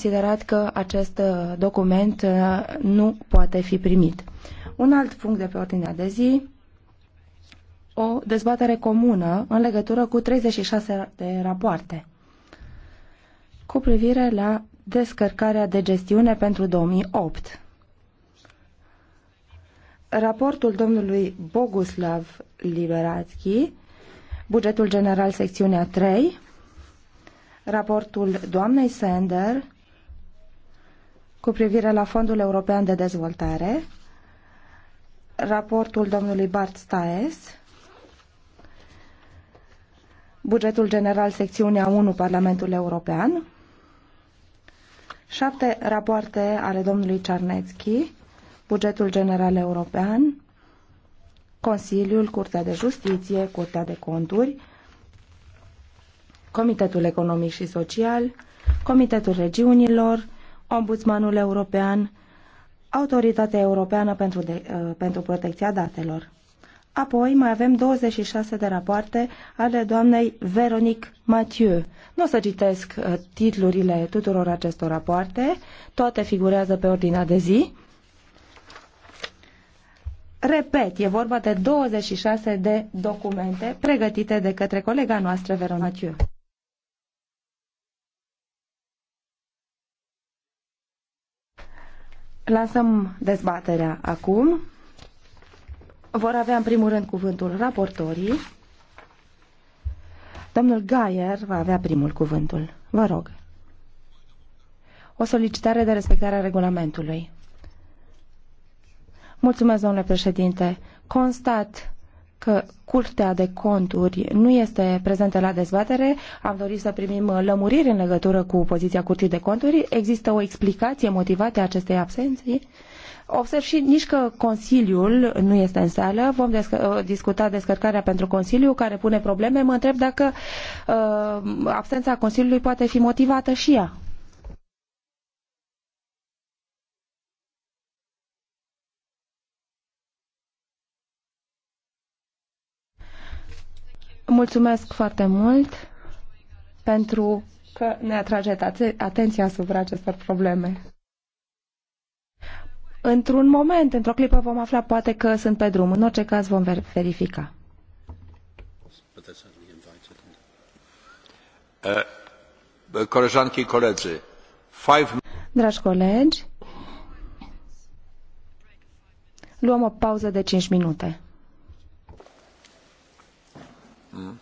considerat că acest uh, document uh, nu poate fi primit. Un alt punct de pe ordinea de zi, o dezbatere comună în legătură cu 36 de rapoarte cu privire la descărcarea de gestiune pentru 2008. Raportul domnului Boguslav Liberatski, bugetul general secțiunea 3, raportul doamnei Sender, cu privire la Fondul European de Dezvoltare, raportul domnului Bart Staes, bugetul general secțiunea 1 Parlamentul European, șapte rapoarte ale domnului Cernețchi, bugetul general european, Consiliul, Curtea de Justiție, Curtea de Conturi, Comitetul Economic și Social, Comitetul Regiunilor, Ombudsmanul European, Autoritatea Europeană pentru, de, uh, pentru Protecția Datelor. Apoi mai avem 26 de rapoarte ale doamnei Veronique Mathieu. Nu o să citesc uh, titlurile tuturor acestor rapoarte, toate figurează pe ordinea de zi. Repet, e vorba de 26 de documente pregătite de către colega noastră Veronique Mathieu. Lansăm dezbaterea acum. Vor avea în primul rând cuvântul raportorii. Domnul Gaier va avea primul cuvântul. Vă rog. O solicitare de respectare a regulamentului. Mulțumesc, domnule președinte. Constat că Curtea de Conturi nu este prezentă la dezbatere. Am dorit să primim lămuriri în legătură cu poziția Curții de Conturi. Există o explicație motivată a acestei absenții? Observ și nici că Consiliul nu este în sală. Vom desc- uh, discuta descărcarea pentru Consiliu, care pune probleme. Mă întreb dacă uh, absența Consiliului poate fi motivată și ea. Mulțumesc foarte mult pentru că ne atrageți atenția asupra acestor probleme. Într-un moment, într-o clipă vom afla poate că sunt pe drum. În orice caz vom verifica. Uh, koleżanki colegi, Dragi colegi, luăm o pauză de 5 minute. Mm.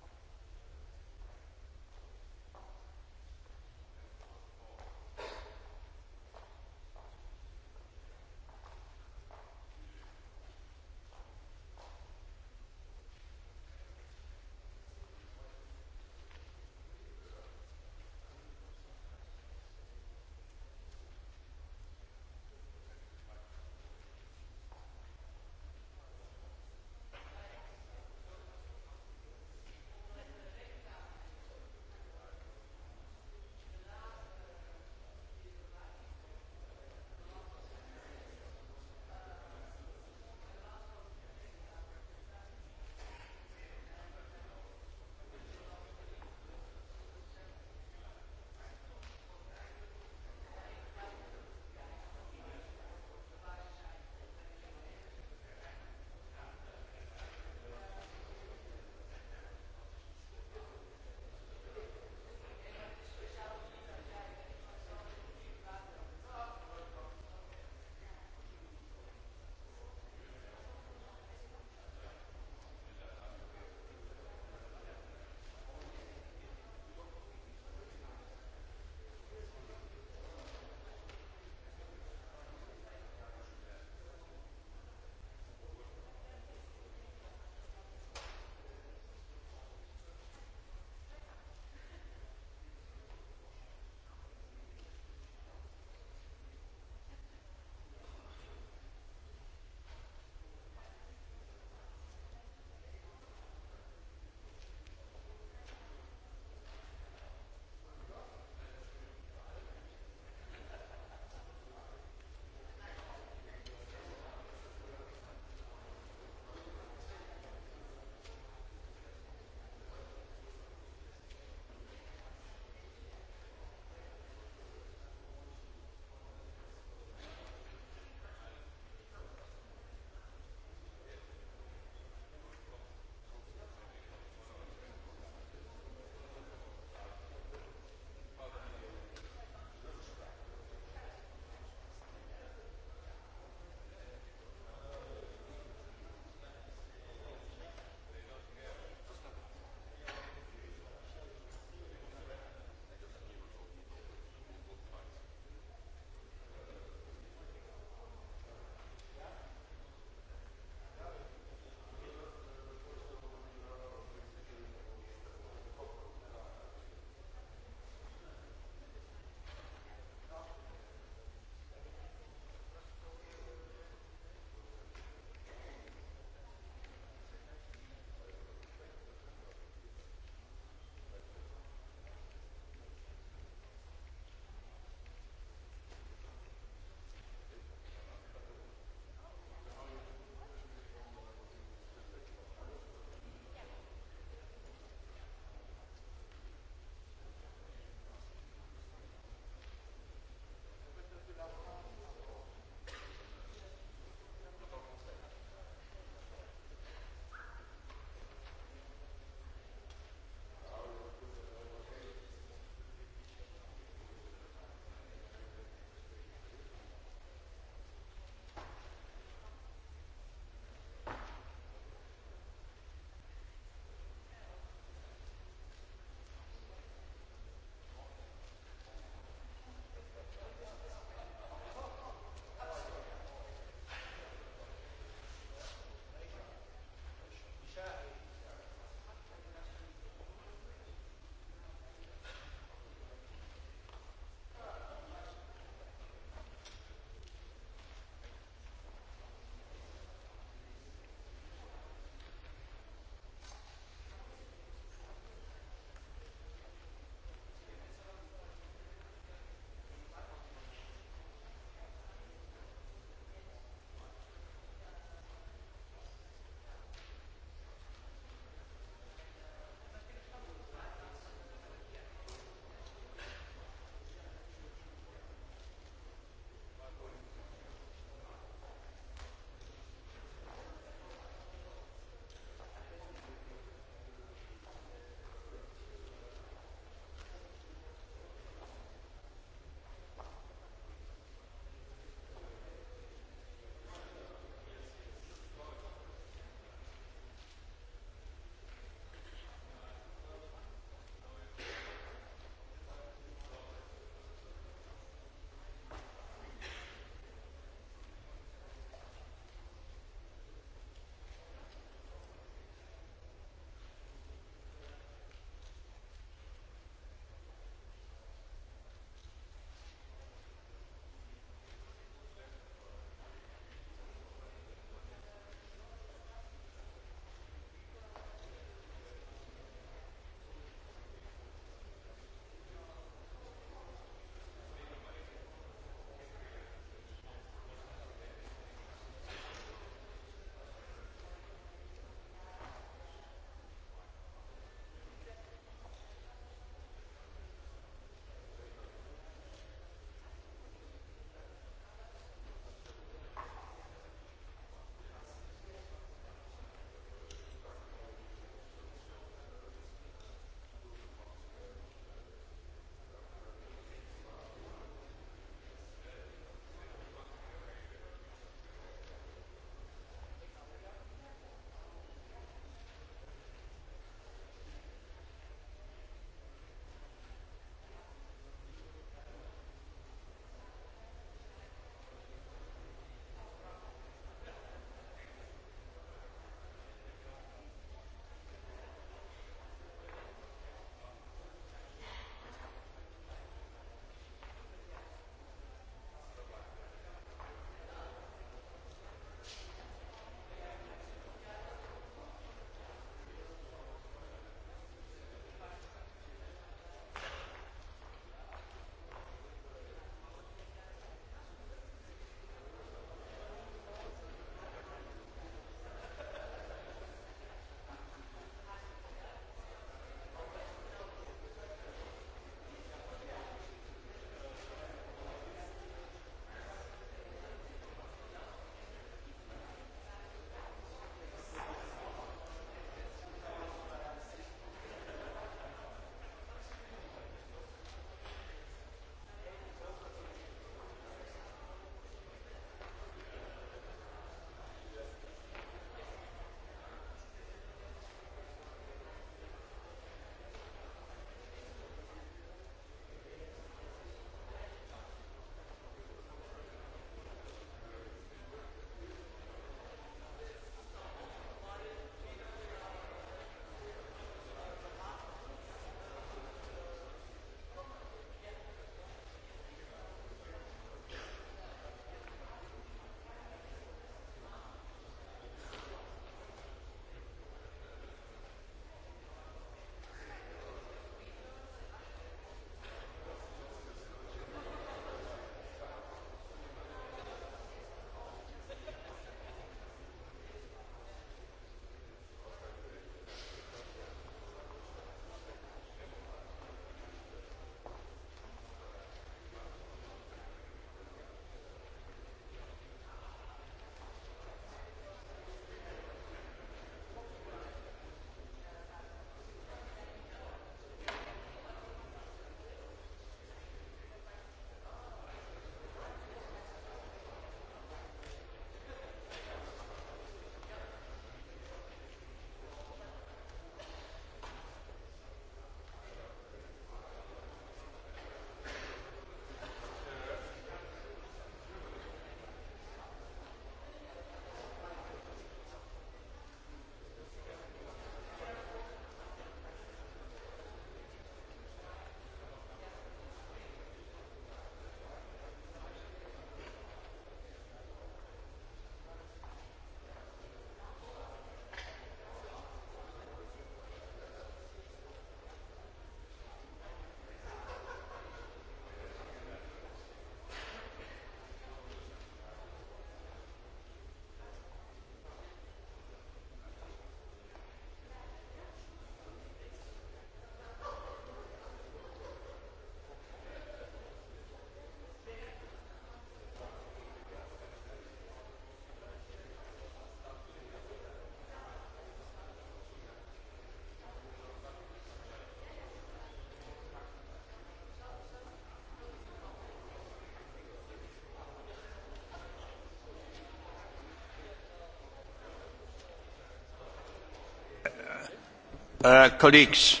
Uh, colleagues,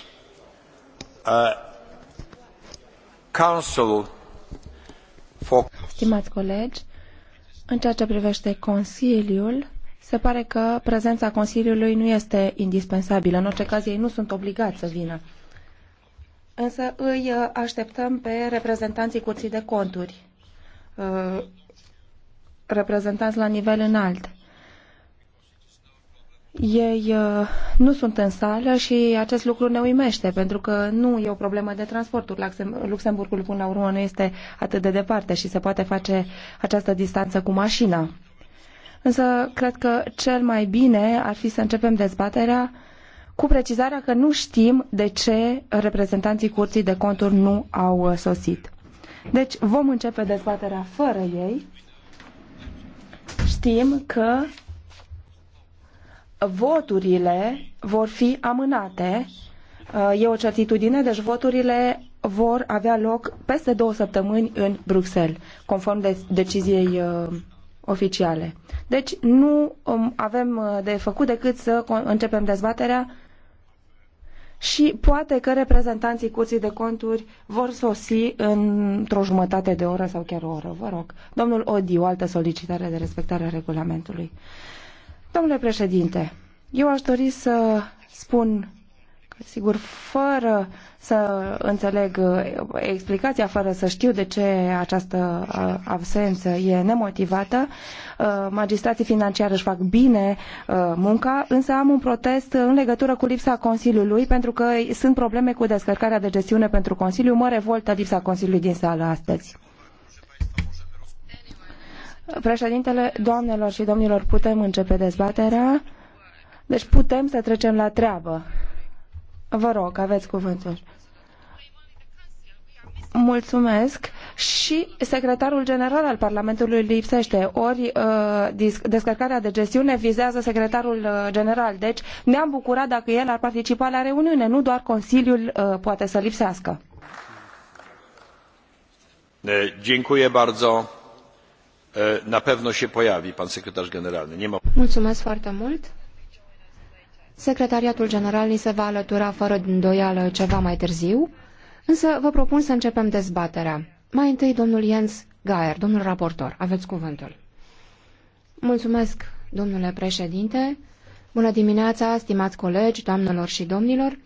uh, Council for... Stimați colegi, în ceea ce privește Consiliul, se pare că prezența Consiliului nu este indispensabilă. În orice caz, ei nu sunt obligați să vină. Însă îi uh, așteptăm pe reprezentanții Curții de Conturi, uh, reprezentanți la nivel înalt. Ei uh, nu sunt în sală și acest lucru ne uimește, pentru că nu e o problemă de transporturi. Luxemburgul, până la urmă, nu este atât de departe și se poate face această distanță cu mașina. Însă, cred că cel mai bine ar fi să începem dezbaterea cu precizarea că nu știm de ce reprezentanții Curții de Conturi nu au uh, sosit. Deci, vom începe dezbaterea fără ei. Știm că voturile vor fi amânate. Uh, e o certitudine, deci voturile vor avea loc peste două săptămâni în Bruxelles, conform de deciziei uh, oficiale. Deci nu um, avem uh, de făcut decât să începem dezbaterea și poate că reprezentanții Curții de Conturi vor sosi într-o jumătate de oră sau chiar o oră. Vă rog. Domnul Odi, o altă solicitare de respectare a regulamentului. Domnule președinte, eu aș dori să spun Sigur, fără să înțeleg uh, explicația, fără să știu de ce această uh, absență e nemotivată, uh, magistrații financiari își fac bine munca, însă am un protest în legătură cu lipsa Consiliului, pentru că sunt probleme cu descărcarea de gestiune pentru Consiliu. Mă revoltă lipsa Consiliului din sală astăzi. Președintele, doamnelor și domnilor, putem începe dezbaterea. Deci putem să trecem la treabă. Vă rog, aveți cuvântul. Mulțumesc. Și secretarul general al Parlamentului lipsește. Ori uh, descărcarea de gestiune vizează secretarul uh, general. Deci ne-am bucurat dacă el ar participa la reuniune, nu doar Consiliul uh, poate să lipsească. Dziękuję bardzo na pewno się pojawi pan sekretarz generalny. Nie Mulțumesc foarte mult. Secretariatul general ni se va alătura fără îndoială ceva mai târziu, însă vă propun să începem dezbaterea. Mai întâi domnul Jens Gaer, domnul raportor, aveți cuvântul. Mulțumesc, domnule președinte. Bună dimineața, stimați colegi, doamnelor și domnilor.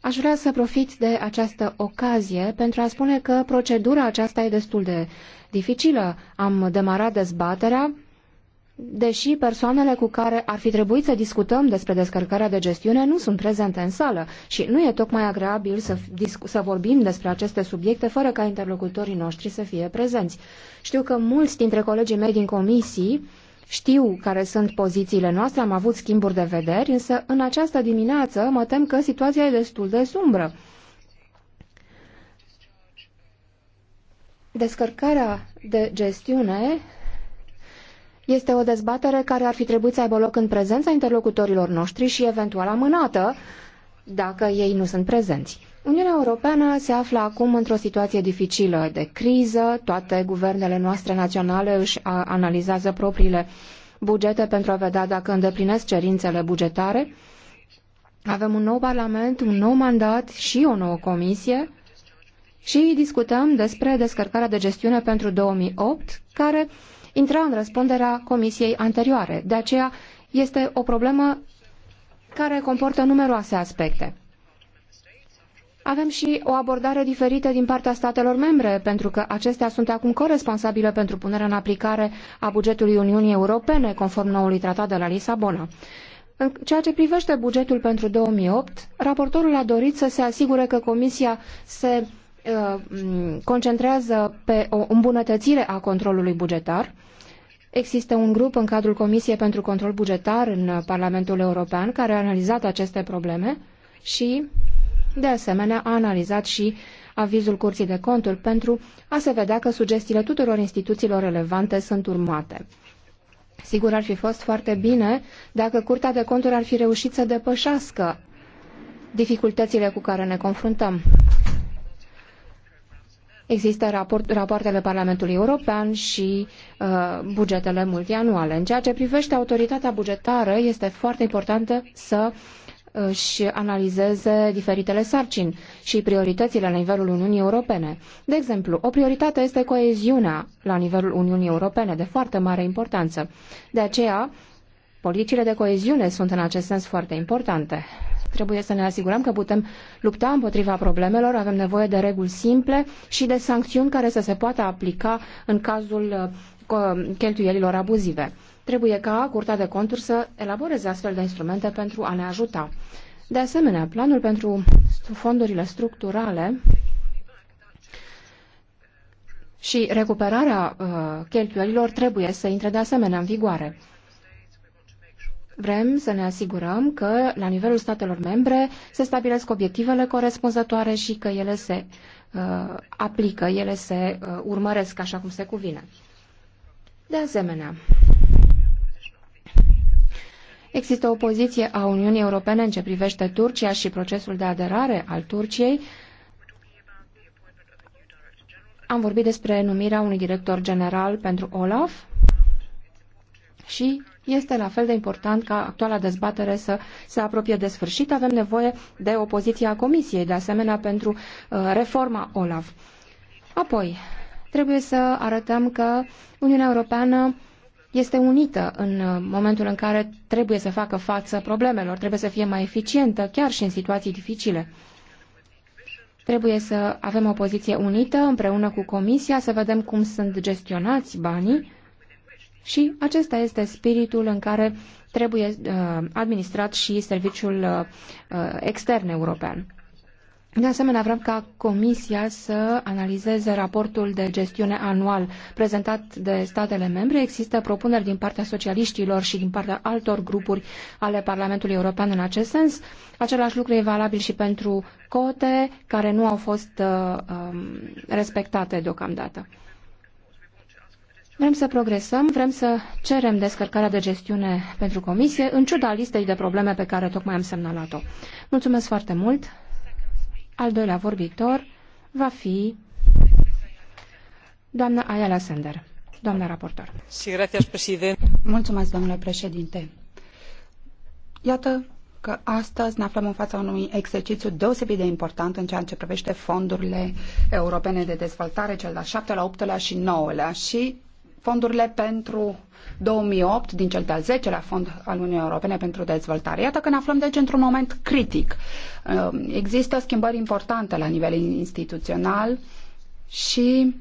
Aș vrea să profit de această ocazie pentru a spune că procedura aceasta e destul de dificilă. Am demarat dezbaterea, deși persoanele cu care ar fi trebuit să discutăm despre descărcarea de gestiune nu sunt prezente în sală și nu e tocmai agreabil să, să vorbim despre aceste subiecte fără ca interlocutorii noștri să fie prezenți. Știu că mulți dintre colegii mei din comisii știu care sunt pozițiile noastre, am avut schimburi de vederi, însă în această dimineață mă tem că situația e destul de sumbră. Descărcarea de gestiune este o dezbatere care ar fi trebuit să aibă loc în prezența interlocutorilor noștri și eventual amânată dacă ei nu sunt prezenți. Uniunea Europeană se află acum într-o situație dificilă de criză, toate guvernele noastre naționale își analizează propriile bugete pentru a vedea dacă îndeplinesc cerințele bugetare. Avem un nou parlament, un nou mandat și o nouă comisie și discutăm despre descărcarea de gestiune pentru 2008, care intra în răspunderea comisiei anterioare. De aceea este o problemă care comportă numeroase aspecte. Avem și o abordare diferită din partea statelor membre, pentru că acestea sunt acum corresponsabile pentru punerea în aplicare a bugetului Uniunii Europene, conform noului tratat de la Lisabona. În ceea ce privește bugetul pentru 2008, raportorul a dorit să se asigure că Comisia se concentrează pe o îmbunătățire a controlului bugetar. Există un grup în cadrul Comisiei pentru Control Bugetar în Parlamentul European care a analizat aceste probleme și, de asemenea, a analizat și avizul Curții de Conturi pentru a se vedea că sugestiile tuturor instituțiilor relevante sunt urmate. Sigur, ar fi fost foarte bine dacă Curtea de Conturi ar fi reușit să depășească dificultățile cu care ne confruntăm. Există raport, rapoartele Parlamentului European și uh, bugetele multianuale. În ceea ce privește autoritatea bugetară, este foarte importantă să își uh, analizeze diferitele sarcini și prioritățile la nivelul Uniunii Europene. De exemplu, o prioritate este coeziunea la nivelul Uniunii Europene, de foarte mare importanță. De aceea, politicile de coeziune sunt în acest sens foarte importante. Trebuie să ne asigurăm că putem lupta împotriva problemelor, avem nevoie de reguli simple și de sancțiuni care să se poată aplica în cazul uh, cheltuielilor abuzive. Trebuie ca Curtea de Conturi să elaboreze astfel de instrumente pentru a ne ajuta. De asemenea, planul pentru fondurile structurale și recuperarea uh, cheltuielilor trebuie să intre de asemenea în vigoare. Vrem să ne asigurăm că, la nivelul statelor membre, se stabilesc obiectivele corespunzătoare și că ele se uh, aplică, ele se uh, urmăresc așa cum se cuvine. De asemenea, există o poziție a Uniunii Europene în ce privește Turcia și procesul de aderare al Turciei. Am vorbit despre numirea unui director general pentru OLAF și este la fel de important ca actuala dezbatere să se apropie de sfârșit. Avem nevoie de opoziția Comisiei, de asemenea pentru uh, reforma OLAF. Apoi, trebuie să arătăm că Uniunea Europeană este unită în uh, momentul în care trebuie să facă față problemelor, trebuie să fie mai eficientă, chiar și în situații dificile. Trebuie să avem o poziție unită împreună cu Comisia, să vedem cum sunt gestionați banii și acesta este spiritul în care trebuie uh, administrat și serviciul uh, uh, extern european. De asemenea, vrem ca Comisia să analizeze raportul de gestiune anual prezentat de statele membre. Există propuneri din partea socialiștilor și din partea altor grupuri ale Parlamentului European în acest sens. Același lucru e valabil și pentru cote care nu au fost uh, um, respectate deocamdată. Vrem să progresăm, vrem să cerem descărcarea de gestiune pentru comisie, în ciuda listei de probleme pe care tocmai am semnalat-o. Mulțumesc foarte mult. Al doilea vorbitor va fi doamna Ayala Sender, doamna raportor. Mulțumesc, domnule președinte. Iată că astăzi ne aflăm în fața unui exercițiu deosebit de important în ceea ce privește fondurile europene de dezvoltare, cel de-al șaptelea, optelea și nouălea și fondurile pentru 2008 din cel de-al 10-lea fond al Uniunii Europene pentru dezvoltare. Iată că ne aflăm deci într-un moment critic. Există schimbări importante la nivel instituțional și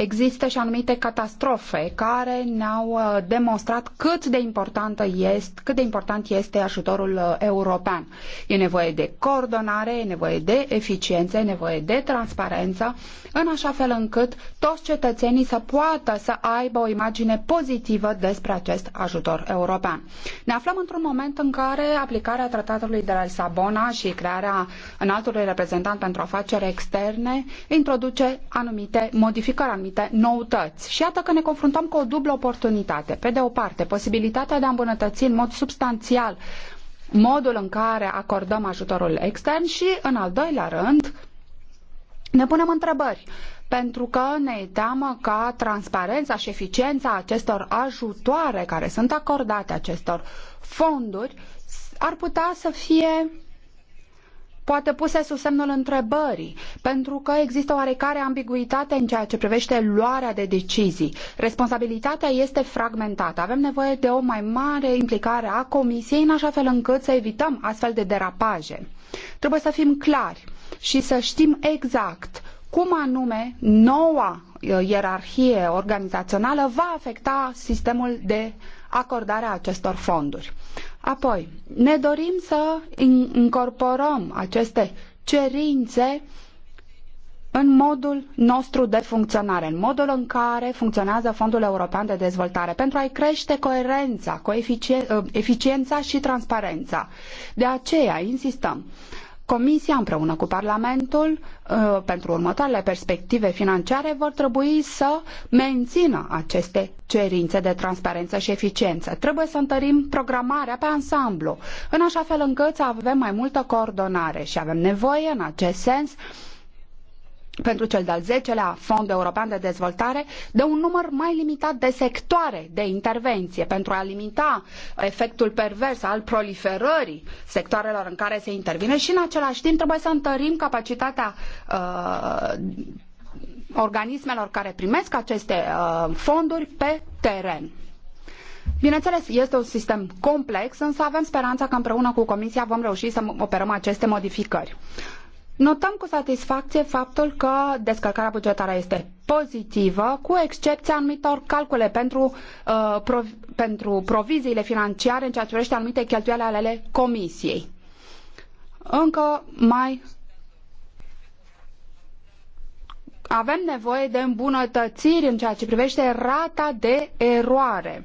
Există și anumite catastrofe care ne-au uh, demonstrat cât de, importantă este, cât de important este ajutorul uh, european. E nevoie de coordonare, e nevoie de eficiență, e nevoie de transparență, în așa fel încât toți cetățenii să poată să aibă o imagine pozitivă despre acest ajutor european. Ne aflăm într-un moment în care aplicarea tratatului de la Lisabona și crearea înaltului reprezentant pentru afaceri externe introduce anumite modificări, anumite anumite noutăți. Și iată că ne confruntăm cu o dublă oportunitate. Pe de o parte, posibilitatea de a îmbunătăți în mod substanțial modul în care acordăm ajutorul extern și, în al doilea rând, ne punem întrebări pentru că ne teamă ca transparența și eficiența acestor ajutoare care sunt acordate acestor fonduri ar putea să fie poate puse sub semnul întrebării, pentru că există oarecare ambiguitate în ceea ce privește luarea de decizii. Responsabilitatea este fragmentată. Avem nevoie de o mai mare implicare a Comisiei, în așa fel încât să evităm astfel de derapaje. Trebuie să fim clari și să știm exact cum anume noua uh, ierarhie organizațională va afecta sistemul de acordare a acestor fonduri. Apoi, ne dorim să incorporăm aceste cerințe în modul nostru de funcționare, în modul în care funcționează Fondul European de Dezvoltare, pentru a-i crește coerența, uh, eficiența și transparența. De aceea insistăm Comisia împreună cu Parlamentul uh, pentru următoarele perspective financiare vor trebui să mențină aceste cerințe de transparență și eficiență. Trebuie să întărim programarea pe ansamblu, în așa fel încât să avem mai multă coordonare și avem nevoie în acest sens pentru cel de-al 10-lea Fond European de Dezvoltare de un număr mai limitat de sectoare de intervenție pentru a limita efectul pervers al proliferării sectoarelor în care se intervine și în același timp trebuie să întărim capacitatea uh, organismelor care primesc aceste uh, fonduri pe teren. Bineînțeles, este un sistem complex, însă avem speranța că împreună cu Comisia vom reuși să operăm aceste modificări. Notăm cu satisfacție faptul că descărcarea bugetară este pozitivă, cu excepția anumitor calcule pentru, uh, prov- pentru proviziile financiare în ceea ce privește anumite cheltuieli ale comisiei. Încă mai avem nevoie de îmbunătățiri în ceea ce privește rata de eroare.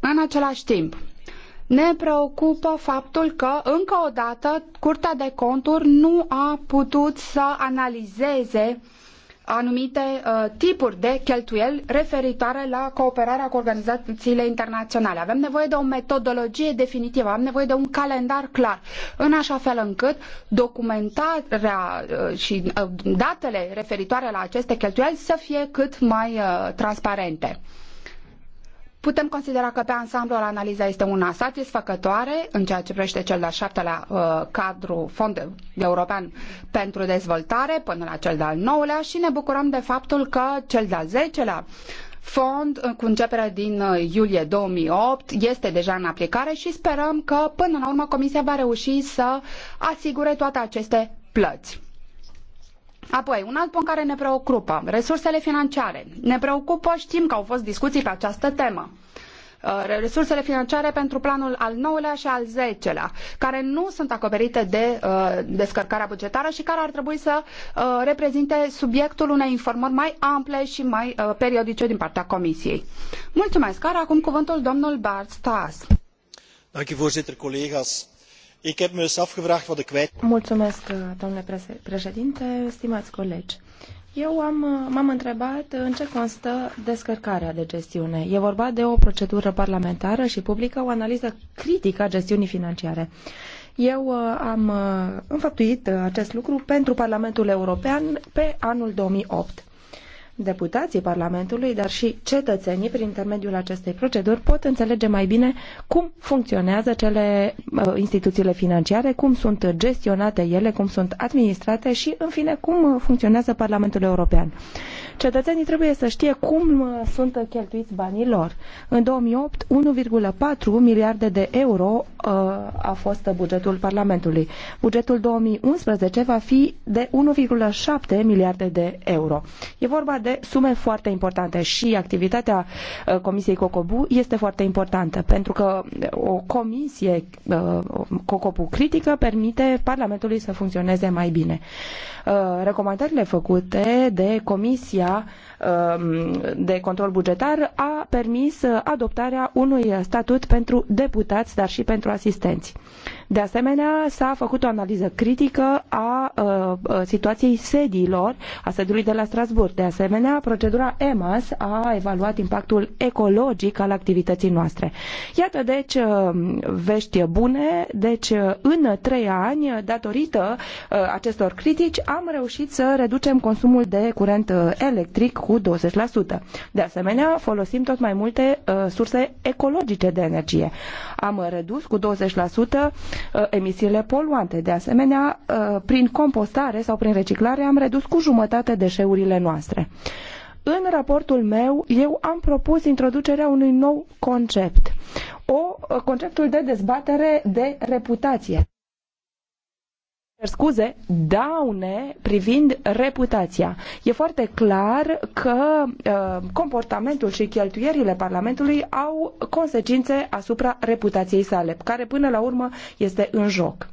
În același timp, ne preocupă faptul că, încă o dată, Curtea de Conturi nu a putut să analizeze anumite uh, tipuri de cheltuieli referitoare la cooperarea cu organizațiile internaționale. Avem nevoie de o metodologie definitivă, avem nevoie de un calendar clar, în așa fel încât documentarea uh, și uh, datele referitoare la aceste cheltuieli să fie cât mai uh, transparente. Putem considera că pe ansamblu analiza este una satisfăcătoare în ceea ce privește cel de-al șaptelea uh, cadru fond european pentru dezvoltare până la cel de-al nouălea și ne bucurăm de faptul că cel de-al zecelea fond uh, cu începerea din uh, iulie 2008 este deja în aplicare și sperăm că până la urmă Comisia va reuși să asigure toate aceste plăți. Apoi, un alt punct care ne preocupă, resursele financiare. Ne preocupă, știm că au fost discuții pe această temă uh, resursele financiare pentru planul al 9-lea și al 10-lea, care nu sunt acoperite de uh, descărcarea bugetară și care ar trebui să uh, reprezinte subiectul unei informări mai ample și mai uh, periodice din partea Comisiei. Mulțumesc. Are acum cuvântul domnul Bart Stas. Dank u, voorzitter, Ik heb me afgevraagd wat kwijt... Mulțumesc, domnule președinte, stimați colegi. Eu am, m-am întrebat în ce constă descărcarea de gestiune. E vorba de o procedură parlamentară și publică, o analiză critică a gestiunii financiare. Eu uh, am uh, înfăptuit uh, acest lucru pentru Parlamentul European pe anul 2008 deputații Parlamentului, dar și cetățenii, prin intermediul acestei proceduri, pot înțelege mai bine cum funcționează cele uh, instituțiile financiare, cum sunt gestionate ele, cum sunt administrate și, în fine, cum uh, funcționează Parlamentul European. Cetățenii trebuie să știe cum uh, sunt cheltuiți banii lor. În 2008, 1,4 miliarde de euro a fost bugetul Parlamentului. Bugetul 2011 va fi de 1,7 miliarde de euro. E vorba de de sume foarte importante și activitatea uh, Comisiei Cocobu este foarte importantă pentru că uh, o comisie uh, Cocobu critică permite Parlamentului să funcționeze mai bine. Recomandările făcute de Comisia um, de Control Bugetar a permis adoptarea unui statut pentru deputați, dar și pentru asistenți. De asemenea, s-a făcut o analiză critică a situației sediilor, a sediului de la Strasburg. De asemenea, procedura EMAS a evaluat impactul ecologic al activității noastre. Iată, deci, vești bune. Deci, în trei ani, datorită acestor critici, am reușit să reducem consumul de curent electric cu 20%. De asemenea, folosim tot mai multe surse ecologice de energie. Am redus cu 20% uh, emisiile poluante. De asemenea, uh, prin compostare sau prin reciclare am redus cu jumătate deșeurile noastre. În raportul meu, eu am propus introducerea unui nou concept, o, uh, conceptul de dezbatere de reputație scuze, daune privind reputația. E foarte clar că uh, comportamentul și cheltuierile Parlamentului au consecințe asupra reputației sale, care până la urmă este în joc.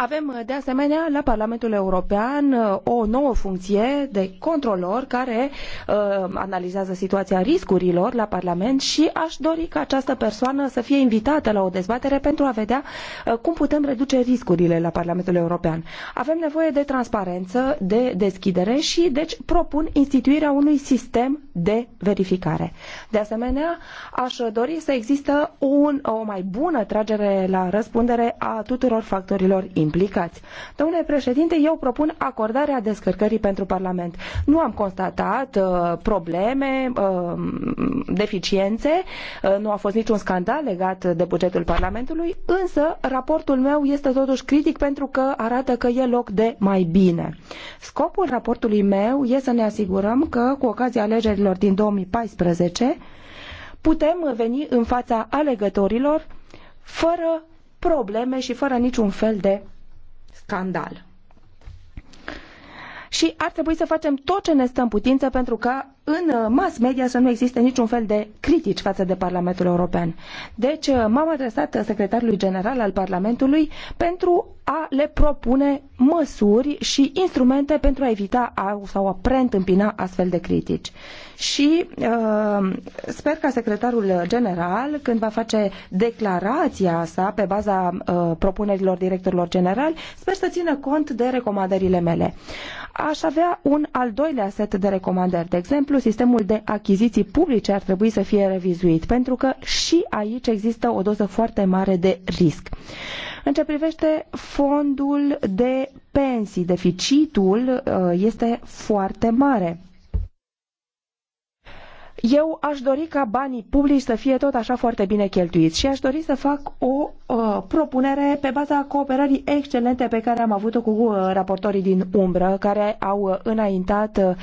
Avem uh, de asemenea la Parlamentul European uh, o nouă funcție de controlor care uh, analizează situația riscurilor la Parlament și aș dori ca această persoană să fie invitată la o dezbatere pentru a vedea uh, cum putem reduce riscurile la Parlamentul European. Avem nevoie de transparență, de deschidere și deci propun instituirea unui sistem de verificare. De asemenea, aș dori să există un, o mai bună tragere la răspundere a tuturor factorilor in implicați. Domnule președinte, eu propun acordarea descărcării pentru Parlament. Nu am constatat uh, probleme, uh, deficiențe, uh, nu a fost niciun scandal legat de bugetul Parlamentului, însă raportul meu este totuși critic pentru că arată că e loc de mai bine. Scopul raportului meu este să ne asigurăm că, cu ocazia alegerilor din 2014, putem veni în fața alegătorilor fără probleme și fără niciun fel de scandal. Și ar trebui să facem tot ce ne stă în putință pentru ca în uh, mass media să nu existe niciun fel de critici față de Parlamentul European. Deci uh, m-am adresat uh, secretarului general al Parlamentului pentru a le propune măsuri și instrumente pentru a evita a, sau a preîntâmpina astfel de critici. Și uh, sper ca secretarul general, când va face declarația sa pe baza uh, propunerilor directorilor generali, sper să țină cont de recomandările mele. Aș avea un al doilea set de recomandări, de exemplu, exemplu, sistemul de achiziții publice ar trebui să fie revizuit, pentru că și aici există o doză foarte mare de risc. În ce privește fondul de pensii, deficitul uh, este foarte mare. Eu aș dori ca banii publici să fie tot așa foarte bine cheltuiți și aș dori să fac o uh, propunere pe baza cooperării excelente pe care am avut-o cu uh, raportorii din umbră, care au uh, înaintat uh,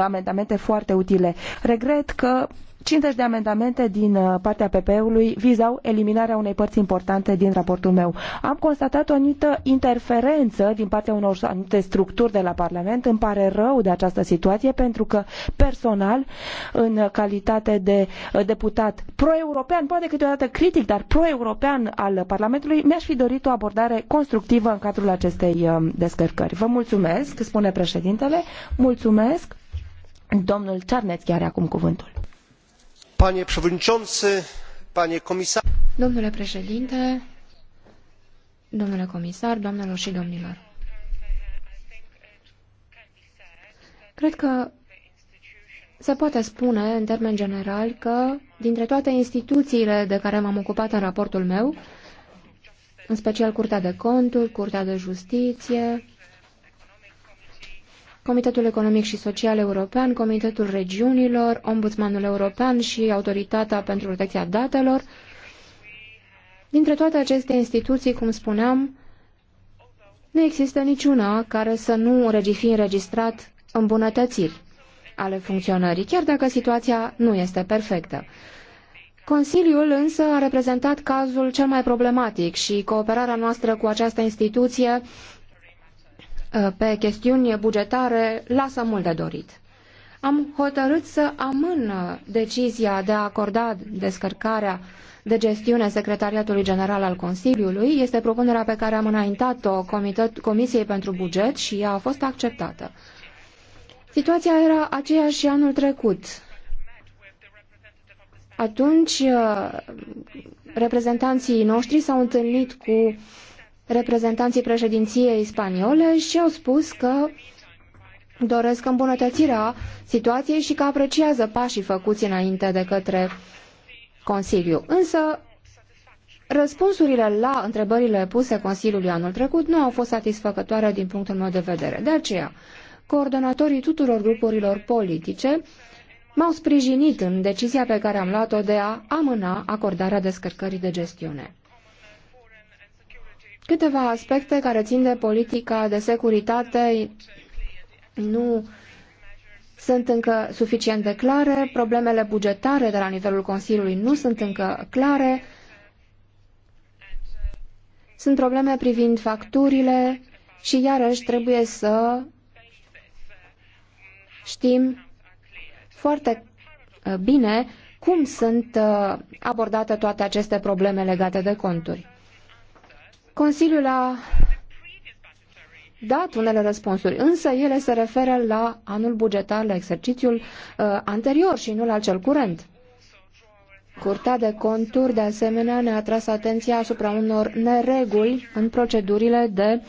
amendamente foarte utile. Regret că 50 de amendamente din uh, partea ppe ului vizau eliminarea unei părți importante din raportul meu. Am constatat o anumită interferență din partea unor anumite structuri de la Parlament. Îmi pare rău de această situație pentru că personal, în calitate de uh, deputat pro-european, poate câteodată critic, dar pro-european al Parlamentului, mi-aș fi dorit o abordare constructivă în cadrul acestei uh, descărcări. Vă mulțumesc, spune președintele. Mulțumesc. Domnul Cernețchi are acum cuvântul. Domnule președinte, domnule comisar, doamnelor și domnilor. Cred că se poate spune, în termen general, că dintre toate instituțiile de care m-am ocupat în raportul meu, în special Curtea de Conturi, Curtea de Justiție, Comitetul Economic și Social European, Comitetul Regiunilor, Ombudsmanul European și Autoritatea pentru Protecția Datelor. Dintre toate aceste instituții, cum spuneam, nu există niciuna care să nu fi înregistrat îmbunătățiri ale funcționării, chiar dacă situația nu este perfectă. Consiliul însă a reprezentat cazul cel mai problematic și cooperarea noastră cu această instituție Uh, pe chestiuni bugetare lasă mult de dorit. Am hotărât să amân uh, decizia de a acorda descărcarea de gestiune Secretariatului General al Consiliului. Este propunerea pe care am înaintat-o Comisiei pentru Buget și ea a fost acceptată. Situația era aceeași și anul trecut. Atunci, uh, reprezentanții noștri s-au întâlnit cu reprezentanții președinției spaniole și au spus că doresc îmbunătățirea situației și că apreciază pașii făcuți înainte de către Consiliu. Însă, răspunsurile la întrebările puse Consiliului anul trecut nu au fost satisfăcătoare din punctul meu de vedere. De aceea, coordonatorii tuturor grupurilor politice m-au sprijinit în decizia pe care am luat-o de a amâna acordarea descărcării de gestiune. Câteva aspecte care țin de politica de securitate nu sunt încă suficient de clare, problemele bugetare de la nivelul Consiliului nu sunt încă clare, sunt probleme privind facturile și iarăși trebuie să știm foarte uh, bine cum sunt uh, abordate toate aceste probleme legate de conturi. Consiliul a dat unele răspunsuri, însă ele se referă la anul bugetar, la exercițiul uh, anterior și nu la cel curent. Curtea de conturi, de asemenea, ne-a tras atenția asupra unor nereguli în procedurile de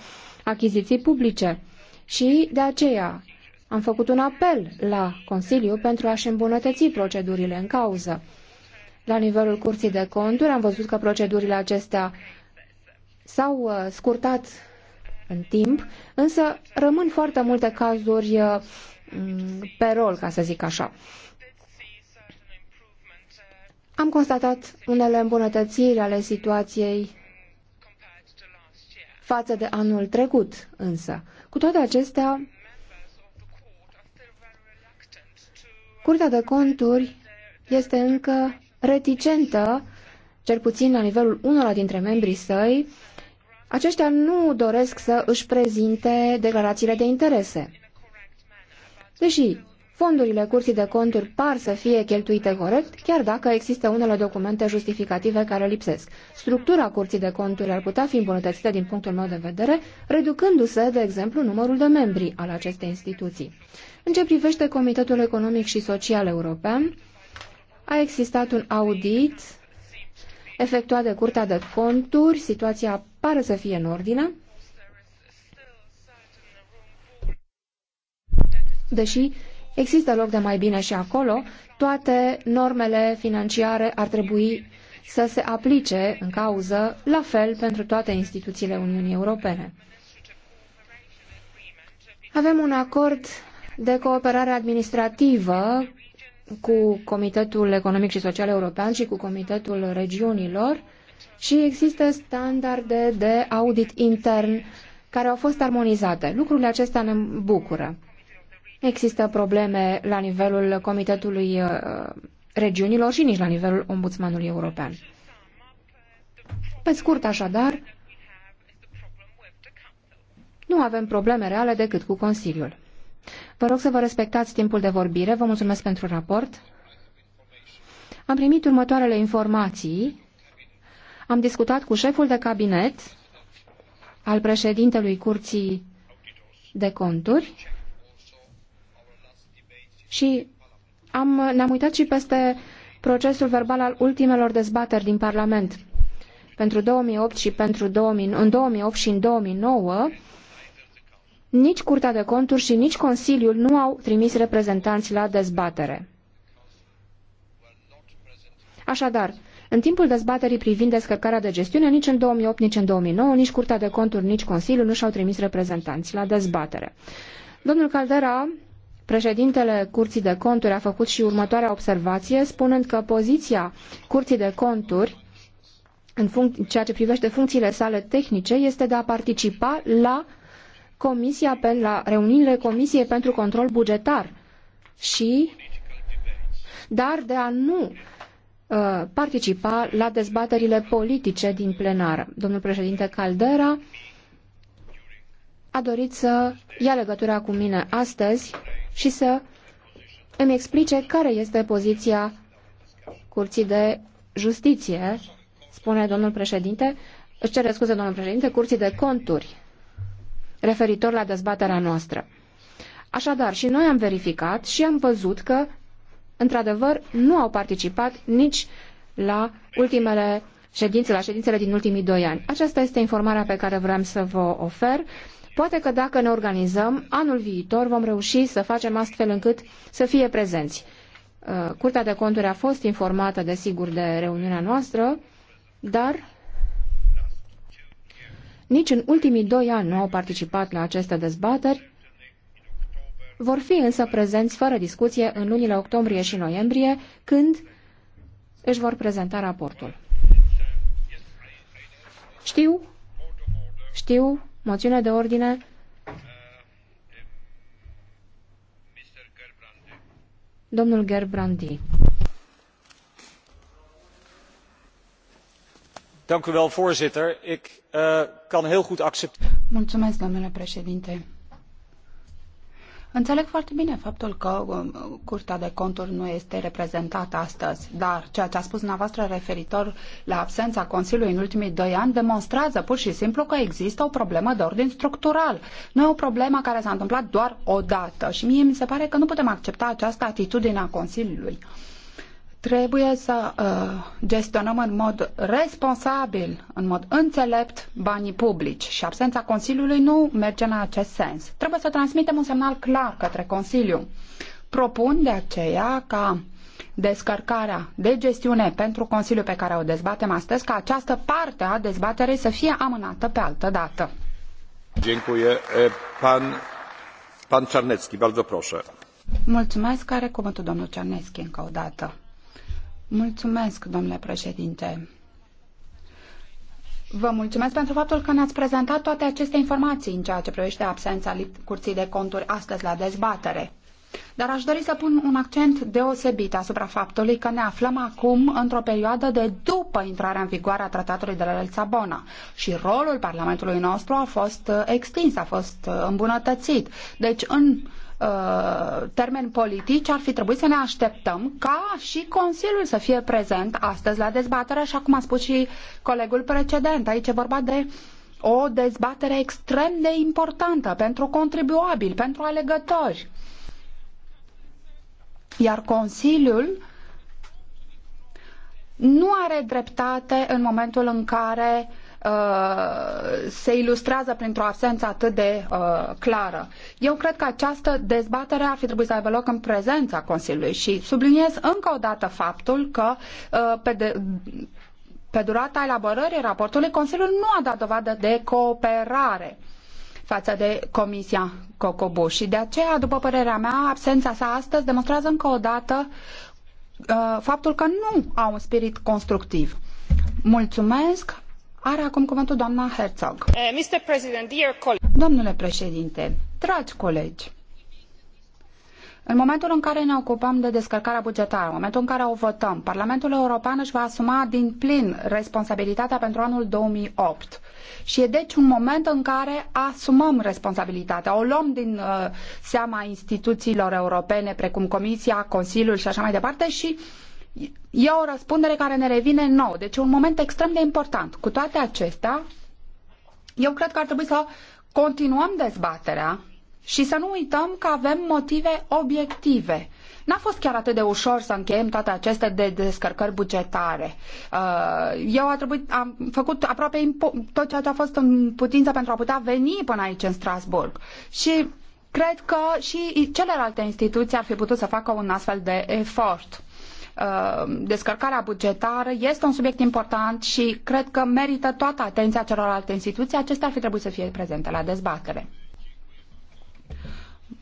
achiziții publice. Și de aceea am făcut un apel la Consiliu pentru a-și îmbunătăți procedurile în cauză. La nivelul Curții de Conturi am văzut că procedurile acestea s-au uh, scurtat în timp, însă rămân foarte multe cazuri uh, mm, pe rol, ca să zic așa. Am constatat unele îmbunătățiri ale situației față de anul trecut, însă. Cu toate acestea, Curtea de Conturi este încă reticentă, cel puțin la nivelul unora dintre membrii săi, aceștia nu doresc să își prezinte declarațiile de interese. Deși fondurile curții de conturi par să fie cheltuite corect, chiar dacă există unele documente justificative care lipsesc. Structura curții de conturi ar putea fi îmbunătățită din punctul meu de vedere, reducându-se, de exemplu, numărul de membri al acestei instituții. În ce privește Comitetul Economic și Social European, a existat un audit efectuat de Curtea de Conturi. Situația pare să fie în ordine. Deși există loc de mai bine și acolo, toate normele financiare ar trebui să se aplice în cauză la fel pentru toate instituțiile Uniunii Europene. Avem un acord de cooperare administrativă cu Comitetul Economic și Social European și cu Comitetul Regiunilor și există standarde de audit intern care au fost armonizate. Lucrurile acestea ne bucură. Există probleme la nivelul Comitetului uh, Regiunilor și nici la nivelul Ombudsmanului European. Pe scurt, așadar, nu avem probleme reale decât cu Consiliul. Vă rog să vă respectați timpul de vorbire. Vă mulțumesc pentru raport. Am primit următoarele informații. Am discutat cu șeful de cabinet al președintelui Curții de Conturi și am, ne-am uitat și peste procesul verbal al ultimelor dezbateri din Parlament. Pentru 2008 și pentru 2000, în 2008 și în 2009 nici Curtea de Conturi și nici Consiliul nu au trimis reprezentanți la dezbatere. Așadar, în timpul dezbaterii privind descărcarea de gestiune, nici în 2008, nici în 2009, nici Curtea de Conturi, nici Consiliul nu și-au trimis reprezentanți la dezbatere. Domnul Caldera, președintele Curții de Conturi, a făcut și următoarea observație, spunând că poziția Curții de Conturi în ceea ce privește funcțiile sale tehnice, este de a participa la comisia pe, la reuniunile Comisiei pentru Control Bugetar și dar de a nu uh, participa la dezbaterile politice din plenară. Domnul președinte Caldera a dorit să ia legătura cu mine astăzi și să îmi explice care este poziția Curții de Justiție, spune domnul președinte, își cere scuze domnul președinte, Curții de Conturi referitor la dezbaterea noastră. Așadar, și noi am verificat și am văzut că, într-adevăr, nu au participat nici la ultimele ședințe, la ședințele din ultimii doi ani. Aceasta este informarea pe care vreau să vă ofer. Poate că dacă ne organizăm, anul viitor vom reuși să facem astfel încât să fie prezenți. Uh, Curtea de conturi a fost informată, desigur, de reuniunea noastră, dar nici în ultimii doi ani nu au participat la aceste dezbateri, vor fi însă prezenți fără discuție în lunile octombrie și noiembrie, când își vor prezenta raportul. Știu, știu, moțiune de ordine. Domnul Gerbrandi. voorzitter ik eh, kan heel goed accepteren. Înțeleg foarte bine faptul că um, Curtea de Conturi nu este reprezentată astăzi, dar ceea ce a spus dumneavoastră referitor la absența Consiliului în ultimii doi ani demonstrează pur și simplu că există o problemă de ordin structural. Nu e o problemă care s-a întâmplat doar o dată și mie mi se pare că nu putem accepta această atitudine a Consiliului. Trebuie să uh, gestionăm în mod responsabil, în mod înțelept, banii publici și absența Consiliului nu merge în acest sens. Trebuie să transmitem un semnal clar către Consiliu. Propun de aceea ca descărcarea de gestiune pentru Consiliu pe care o dezbatem astăzi, ca această parte a dezbaterei să fie amânată pe altă dată. Dziękuję. Pan, pan Czarnecki, bardzo proszę. Mulțumesc, are cuvântul domnul Cerneschi încă o dată. Mulțumesc, domnule președinte. Vă mulțumesc pentru faptul că ne-ați prezentat toate aceste informații în ceea ce privește absența curții de conturi astăzi la dezbatere. Dar aș dori să pun un accent deosebit asupra faptului că ne aflăm acum într-o perioadă de după intrarea în vigoare a tratatului de la Lisabona și rolul Parlamentului nostru a fost uh, extins, a fost uh, îmbunătățit. Deci, în Uh, termeni politici, ar fi trebuit să ne așteptăm ca și Consiliul să fie prezent astăzi la dezbatere, așa cum a spus și colegul precedent. Aici e vorba de o dezbatere extrem de importantă pentru contribuabili, pentru alegători. Iar Consiliul nu are dreptate în momentul în care uh, Uh, se ilustrează printr-o absență atât de uh, clară. Eu cred că această dezbatere ar fi trebuit să aibă loc în prezența Consiliului și subliniez încă o dată faptul că uh, pe de, pe durata elaborării raportului, Consiliul nu a dat dovadă de cooperare față de Comisia Cocobu și de aceea, după părerea mea, absența sa astăzi demonstrează încă o dată uh, faptul că nu au un spirit constructiv. Mulțumesc. Are acum cuvântul doamna Herzog. Eh, Mr. President, dear Domnule președinte, dragi colegi, în momentul în care ne ocupăm de descărcarea bugetară, în momentul în care o votăm, Parlamentul European își va asuma din plin responsabilitatea pentru anul 2008. Și e deci un moment în care asumăm responsabilitatea, o luăm din uh, seama instituțiilor europene, precum Comisia, Consiliul și așa mai departe, și uh, e o răspundere care ne revine nouă. Deci un moment extrem de important. Cu toate acestea, eu cred că ar trebui să continuăm dezbaterea și să nu uităm că avem motive obiective. N-a fost chiar atât de ușor să încheiem toate aceste de descărcări bugetare. Uh, eu a trebuit, am făcut aproape tot ceea ce a fost în putință pentru a putea veni până aici în Strasburg. Și cred că și celelalte instituții ar fi putut să facă un astfel de efort. Uh, descărcarea bugetară este un subiect important și cred că merită toată atenția celorlalte instituții. Acestea ar fi trebuit să fie prezente la dezbatere.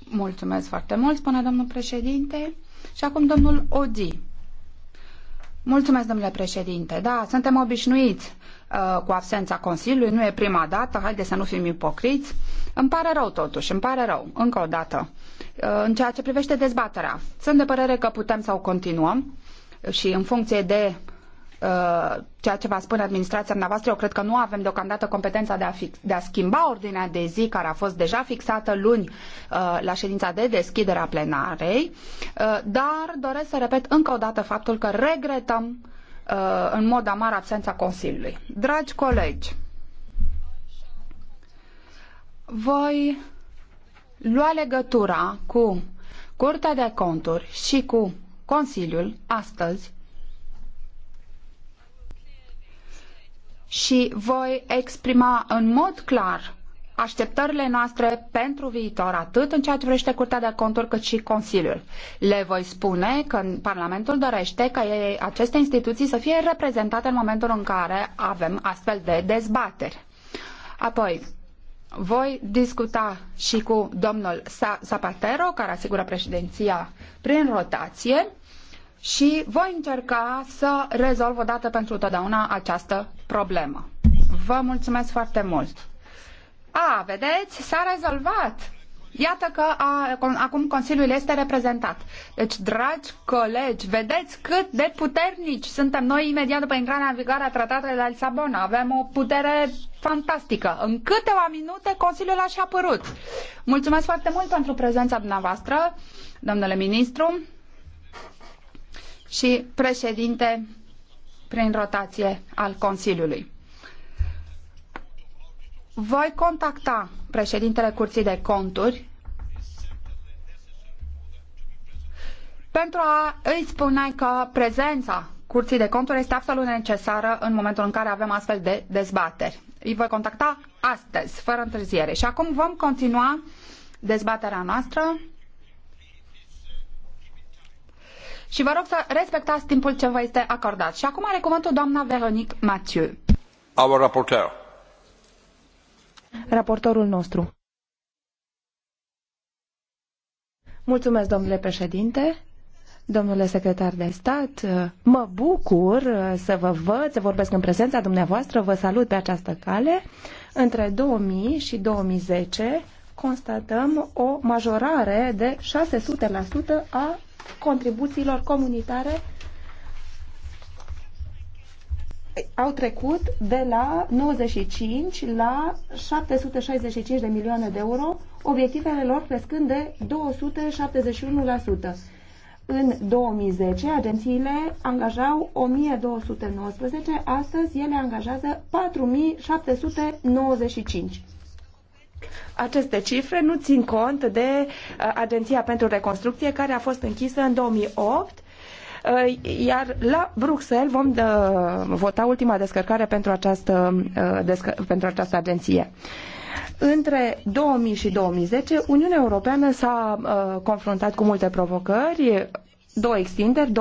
Mulțumesc foarte mult, spune domnul președinte. Și acum domnul Odi. Mulțumesc, domnule președinte. Da, suntem obișnuiți uh, cu absența Consiliului, nu e prima dată, haide să nu fim ipocriți. Îmi pare rău totuși, îmi pare rău, încă o dată. Uh, în ceea ce privește dezbaterea, sunt de părere că putem să o continuăm și în funcție de uh, ceea ce va spune administrația dumneavoastră, eu cred că nu avem deocamdată competența de a, fix, de a schimba ordinea de zi care a fost deja fixată luni uh, la ședința de deschidere a plenarei, uh, dar doresc să repet încă o dată faptul că regretăm uh, în mod amar absența Consiliului. Dragi colegi, voi lua legătura cu Curtea de Conturi și cu Consiliul astăzi și voi exprima în mod clar așteptările noastre pentru viitor, atât în ceea ce vrește Curtea de Conturi, cât și Consiliul. Le voi spune că Parlamentul dorește ca aceste instituții să fie reprezentate în momentul în care avem astfel de dezbateri. Apoi, voi discuta și cu domnul Zapatero, care asigură președinția prin rotație, și voi încerca să rezolv o dată pentru totdeauna această problemă. Vă mulțumesc foarte mult! A, vedeți, s-a rezolvat! Iată că a, acum Consiliul este reprezentat. Deci, dragi colegi, vedeți cât de puternici suntem noi imediat după intrarea în vigoare a tratatului la Lisabona. Avem o putere fantastică. În câteva minute Consiliul a și apărut. Mulțumesc foarte mult pentru prezența dumneavoastră, domnule ministru și președinte prin rotație al Consiliului. Voi contacta președintele Curții de Conturi pentru a îi spune că prezența Curții de Conturi este absolut necesară în momentul în care avem astfel de dezbateri. Îi voi contacta astăzi, fără întârziere. Și acum vom continua dezbaterea noastră. Și vă rog să respectați timpul ce vă este acordat. Și acum are cuvântul doamna Veronique Mathieu. Our rapporteur raportorul nostru. Mulțumesc, domnule președinte, domnule secretar de stat. Mă bucur să vă văd, să vorbesc în prezența dumneavoastră, vă salut pe această cale. Între 2000 și 2010 constatăm o majorare de 600% a contribuțiilor comunitare au trecut de la 95 la 765 de milioane de euro, obiectivele lor crescând de 271%. În 2010, agențiile angajau 1219, astăzi ele angajează 4795. Aceste cifre nu țin cont de uh, Agenția pentru Reconstrucție, care a fost închisă în 2008 Eh, iar la Bruxelles vom eh, vota ultima descărcare pentru această, eh, pentru această agenție. Între 2000 și 2010, Uniunea Europeană s-a confruntat cu multe provocări, două extinderi, 2004-2007,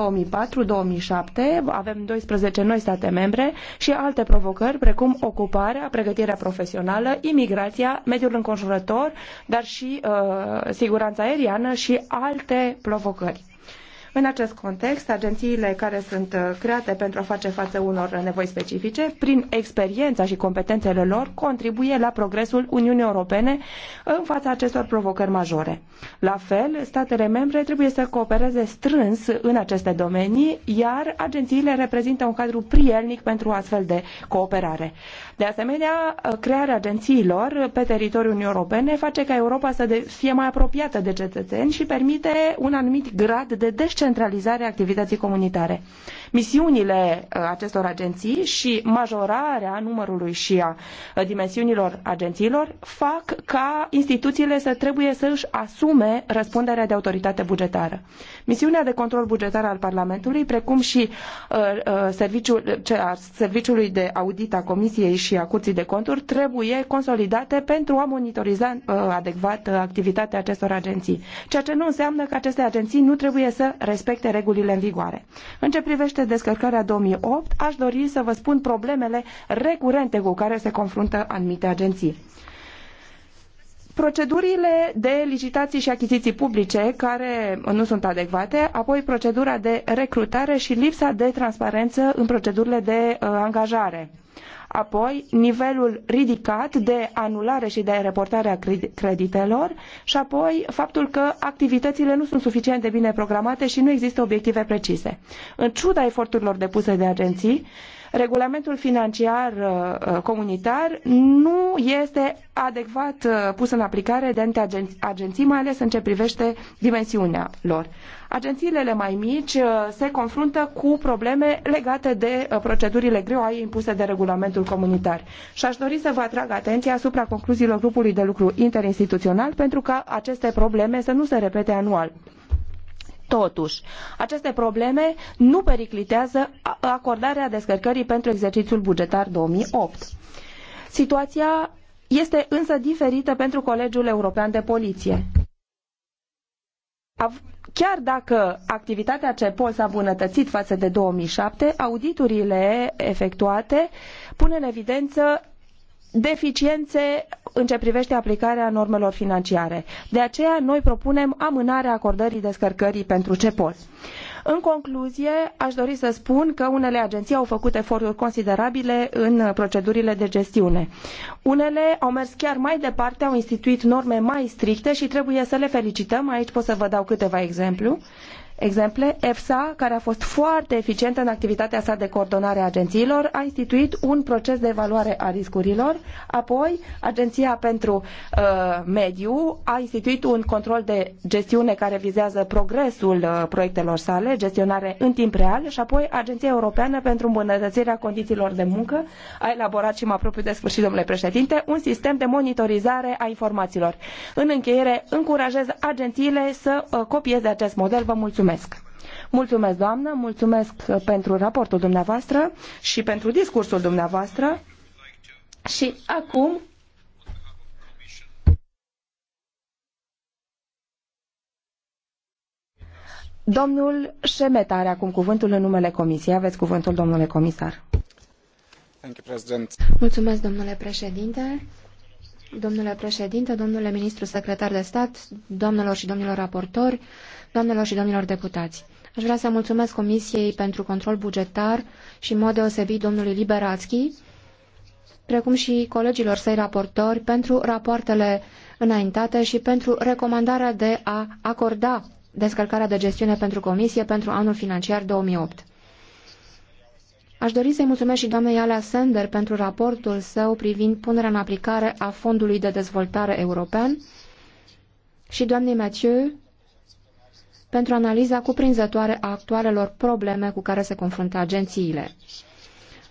avem 12 noi state membre și alte provocări precum ocuparea, pregătirea profesională, imigrația, mediul înconjurător, dar și uh, siguranța aeriană și alte provocări. În acest context, agențiile care sunt uh, create pentru a face față unor nevoi specifice, prin experiența și competențele lor, contribuie la progresul Uniunii Europene în fața acestor provocări majore. La fel, statele membre trebuie să coopereze strâns în aceste domenii, iar agențiile reprezintă un cadru prielnic pentru astfel de cooperare. De asemenea, crearea agențiilor pe teritoriul Uniunii Europene face ca Europa să fie mai apropiată de cetățeni și permite un anumit grad de descentralizare a activității comunitare misiunile uh, acestor agenții și majorarea numărului și a uh, dimensiunilor agențiilor fac ca instituțiile să trebuie să își asume răspunderea de autoritate bugetară. Misiunea de control bugetar al Parlamentului, precum și uh, serviciul, ce, a serviciului de audit a Comisiei și a Curții de Conturi, trebuie consolidate pentru a monitoriza adecvat activitatea acestor agenții, ceea ce nu înseamnă că aceste agenții nu trebuie să respecte regulile în vigoare. În ce privește privește descărcarea 2008, aș dori să vă spun problemele recurente cu care se confruntă anumite agenții. Procedurile de licitații și achiziții publice care nu sunt adecvate, apoi procedura de recrutare și lipsa de transparență în procedurile de uh, angajare apoi nivelul ridicat de anulare și de reportare a creditelor și apoi faptul că activitățile nu sunt suficient de bine programate și nu există obiective precise. În ciuda eforturilor depuse de agenții, Regulamentul financiar uh, uh, comunitar nu este adecvat uh, pus în aplicare de ante agenții, mai ales în ce privește dimensiunea lor. Agențiile mai mici se confruntă cu probleme legate de procedurile greoaie impuse de regulamentul comunitar. Și aș dori să vă atrag atenția asupra concluziilor grupului de lucru interinstituțional pentru ca aceste probleme să nu se repete anual. Totuși, aceste probleme nu periclitează acordarea descărcării pentru exercițiul bugetar 2008. Situația este însă diferită pentru Colegiul European de Poliție. Chiar dacă activitatea CEPOL s-a îmbunătățit față de 2007, auditurile efectuate pun în evidență deficiențe în ce privește aplicarea normelor financiare. De aceea noi propunem amânarea acordării descărcării pentru CEPOL. În concluzie, aș dori să spun că unele agenții au făcut eforturi considerabile în procedurile de gestiune. Unele au mers chiar mai departe, au instituit norme mai stricte și trebuie să le felicităm. Aici pot să vă dau câteva exemplu, exemple, EFSA, care a fost foarte eficientă în activitatea sa de coordonare a agențiilor, a instituit un proces de evaluare a riscurilor, apoi Agenția pentru uh, Mediu a instituit un control de gestiune care vizează progresul uh, proiectelor sale, gestionare în timp real și apoi Agenția Europeană pentru îmbunătățirea condițiilor de muncă a elaborat și mă apropiu de sfârșit, domnule președinte, un sistem de monitorizare a informațiilor. În încheiere, încurajez agențiile să uh, copieze acest model. Vă mulțumesc! Mulțumesc! Mulțumesc, doamnă, mulțumesc uh, pentru raportul dumneavoastră și pentru discursul dumneavoastră. Și acum Domnul Șemeta are acum cuvântul în numele Comisiei. Aveți cuvântul, domnule comisar. Mulțumesc, domnule președinte. Domnule președinte, domnule ministru secretar de stat, doamnelor și domnilor raportori, doamnelor și domnilor deputați. Aș vrea să mulțumesc Comisiei pentru control bugetar și în mod deosebit domnului Liberațchi, precum și colegilor săi raportori pentru rapoartele înaintate și pentru recomandarea de a acorda descărcarea de gestiune pentru Comisie pentru anul financiar 2008. Aș dori să-i mulțumesc și doamnei Alea Sender pentru raportul său privind punerea în aplicare a Fondului de Dezvoltare European și doamnei Mathieu pentru analiza cuprinzătoare a actualelor probleme cu care se confruntă agențiile.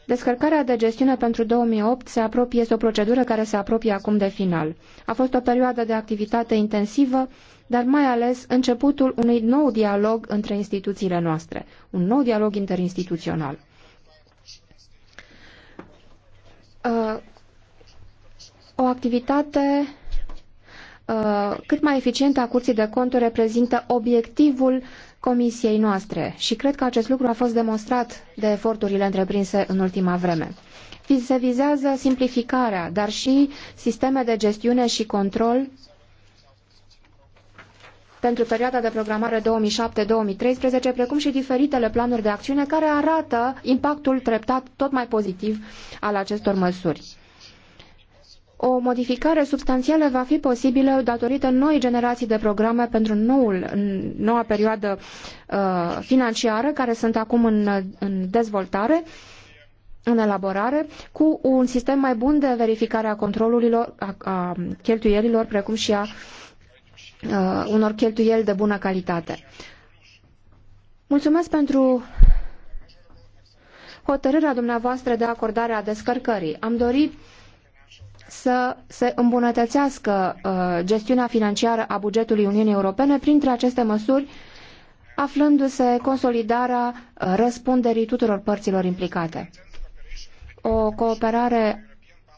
Descărcarea de gestiune pentru 2008 se apropie, este o procedură care se apropie acum de final. A fost o perioadă de activitate intensivă, dar mai ales începutul unui nou dialog între instituțiile noastre, un nou dialog interinstituțional. Uh, o activitate uh, cât mai eficientă a Curții de Conturi reprezintă obiectivul comisiei noastre și cred că acest lucru a fost demonstrat de eforturile întreprinse în ultima vreme. Se vizează simplificarea, dar și sisteme de gestiune și control pentru perioada de programare 2007-2013, precum și diferitele planuri de acțiune care arată impactul treptat tot mai pozitiv al acestor măsuri. O modificare substanțială va fi posibilă datorită noi generații de programe pentru noul, noua perioadă uh, financiară, care sunt acum în, în dezvoltare, în elaborare, cu un sistem mai bun de verificare a controlurilor, a, a cheltuielilor, precum și a uh, uh, unor cheltuieli de bună calitate. Mulțumesc pentru hotărârea dumneavoastră de acordare a descărcării. Am dorit să se îmbunătățească uh, gestiunea financiară a bugetului Uniunii Europene printre aceste măsuri, aflându-se consolidarea uh, răspunderii tuturor părților implicate. O cooperare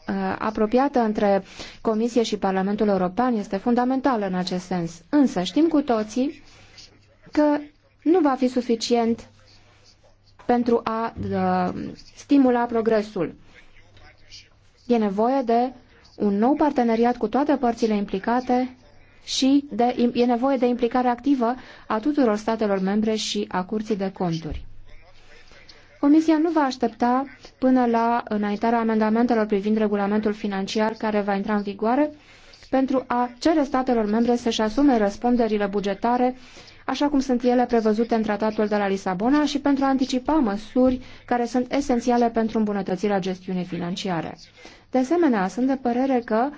Uh, apropiată între Comisie și Parlamentul European este fundamentală în acest sens. Însă știm cu toții că nu va fi suficient pentru a uh, stimula progresul. E nevoie de un nou parteneriat cu toate părțile implicate și de, e nevoie de implicare activă a tuturor statelor membre și a Curții de Conturi. Comisia nu va aștepta până la înaintarea amendamentelor privind regulamentul financiar care va intra în vigoare pentru a cere statelor membre să-și asume răspunderile bugetare așa cum sunt ele prevăzute în tratatul de la Lisabona și pentru a anticipa măsuri care sunt esențiale pentru îmbunătățirea gestiunii financiare. De asemenea, sunt de părere că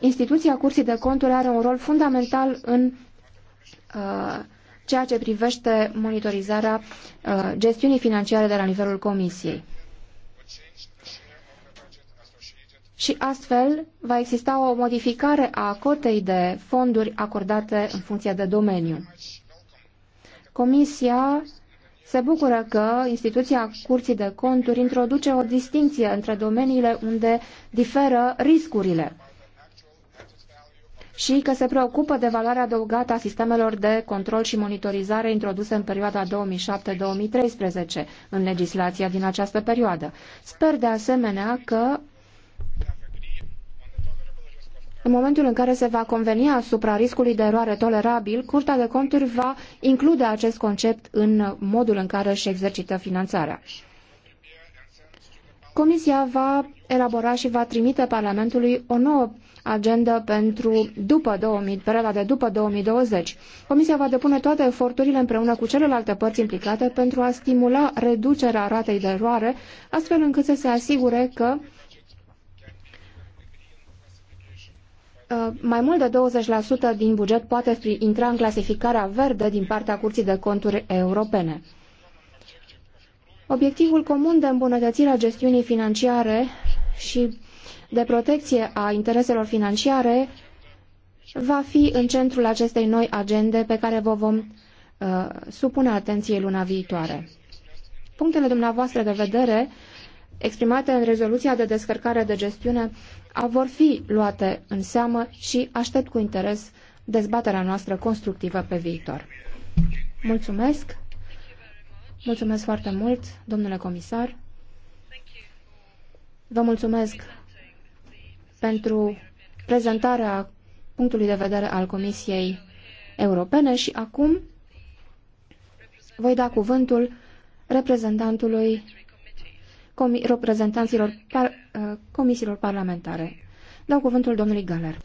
instituția Curții de Conturi are un rol fundamental în uh, ceea ce privește monitorizarea uh, gestiunii financiare de la nivelul Comisiei. Și astfel va exista o modificare a cotei de fonduri acordate în funcție de domeniu. Comisia se bucură că instituția Curții de Conturi introduce o distinție între domeniile unde diferă riscurile și că se preocupă de valoarea adăugată a sistemelor de control și monitorizare introduse în perioada 2007-2013 în legislația din această perioadă. Sper de asemenea că în momentul în care se va conveni asupra riscului de eroare tolerabil, Curtea de Conturi va include acest concept în modul în care își exercită finanțarea. Comisia va elabora și va trimite Parlamentului o nouă Agenda pentru după 2000, perioada de după 2020. Comisia va depune toate eforturile împreună cu celelalte părți implicate pentru a stimula reducerea ratei de eroare, astfel încât să se asigure că uh, mai mult de 20% din buget poate fi, intra în clasificarea verde din partea Curții de Conturi Europene. Obiectivul comun de îmbunătățire a gestiunii financiare și de protecție a intereselor financiare va fi în centrul acestei noi agende pe care vă vom uh, supune atenției luna viitoare. Punctele dumneavoastră de vedere exprimate în rezoluția de descărcare de gestiune a vor fi luate în seamă și aștept cu interes dezbaterea noastră constructivă pe viitor. Mulțumesc! Mulțumesc foarte mult, domnule comisar! Vă mulțumesc pentru prezentarea punctului de vedere al Comisiei Europene și acum voi da cuvântul reprezentantului comi, reprezentanților par, uh, comisiilor parlamentare. Dau cuvântul domnului Galer.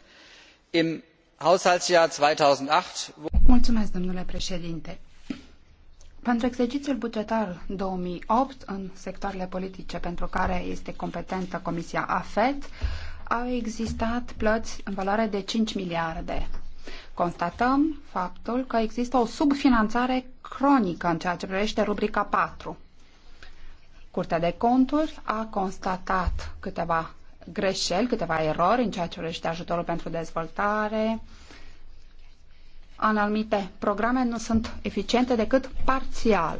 Im Haushaltsjahr 2008 Mulțumesc, domnule președinte. Pentru exercițiul bugetar 2008, în sectoarele politice pentru care este competentă Comisia AFET, au existat plăți în valoare de 5 miliarde. Constatăm faptul că există o subfinanțare cronică în ceea ce privește rubrica 4. Curtea de conturi a constatat câteva greșeli, câteva erori în ceea ce privește ajutorul pentru dezvoltare. Anumite programe nu sunt eficiente decât parțial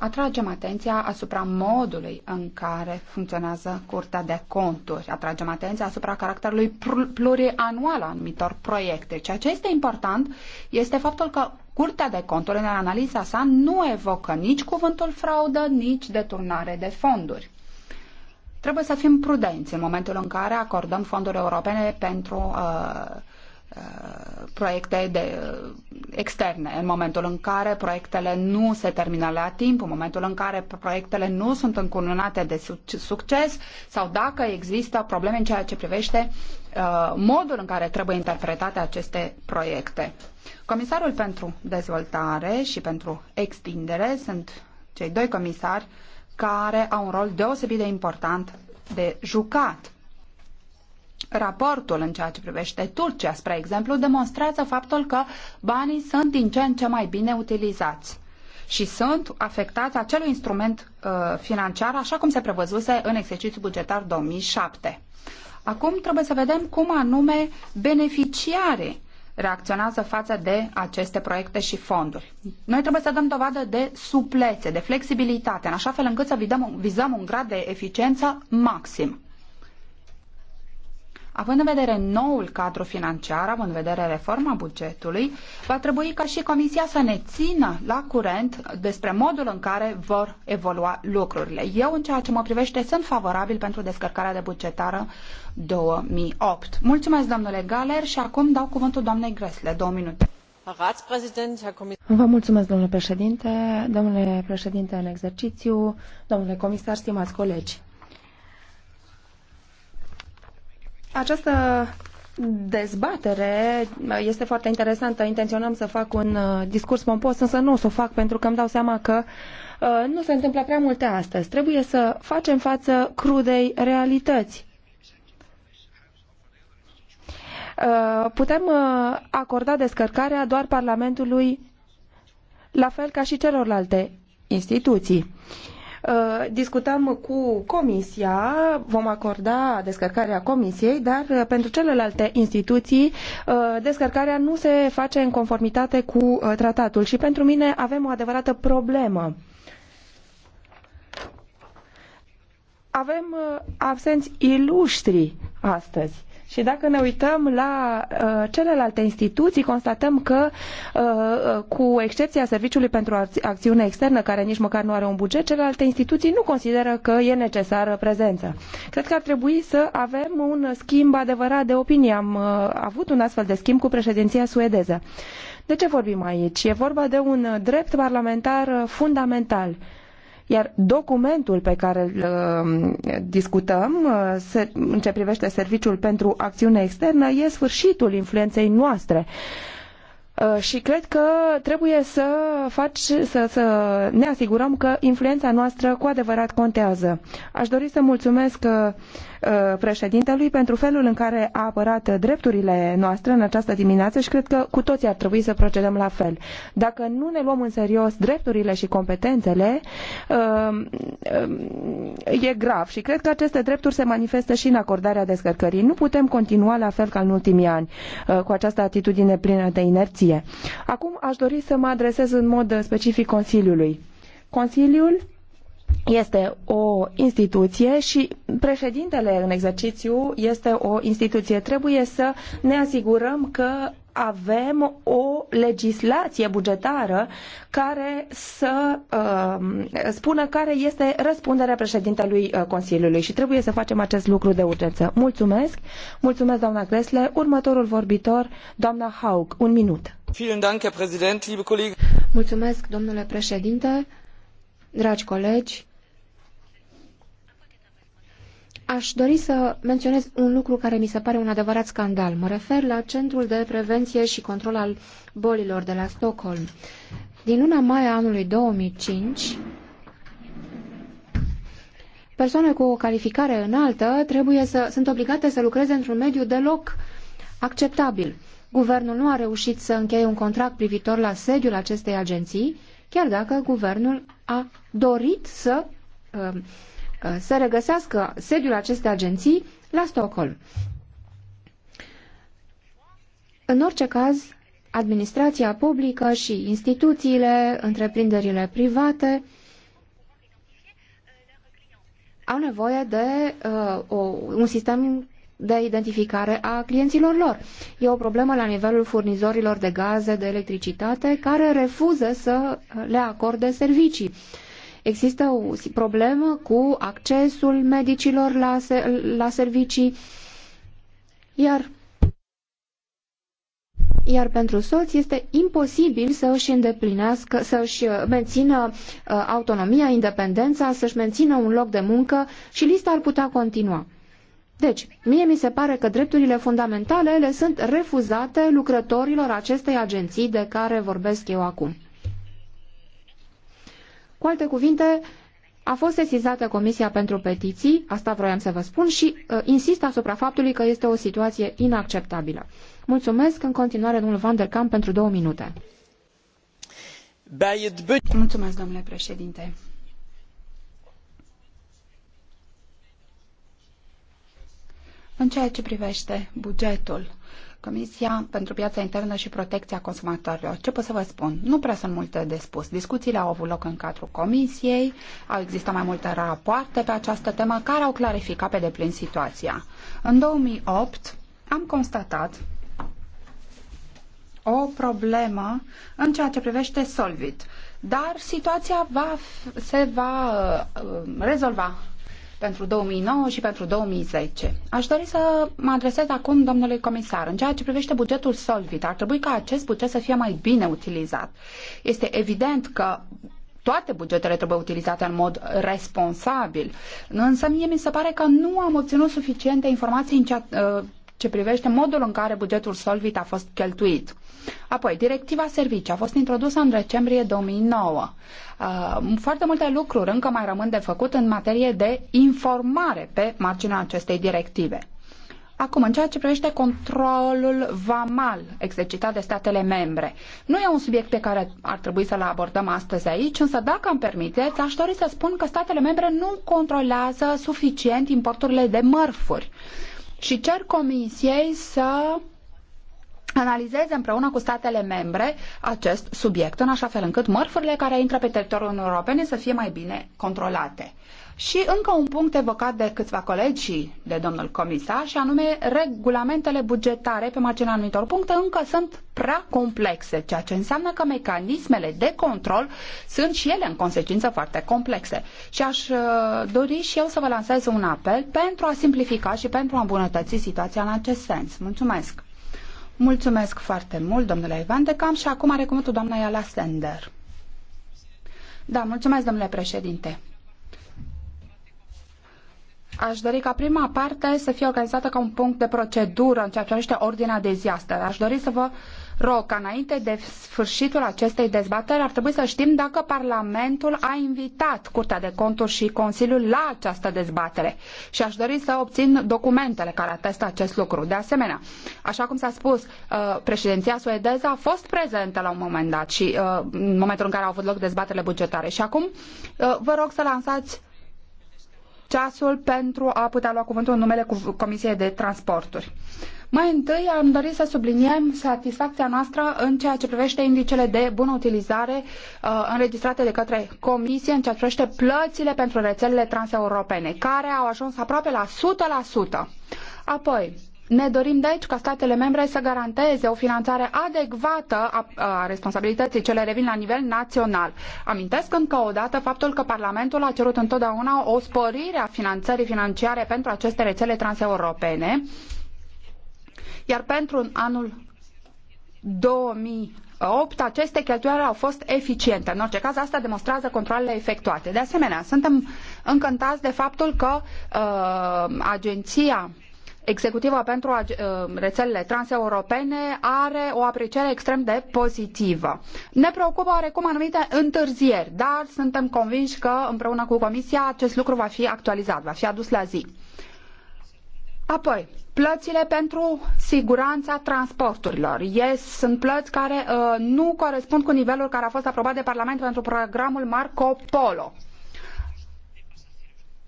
atragem atenția asupra modului în care funcționează Curtea de Conturi, atragem atenția asupra caracterului plurianual a anumitor proiecte. Ceea ce este important este faptul că Curtea de Conturi, în analiza sa, nu evocă nici cuvântul fraudă, nici deturnare de fonduri. Trebuie să fim prudenți în momentul în care acordăm fonduri europene pentru uh, Uh, proiecte de, uh, externe, în momentul în care proiectele nu se termină la timp, în momentul în care proiectele nu sunt încununate de succes sau dacă există probleme în ceea ce privește uh, modul în care trebuie interpretate aceste proiecte. Comisarul pentru dezvoltare și pentru extindere sunt cei doi comisari care au un rol deosebit de important de jucat Raportul în ceea ce privește Turcia, spre exemplu, demonstrează faptul că banii sunt din ce în ce mai bine utilizați și sunt afectați acelui instrument uh, financiar așa cum se prevăzuse în exercițiul bugetar 2007. Acum trebuie să vedem cum anume beneficiare reacționează față de aceste proiecte și fonduri. Noi trebuie să dăm dovadă de suplețe, de flexibilitate, în așa fel încât să vizăm, vizăm un grad de eficiență maxim. Având în vedere noul cadru financiar, având în vedere reforma bugetului, va trebui ca și Comisia să ne țină la curent despre modul în care vor evolua lucrurile. Eu, în ceea ce mă privește, sunt favorabil pentru descărcarea de bugetară 2008. Mulțumesc, domnule Galer, și acum dau cuvântul doamnei Gresle. Două minute. Vă mulțumesc, domnule președinte, domnule președinte în exercițiu, domnule comisar, stimați colegi. Această dezbatere este foarte interesantă. Intenționam să fac un uh, discurs pompos, însă nu o să o fac pentru că îmi dau seama că uh, nu se întâmplă prea multe astăzi. Trebuie să facem față crudei realități. Uh, putem acorda descărcarea doar Parlamentului, la fel ca și celorlalte instituții. Uh, discutăm cu Comisia, vom acorda descărcarea Comisiei, dar uh, pentru celelalte instituții uh, descărcarea nu se face în conformitate cu tratatul și pentru mine avem o adevărată problemă. Avem absenți iluștri astăzi și dacă ne uităm la uh, celelalte instituții, constatăm că, uh, uh cu excepția Serviciului pentru Acțiune Externă, care nici măcar nu are un buget, celelalte instituții nu consideră că e necesară prezența. Cred că ar trebui să avem un schimb adevărat de opinie. Am uh, avut un astfel de schimb cu președinția suedeză. De ce vorbim aici? E vorba de un drept parlamentar uh, fundamental iar documentul pe care îl um, discutăm uh, în ce privește serviciul pentru acțiune externă e sfârșitul influenței noastre Uh, și cred că trebuie să, faci, să, să ne asigurăm că influența noastră cu adevărat contează. Aș dori să mulțumesc uh, uh, președintelui pentru felul în care a apărat drepturile noastre în această dimineață și cred că cu toții ar trebui să procedăm la fel. Dacă nu ne luăm în serios drepturile și competențele, e grav și cred că aceste drepturi se manifestă și în acordarea descărcării. Nu putem continua la fel ca în ultimii ani cu această atitudine plină de inerție justiție. Acum aș dori să mă adresez în mod specific Consiliului. Consiliul este o instituție și președintele în exercițiu este o instituție. Trebuie să ne asigurăm că avem o legislație bugetară care să uh, spună care este răspunderea președintelui uh, Consiliului și trebuie să facem acest lucru de urgență. Mulțumesc, mulțumesc doamna Cresle. Următorul vorbitor, doamna Haug, un minut. Mulțumesc, domnule președinte, dragi colegi. Aș dori să menționez un lucru care mi se pare un adevărat scandal. Mă refer la Centrul de Prevenție și Control al Bolilor de la Stockholm. Din luna mai a anului 2005, persoane cu o calificare înaltă trebuie să, sunt obligate să lucreze într-un mediu deloc acceptabil. Guvernul nu a reușit să încheie un contract privitor la sediul acestei agenții, chiar dacă guvernul a dorit să uh, Uh, să regăsească sediul acestei agenții la Stockholm. În orice caz, administrația publică și instituțiile, întreprinderile private au nevoie de uh, o, un sistem de identificare a clienților lor. E o problemă la nivelul furnizorilor de gaze, de electricitate, care refuză să le acorde servicii. Uh, Există o problemă cu accesul medicilor la, la servicii, iar iar pentru soț este imposibil să își îndeplinească, să își uh, mențină uh, autonomia, independența, să-și mențină un loc de muncă și lista ar putea continua. Deci, mie mi se pare că drepturile fundamentale le sunt refuzate lucrătorilor acestei agenții de care vorbesc eu acum. Cu alte cuvinte, a fost sesizată Comisia pentru Petiții, asta vroiam să vă spun, și uh, insist asupra faptului că este o situație inacceptabilă. Mulțumesc în continuare domnul Van der Kamp pentru două minute. Mulțumesc, domnule președinte. În ceea ce privește bugetul Comisia pentru Piața Internă și Protecția Consumatorilor. Ce pot să vă spun? Nu prea sunt multe de spus. Discuțiile au avut loc în cadrul Comisiei, au existat mai multe rapoarte pe această temă care au clarificat pe deplin situația. În 2008 am constatat o problemă în ceea ce privește Solvit, dar situația va, se va uh, uh rezolva pentru 2009 și pentru 2010. Aș dori să mă adresez acum domnului comisar. În ceea ce privește bugetul Solvit, ar trebui ca acest buget să fie mai bine utilizat. Este evident că toate bugetele trebuie utilizate în mod responsabil, însă mie mi se pare că nu am obținut suficiente informații în ceea, uh, ce privește modul în care bugetul Solvit a fost cheltuit. Apoi, directiva servicii a fost introdusă în decembrie 2009. Uh, foarte multe lucruri încă mai rămân de făcut în materie de informare pe marginea acestei directive. Acum, în ceea ce privește controlul vamal exercitat de statele membre, nu e un subiect pe care ar trebui să-l abordăm astăzi aici, însă dacă îmi permiteți, aș dori să spun că statele membre nu controlează suficient importurile de mărfuri și cer comisiei să analizeze împreună cu statele membre acest subiect, în așa fel încât mărfurile care intră pe teritoriul european să fie mai bine controlate. Și încă un punct evocat de câțiva colegi și de domnul comisar, și anume regulamentele bugetare pe marginea anumitor puncte încă sunt prea complexe, ceea ce înseamnă că mecanismele de control sunt și ele în consecință foarte complexe. Și aș uh, dori și eu să vă lansez un apel pentru a simplifica și pentru a îmbunătăți situația în acest sens. Mulțumesc! Mulțumesc foarte mult, domnule Ivan de Cam, și acum are cuvântul doamna Iala Sender. Da, mulțumesc, domnule președinte. Aș dori ca prima parte să fie organizată ca un punct de procedură în ceea ce privește ordinea de zi astăzi. Aș dori să vă uh, ca înainte de sfârșitul acestei dezbateri, ar trebui să știm dacă Parlamentul a invitat Curtea de Conturi și Consiliul la această dezbatere. Și aș dori să obțin documentele care atestă acest lucru. De asemenea, așa cum s-a spus, uh, președinția suedeză a fost prezentă la un moment dat și uh, în momentul în care au avut loc dezbaterile bugetare. Și acum uh, vă rog să lansați ceasul pentru a putea lua cuvântul în numele Comisiei de Transporturi. Mai întâi am dorit să subliniem satisfacția noastră în ceea ce privește indicele de bună utilizare uh, înregistrate de către Comisie în ceea ce privește plățile pentru rețelele transeuropene, care au ajuns aproape la 100%. Apoi, ne dorim de aici ca statele membre să garanteze o finanțare adecvată a, responsabilității ce le revin la nivel național. Amintesc încă o dată faptul că Parlamentul a cerut întotdeauna o sporire a finanțării financiare pentru aceste rețele transeuropene iar pentru anul 2008 aceste cheltuieli au fost eficiente. În orice caz, asta demonstrează controlele efectuate. De asemenea, suntem încântați de faptul că uh, agenția executivă pentru uh, rețelele transeuropene are o apreciere extrem de pozitivă. Ne preocupă oarecum anumite întârzieri, dar suntem convinși că împreună cu Comisia acest lucru va fi actualizat, va fi adus la zi. Apoi, Plățile pentru siguranța transporturilor yes, sunt plăți care uh, nu corespund cu nivelul care a fost aprobat de Parlament pentru programul Marco Polo.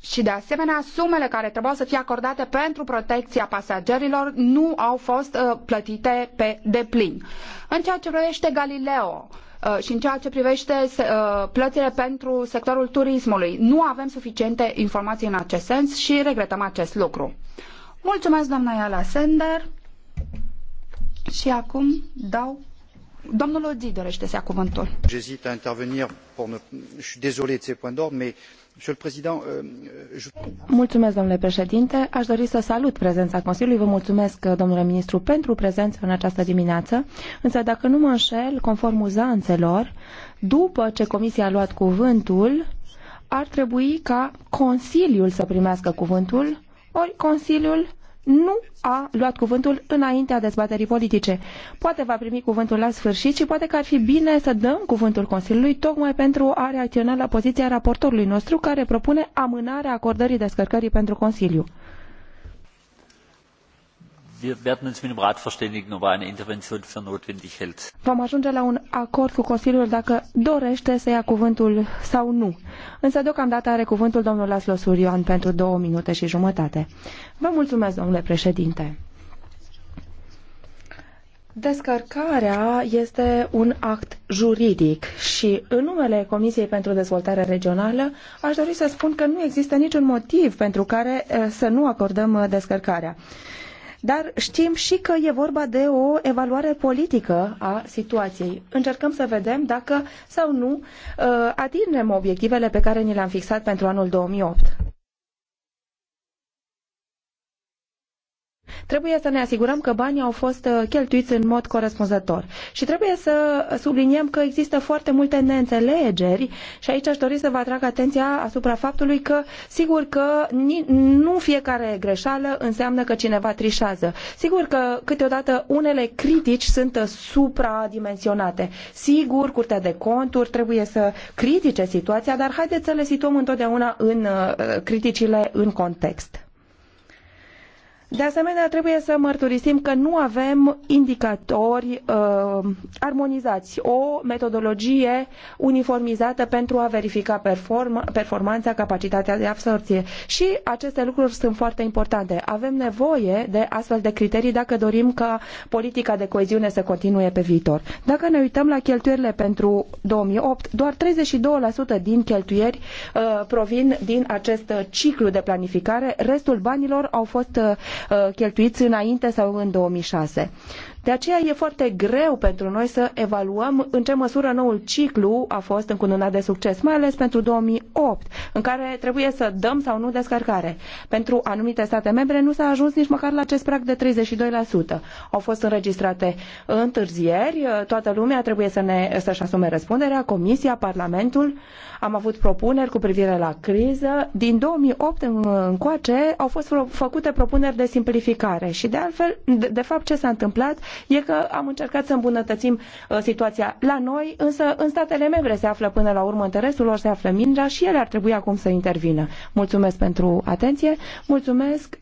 Și de asemenea, sumele care trebuiau să fie acordate pentru protecția pasagerilor nu au fost uh, plătite pe deplin. În ceea ce privește Galileo, uh, și în ceea ce privește uh, plățile pentru sectorul turismului. Nu avem suficiente informații în acest sens și regretăm acest lucru. Mulțumesc, doamna Iala Sender. Și acum dau... Domnul Odzi dorește să ia cuvântul. J'hésite à intervenir pour ne... Je suis désolé de ces points d'ordre, mais euh, Mulțumesc, domnule președinte. Aș dori să salut prezența Consiliului. Vă mulțumesc, domnule ministru, pentru prezența în această dimineață. Însă, dacă nu mă înșel, conform uzanțelor, după ce Comisia a luat cuvântul, ar trebui ca Consiliul să primească cuvântul ori Consiliul nu a luat cuvântul înaintea dezbaterii politice. Poate va primi cuvântul la sfârșit și poate că ar fi bine să dăm cuvântul Consiliului tocmai pentru a reacționa la poziția raportorului nostru care propune amânarea acordării descărcării pentru Consiliu. Wir werden uns mit dem Rat verständigen, ob er eine Intervention für notwendig hält. Vom ajunge la un acord cu Consiliul dacă dorește să ia cuvântul sau nu. Însă deocamdată are cuvântul domnul Laslo Surion pentru două minute și jumătate. Vă mulțumesc, domnule președinte. Descărcarea este un act juridic și în numele Comisiei pentru Dezvoltare Regională aș dori să spun că nu există niciun motiv pentru care eh, să nu acordăm eh, descărcarea dar știm și că e vorba de o evaluare politică a situației. Încercăm să vedem dacă sau nu uh, atingem obiectivele pe care ni le-am fixat pentru anul 2008. Trebuie să ne asigurăm că banii au fost uh, cheltuiți în mod corespunzător. Și trebuie să subliniem că există foarte multe neînțelegeri și aici aș dori să vă atrag atenția asupra faptului că, sigur că nu fiecare greșeală înseamnă că cineva trișează. Sigur că câteodată unele critici sunt uh, supradimensionate. Sigur, Curtea de Conturi trebuie să critice situația, dar haideți să le situăm întotdeauna în uh, criticile în context. De asemenea, trebuie să mărturisim că nu avem indicatori uh, armonizați, o metodologie uniformizată pentru a verifica perform- performanța, capacitatea de absorție. Și aceste lucruri sunt foarte importante. Avem nevoie de astfel de criterii dacă dorim ca politica de coeziune să continue pe viitor. Dacă ne uităm la cheltuielile pentru 2008, doar 32% din cheltuieri uh, provin din acest ciclu de planificare, restul banilor au fost uh, Uh, cheltuiți înainte sau în 2006. De aceea e foarte greu pentru noi să evaluăm în ce măsură noul ciclu a fost încununat de succes, mai ales pentru 2008, în care trebuie să dăm sau nu descărcare. Pentru anumite state membre nu s-a ajuns nici măcar la acest prag de 32%. Au fost înregistrate întârzieri, toată lumea trebuie să ne, să-și asume răspunderea, Comisia, Parlamentul. Am avut propuneri cu privire la criză. Din 2008 încoace au fost făcute propuneri de simplificare și de altfel, de, de fapt, ce s-a întâmplat? e că am încercat să îmbunătățim uh, situația la noi, însă în statele membre se află până la urmă interesul lor, se află mingea și ele ar trebui acum să intervină. Mulțumesc pentru atenție, mulțumesc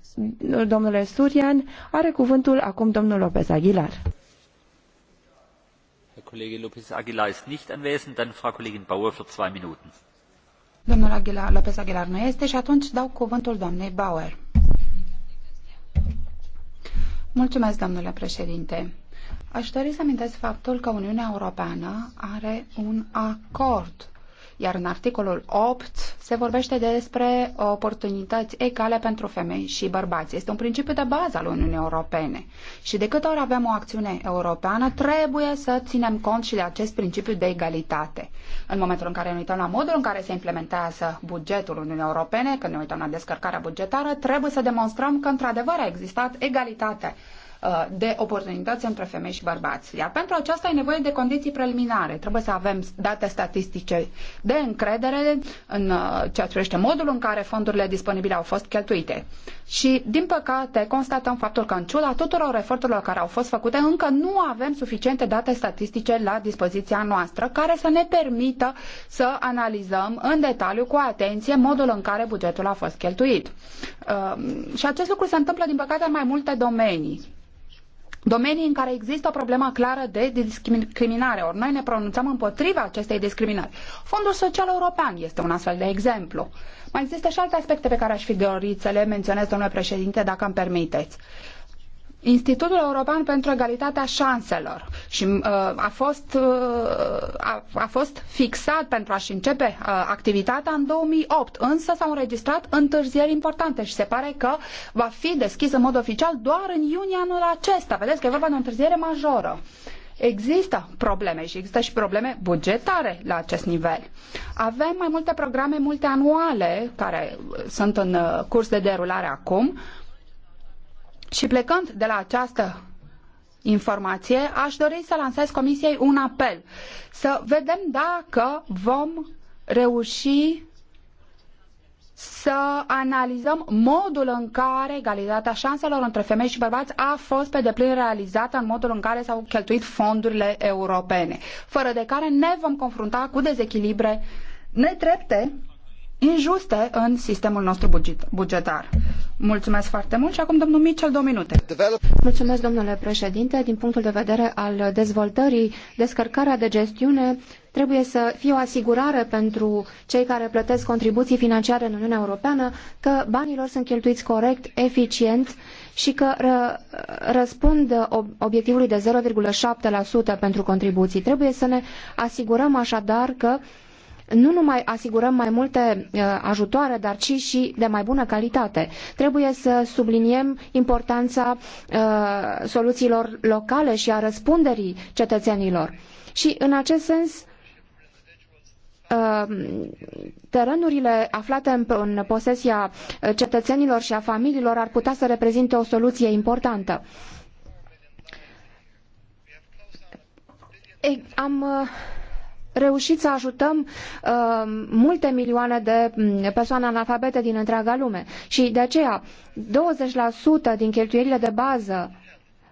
domnule Surian. Are cuvântul acum domnul Lopez Aguilar. Kollege Lopez Aguilar ist nicht anwesend, dann Frau Kollegin Bauer für zwei Minuten. Domnul Aguilar, Lopez Aguilar nu este și atunci dau cuvântul doamnei Bauer. Mulțumesc, domnule președinte. Aș dori să amintesc faptul că Uniunea Europeană are un acord iar în articolul 8 se vorbește despre oportunități egale pentru femei și bărbați. Este un principiu de bază al Uniunii Europene. Și de câte ori avem o acțiune europeană, trebuie să ținem cont și de acest principiu de egalitate. În momentul în care ne uităm la modul în care se implementează bugetul Uniunii Europene, când ne uităm la descărcarea bugetară, trebuie să demonstrăm că într-adevăr a existat egalitate Uh, de oportunități între femei și bărbați. Iar pentru aceasta e nevoie de condiții preliminare. Trebuie să avem date statistice de încredere în uh, ceea ce privește modul în care fondurile disponibile au fost cheltuite. Și, din păcate, constatăm faptul că, în ciuda tuturor eforturilor care au fost făcute, încă nu avem suficiente date statistice la dispoziția noastră care să ne permită să analizăm în detaliu cu atenție modul în care bugetul a fost cheltuit. Uh, și acest lucru se întâmplă, din păcate, în mai multe domenii domenii în care există o problemă clară de discriminare. Ori noi ne pronunțăm împotriva acestei discriminări. Fondul Social European este un astfel de exemplu. Mai există și alte aspecte pe care aș fi dorit să le menționez, domnule președinte, dacă îmi permiteți. Institutul European pentru Egalitatea Șanselor și uh, a, fost, uh, a, a fost fixat pentru a-și începe uh, activitatea în 2008, însă s-au înregistrat întârzieri importante și se pare că va fi deschis în mod oficial doar în iunie anul acesta. Vedeți că e vorba de o întârziere majoră. Există probleme și există și probleme bugetare la acest nivel. Avem mai multe programe multianuale care sunt în uh, curs de derulare acum, uh, și plecând de la această informație, aș dori să lansez Comisiei un apel. Să vedem dacă vom reuși să analizăm modul în care egalitatea șanselor între femei și bărbați a fost pe deplin realizată în modul în care s-au cheltuit fondurile europene, fără de care ne vom confrunta cu dezechilibre nedrepte injuste în sistemul nostru bugetar. Mulțumesc foarte mult și acum domnul Mitchell, două minute. Mulțumesc, domnule președinte. Din punctul de vedere al dezvoltării, descărcarea de gestiune trebuie să fie o asigurare pentru cei care plătesc contribuții financiare în Uniunea Europeană că banii lor sunt cheltuiți corect, eficient și că ră, răspund obiectivului de 0,7% pentru contribuții. Trebuie să ne asigurăm așadar că uh, nu numai asigurăm mai multe uh, ajutoare, dar ci și de mai bună calitate. Trebuie să subliniem importanța uh, soluțiilor locale și a răspunderii cetățenilor. Și în acest sens, uh, terenurile aflate în posesia cetățenilor și a familiilor ar putea să reprezinte o soluție importantă. Am reușit să ajutăm uh, multe milioane de mm, persoane analfabete din întreaga lume. Și de aceea, 20% din cheltuielile de bază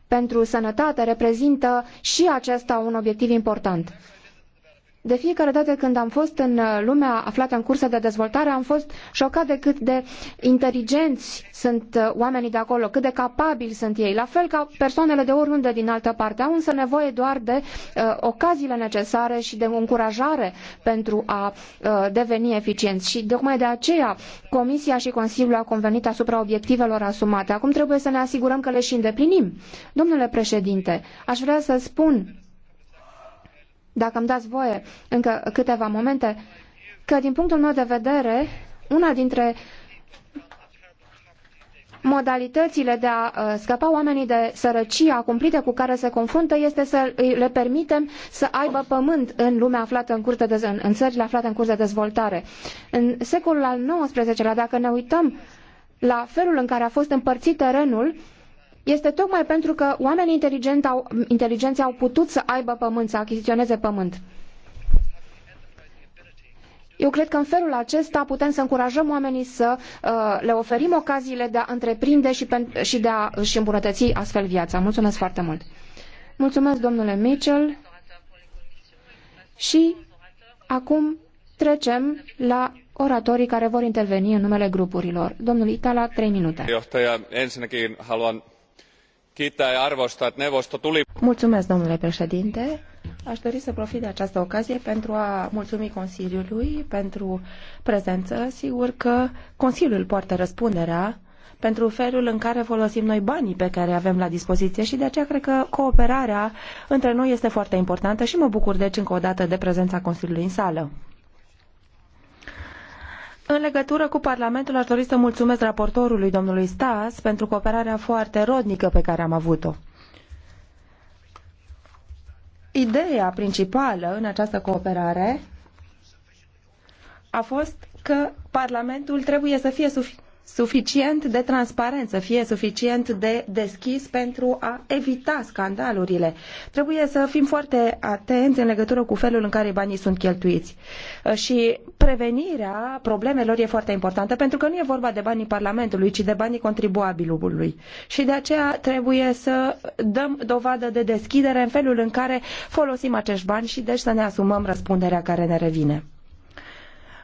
pentru sănătate reprezintă și acesta un obiectiv important. De fiecare dată când am fost în uh, lumea aflată în cursă de dezvoltare, am fost șocat de cât de inteligenți sunt uh, oamenii de acolo, cât de capabili sunt ei. La fel ca persoanele de oriunde din altă parte, au însă nevoie doar de uh, ocaziile necesare și de încurajare pentru a uh, deveni eficienți. Și tocmai de aceea Comisia și Consiliul au convenit asupra obiectivelor asumate. Acum trebuie să ne asigurăm că le și îndeplinim. Domnule președinte, aș vrea să spun dacă îmi dați voie încă câteva momente, că din punctul meu de vedere, una dintre modalitățile de a uh, scăpa oamenii de sărăcia cumplite cu care se confruntă este să le permitem să aibă pământ în lumea aflată în, curte de, în țările aflate în curs de dezvoltare. În secolul al XIX-lea, dacă ne uităm la felul în care a fost împărțit terenul, este tocmai pentru că oamenii inteligenți au, inteligenți au putut să aibă pământ, să achiziționeze pământ. Eu cred că în felul acesta putem să încurajăm oamenii să uh, le oferim ocaziile de a întreprinde și, și de a își îmbunătăți astfel viața. Mulțumesc foarte mult! Mulțumesc, domnule Mitchell! Și acum trecem la oratorii care vor interveni în numele grupurilor. Domnul Itala, trei minute. Johtaja, ensinnäkin haluan Mulțumesc, domnule președinte. Aș dori să profit de această ocazie pentru a mulțumi Consiliului pentru prezență. Sigur că Consiliul poartă răspunderea pentru felul în care folosim noi banii pe care avem la dispoziție și de aceea cred că cooperarea între noi este foarte importantă și mă bucur deci încă o dată de prezența Consiliului în sală. În legătură cu Parlamentul, aș dori să mulțumesc raportorului, domnului Stas, pentru cooperarea foarte rodnică pe care am avut-o. Ideea principală în această cooperare a fost că Parlamentul trebuie să fie suficient suficient de transparent, să fie suficient de deschis pentru a evita scandalurile. Trebuie să fim foarte atenți în legătură cu felul în care banii sunt cheltuiți. Uh, și prevenirea problemelor e foarte importantă, pentru că nu e vorba de banii Parlamentului, ci de banii contribuabilului. Și de aceea trebuie să dăm dovadă de deschidere în felul în care folosim acești bani și deci să ne asumăm răspunderea care ne revine.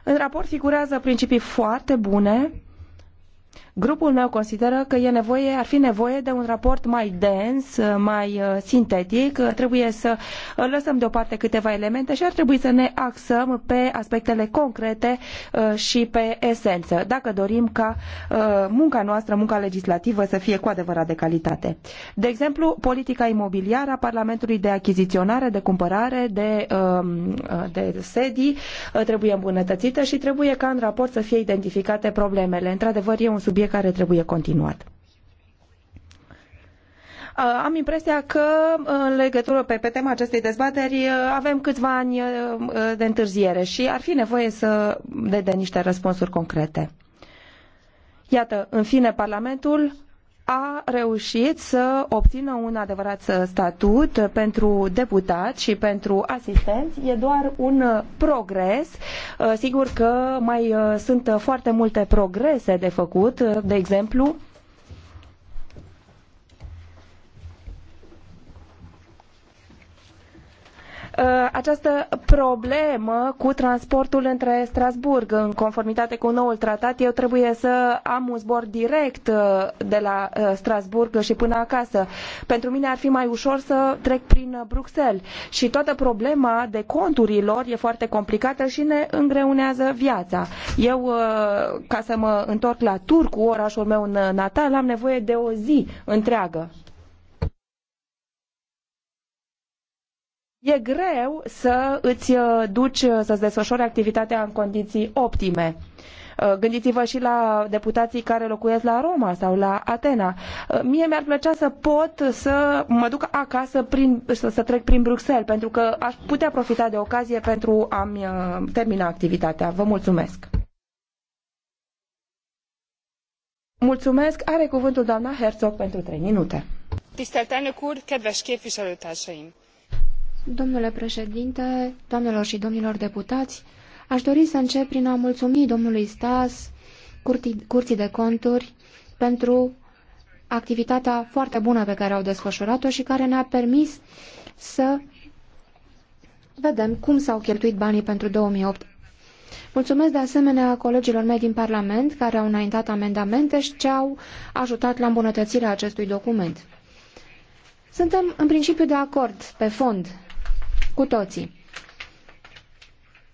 În raport figurează principii foarte bune Grupul meu consideră că e nevoie, ar fi nevoie de un raport mai dens, mai uh, sintetic. Trebuie să uh, lăsăm deoparte câteva elemente și ar trebui să ne axăm pe aspectele concrete uh, și pe esență, dacă dorim ca munca noastră, munca legislativă să fie cu adevărat de calitate. De exemplu, politica imobiliară a Parlamentului de achiziționare, de cumpărare, de, um, de sedii trebuie îmbunătățită și trebuie ca în raport să fie identificate problemele. Într-adevăr, e un subiect care trebuie continuat uh, am impresia că în legătură pe, pe tema acestei dezbateri uh, avem câțiva ani uh, de întârziere și ar fi nevoie să de, niște răspunsuri concrete. Iată, în fine, Parlamentul a reușit să obțină un adevărat statut pentru deputați și pentru asistenți. E doar un progres. Sigur că mai sunt foarte multe progrese de făcut, de exemplu, Uh, această problemă cu transportul între Strasbourg, În conformitate cu noul tratat, eu trebuie să am un zbor direct uh, de la uh, Strasbourg și până acasă. Pentru mine ar fi mai ușor să trec prin Bruxelles. Și toată problema de conturilor e foarte complicată și ne îngreunează viața. Eu, ca să mă întorc la Turcu, orașul meu natal, am nevoie de o zi întreagă. E greu să îți uh, duci, uh, să-ți desfășori activitatea în condiții optime. Uh, gândiți-vă și la deputații care locuiesc la Roma sau la Atena. Mie mi-ar plăcea să pot să mă duc acasă, prin, să, să trec prin Bruxelles, pentru că aș putea profita de ocazie pentru a-mi termina activitatea. Vă mulțumesc! Mulțumesc! Are cuvântul doamna Herzog pentru 3 minute. úr, kedves képviselőtársaim! Domnule președinte, doamnelor și domnilor deputați, aș dori să încep prin a mulțumi domnului Stas, Curții, Curții de Conturi, pentru activitatea foarte bună pe care au desfășurat-o și care ne-a permis să vedem cum s-au cheltuit banii pentru 2008. Mulțumesc de asemenea colegilor mei din Parlament care au înaintat amendamente și ce-au ajutat la îmbunătățirea acestui document. Suntem în principiu de acord pe fond cu toții.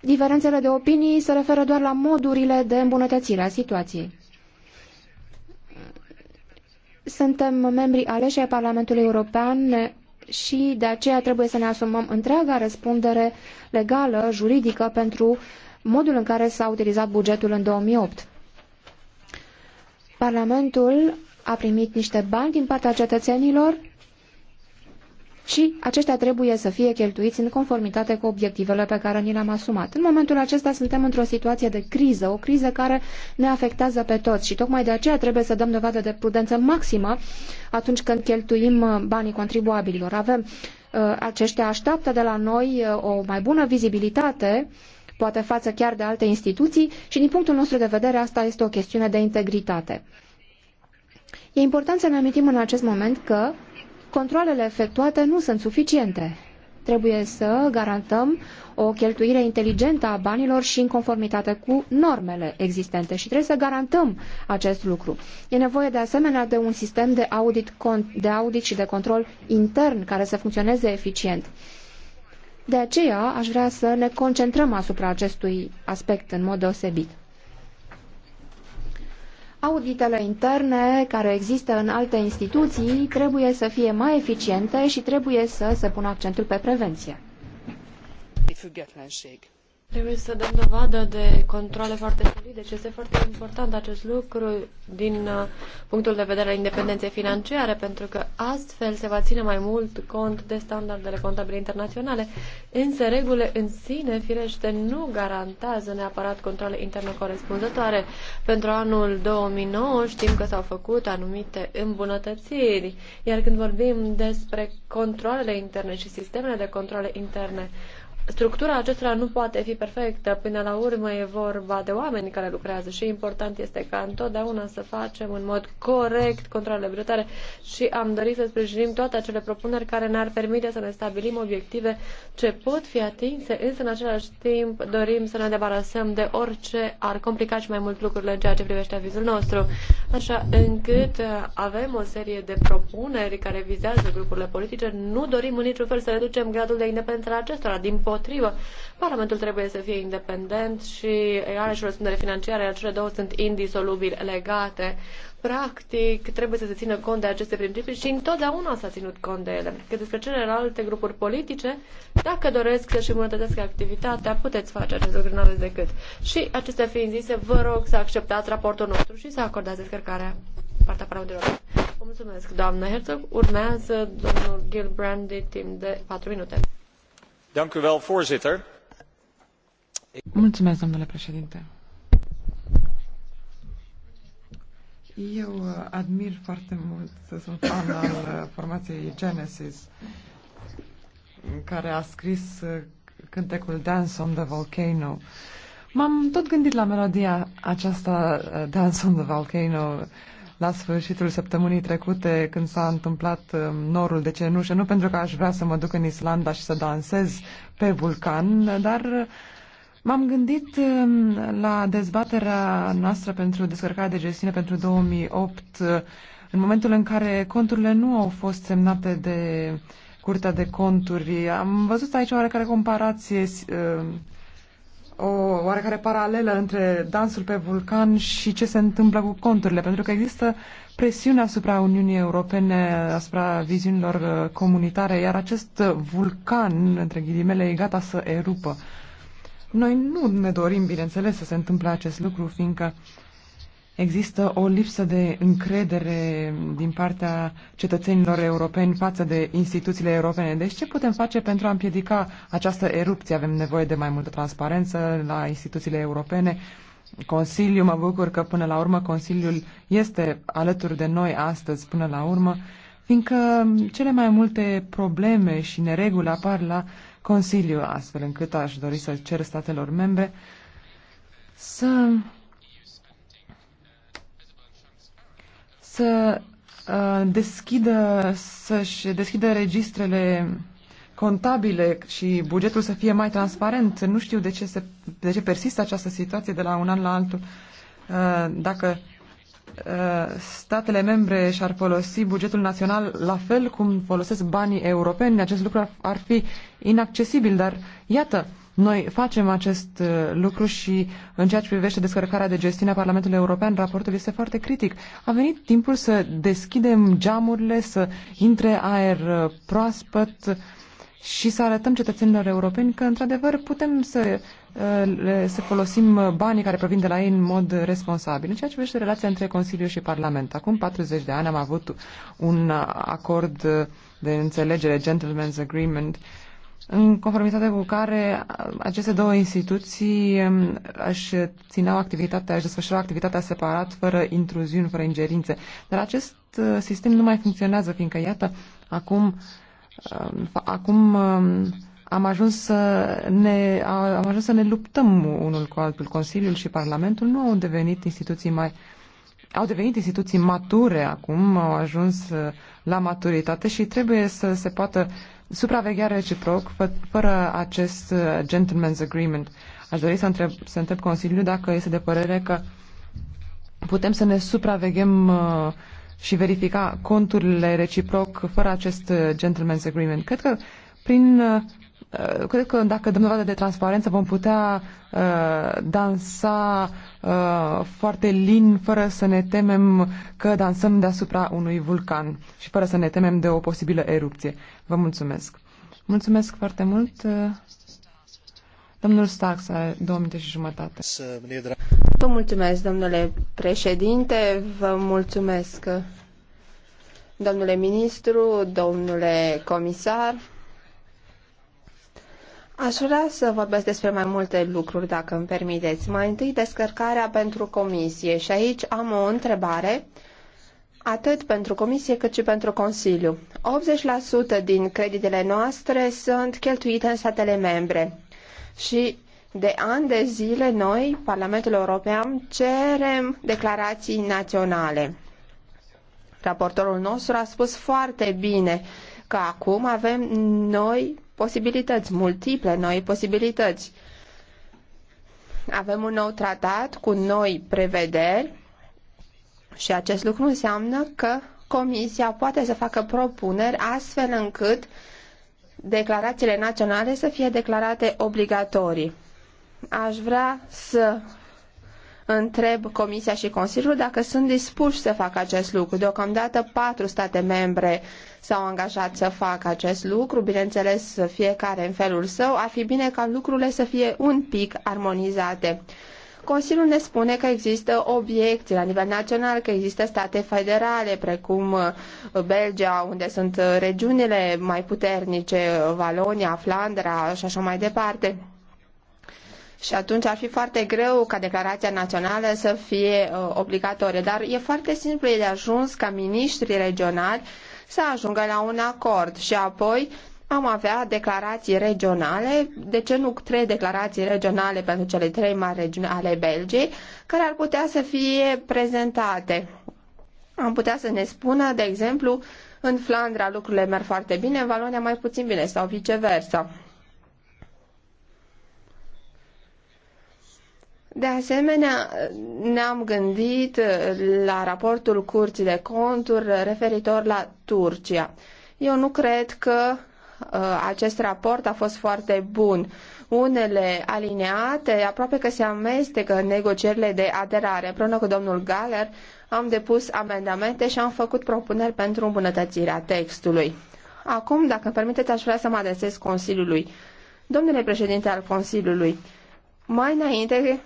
Diferențele de opinii se referă doar la modurile de îmbunătățire a situației. Suntem membri aleși ai Parlamentului European și de aceea trebuie să ne asumăm întreaga răspundere legală, juridică, pentru modul în care s-a utilizat bugetul în 2008. Parlamentul a primit niște bani din partea cetățenilor și aceștia trebuie să fie cheltuiți în conformitate cu obiectivele pe care ni le-am asumat. În momentul acesta suntem într-o situație de criză, o criză care ne afectează pe toți și tocmai de aceea trebuie să dăm dovadă de prudență maximă atunci când cheltuim uh, banii contribuabililor. Avem uh, aceștia așteaptă de la noi uh, o mai bună vizibilitate poate față chiar de alte instituții și din punctul nostru de vedere asta este o chestiune de integritate. E important să ne amintim în acest moment că controlele efectuate nu sunt suficiente. Trebuie să garantăm o cheltuire inteligentă a banilor și în conformitate cu normele existente și trebuie să garantăm acest lucru. E nevoie de asemenea de un sistem de audit, de audit și de control intern care să funcționeze eficient. De aceea aș vrea să ne concentrăm asupra acestui aspect în mod deosebit. Auditele interne care există în alte instituții trebuie să fie mai eficiente și trebuie să se pună accentul pe prevenție. Trebuie să dăm dovadă de controle foarte solide și este foarte important acest lucru din uh, punctul de vedere al independenței financiare, pentru că astfel se va ține mai mult cont de standardele contabile internaționale, însă regulile în sine, firește, nu garantează neapărat controle interne corespunzătoare. Pentru anul 2009 știm că s-au făcut anumite îmbunătățiri, iar când vorbim despre controlele interne și sistemele de controle interne, Structura acestora nu poate fi perfectă. Până la urmă e vorba de oameni care lucrează și important este ca întotdeauna să facem în mod corect controlele bugetare și am dorit să sprijinim toate acele propuneri care ne-ar permite să ne stabilim obiective ce pot fi atinse, însă în același timp dorim să ne debarasăm de orice ar complica și mai mult lucrurile în ceea ce privește avizul nostru. Așa încât uh, avem o serie de propuneri care vizează grupurile politice. Nu dorim în niciun fel să reducem gradul de independență la acestora. Din potrivă. Parlamentul trebuie să fie independent și are și o răspundere financiară, iar cele două sunt indisolubil legate. Practic, trebuie să se țină cont de aceste principii și întotdeauna s-a ținut cont de ele. Că despre celelalte grupuri politice, dacă doresc să-și îmbunătățesc activitatea, puteți face acest lucru, nu aveți decât. Și acestea fiind zise, vă rog să acceptați raportul nostru și să acordați descărcarea partea parodiilor. mulțumesc, doamnă Herzog. Urmează domnul Gilbrandi timp de 4 minute voorzitter domnule președinte eu uh, admir foarte mult sunt fan al uh, formației genesis care a scris uh, cântecul dance on the volcano m-am tot gândit la melodia aceasta dance on the volcano la sfârșitul săptămânii trecute când s-a întâmplat um, norul de cenușă, nu pentru că aș vrea să mă duc în Islanda și să dansez pe vulcan, dar m-am gândit um, la dezbaterea noastră pentru descărcarea de gestiune pentru 2008, în momentul în care conturile nu au fost semnate de Curtea de Conturi. Am văzut aici oarecare comparație um, o oarecare paralelă între dansul pe vulcan și ce se întâmplă cu conturile, pentru că există presiune asupra Uniunii Europene, asupra viziunilor uh, comunitare, iar acest uh, vulcan, între ghilimele, e gata să erupă. Noi nu ne dorim, bineînțeles, să se întâmple acest lucru, fiindcă uh, Există o lipsă de încredere din partea cetățenilor europeni față de instituțiile europene. Deci ce putem face pentru a împiedica această erupție? Avem nevoie de mai multă transparență la instituțiile europene. Consiliul, mă bucur că până la urmă Consiliul este alături de noi astăzi până la urmă, fiindcă cele mai multe probleme și nereguli apar la Consiliu, astfel încât aș dori să cer statelor membre să să uh, deschidă, să-și deschidă registrele contabile și bugetul să fie mai transparent. Nu știu de ce, se, de ce persistă această situație de la un an la altul. Uh, dacă uh, statele membre și-ar folosi bugetul național la fel cum folosesc banii europeni, acest lucru ar fi inaccesibil, dar iată, noi facem acest uh, lucru și în ceea ce privește descărcarea de gestiune a Parlamentului European, raportul este foarte critic. A venit timpul să deschidem geamurile, să intre aer uh, proaspăt și să arătăm cetățenilor europeni că, într-adevăr, putem să, uh, să folosim banii care provin de la ei în mod responsabil. În ceea ce privește relația între Consiliu și Parlament, acum 40 de ani am avut un acord de înțelegere, Gentleman's Agreement, uh, în conformitate cu care aceste două instituții um, își țineau activitatea, își desfășurau activitatea separat, fără intruziuni, fără ingerințe. Dar acest uh, sistem nu mai funcționează, fiindcă, iată, acum, um, acum um, am ajuns să ne, am ajuns să ne luptăm unul cu altul. Consiliul și Parlamentul nu au devenit instituții mai au devenit instituții mature acum, au ajuns uh, la maturitate și trebuie să se poată uh, supravegherea reciproc fără acest uh, gentleman's agreement. Aș dori să întreb, să întreb Consiliul dacă este de părere că putem să ne supraveghem uh, și verifica conturile reciproc fără acest uh, gentleman's agreement. Cred că prin Uh, cred că dacă dăm dovadă de transparență vom putea uh, dansa uh, foarte lin fără să ne temem că dansăm deasupra unui vulcan și fără să ne temem de o posibilă erupție. Vă mulțumesc. Mulțumesc foarte mult. Uh, domnul Stax, două minute și jumătate. Vă mulțumesc, domnule președinte, vă mulțumesc, domnule ministru, domnule comisar. Aș vrea să vorbesc despre mai multe lucruri, dacă îmi permiteți. Mai întâi, descărcarea pentru comisie. Și aici am o întrebare, atât pentru comisie cât și pentru Consiliu. 80% din creditele noastre sunt cheltuite în statele membre. Și de ani de zile noi, Parlamentul European, cerem declarații naționale. Raportorul nostru a spus foarte bine că acum avem noi posibilități, multiple noi posibilități. Avem un nou tratat cu noi prevederi și acest lucru înseamnă că Comisia poate să facă propuneri astfel încât declarațiile naționale să fie declarate obligatorii. Aș vrea să întreb Comisia și Consiliul dacă sunt dispuși să facă acest lucru. Deocamdată patru state membre s-au angajat să facă acest lucru, bineînțeles fiecare în felul său. Ar fi bine ca lucrurile să fie un pic armonizate. Consiliul ne spune că există obiecții la nivel național, că există state federale, precum uh, Belgia, unde sunt uh, regiunile mai puternice, uh, Valonia, Flandra și așa mai departe și atunci ar fi foarte greu ca declarația națională să fie uh, obligatorie. Dar e foarte simplu, e de ajuns ca miniștrii regionali să ajungă la un acord și apoi am avea declarații regionale, de ce nu trei declarații regionale pentru cele trei mari regiuni ale Belgiei, care ar putea să fie prezentate. Am putea să ne spună, de exemplu, în Flandra lucrurile merg foarte bine, în Valonia mai puțin bine sau viceversa. De asemenea, ne-am gândit uh, la raportul Curții de Conturi referitor la Turcia. Eu nu cred că uh, acest raport a fost foarte bun. Unele alineate aproape că se amestecă în negocierile de aderare. Împreună cu domnul Galer am depus amendamente și am făcut propuneri pentru îmbunătățirea textului. Acum, dacă îmi permiteți, aș vrea să mă adresez Consiliului. Domnule președinte al Consiliului, mai înainte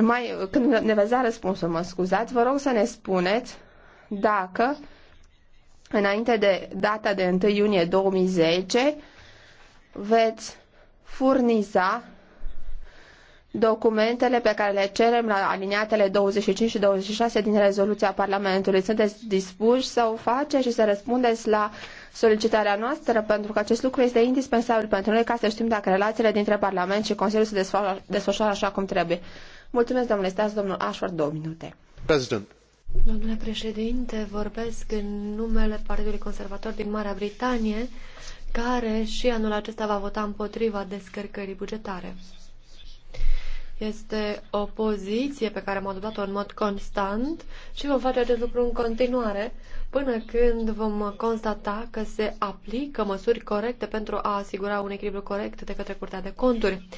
mai, când ne veți da răspunsul, mă scuzați, vă rog să ne spuneți dacă înainte de data de 1 iunie 2010 veți furniza documentele pe care le cerem la aliniatele 25 și 26 din rezoluția Parlamentului. Sunteți dispuși să o faceți și să răspundeți la solicitarea noastră, pentru că acest lucru este indispensabil pentru noi ca să știm dacă relațiile dintre Parlament și Consiliu se desfășoară așa cum trebuie. Mulțumesc, domnule Stas, domnul Ashford, două minute. President. Domnule președinte, vorbesc în numele Partidului Conservator din Marea Britanie, care și anul acesta va vota împotriva descărcării bugetare. Este o poziție pe care am adoptat-o în mod constant și vom face acest lucru în continuare până când vom constata că se aplică măsuri corecte pentru a asigura un echilibru corect de către Curtea de Conturi.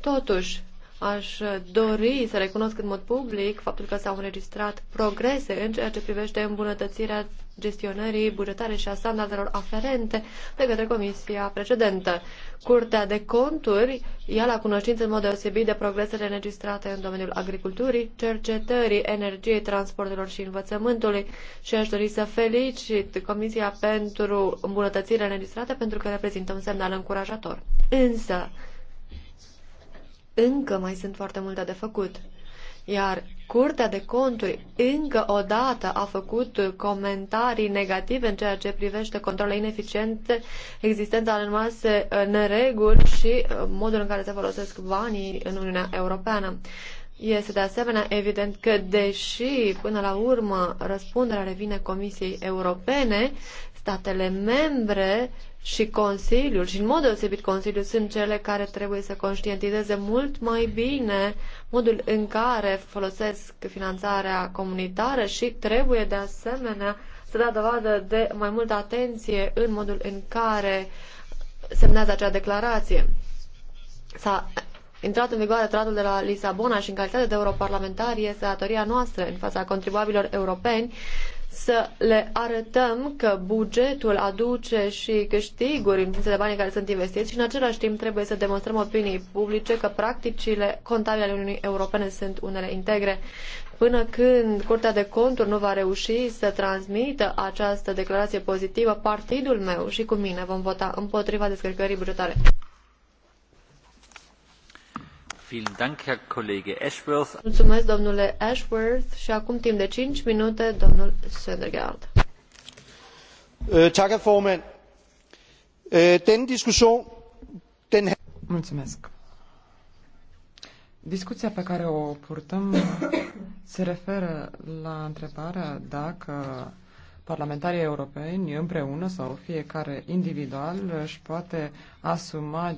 Totuși, Aș dori să recunosc în mod public faptul că s-au înregistrat progrese în ceea ce privește îmbunătățirea gestionării bugetare și a standardelor aferente de către comisia precedentă. Curtea de conturi ia la cunoștință în mod deosebit de progresele înregistrate în domeniul agriculturii, cercetării, energiei, transportelor și învățământului și aș dori să felicit Comisia pentru îmbunătățirea înregistrate pentru că reprezintă un semnal încurajator. Însă, încă mai sunt foarte multe de făcut. Iar Curtea de Conturi încă o dată a făcut comentarii negative în ceea ce privește controle ineficiente, existența în reguli și uh, modul în care se folosesc banii în Uniunea Europeană. Este de asemenea evident că, deși până la urmă răspunderea revine Comisiei Europene, statele membre și Consiliul, și în mod deosebit Consiliul, sunt cele care trebuie să conștientizeze mult mai bine modul în care folosesc finanțarea comunitară și trebuie de asemenea să dea dovadă de mai multă atenție în modul în care semnează acea declarație. S-a intrat în vigoare tratul de la Lisabona și în calitate de europarlamentar este datoria noastră în fața contribuabilor europeni să le arătăm că bugetul aduce și câștiguri în funcție de banii care sunt investiți și în același timp trebuie să demonstrăm opinii publice că practicile contabile ale Uniunii Europene sunt unele integre. Până când Curtea de Conturi nu va reuși să transmită această declarație pozitivă, partidul meu și cu mine vom vota împotriva descărcării bugetare. Mulțumesc, domnule Ashworth, și acum timp de 5 minute, domnul Södergaard. Øh, tak, formand. Øh, denne diskussion, den... Mulțumesc. Discuția pe care o purtăm se referă la întrebarea dacă parlamentarii europeni împreună sau fiecare individual își poate asuma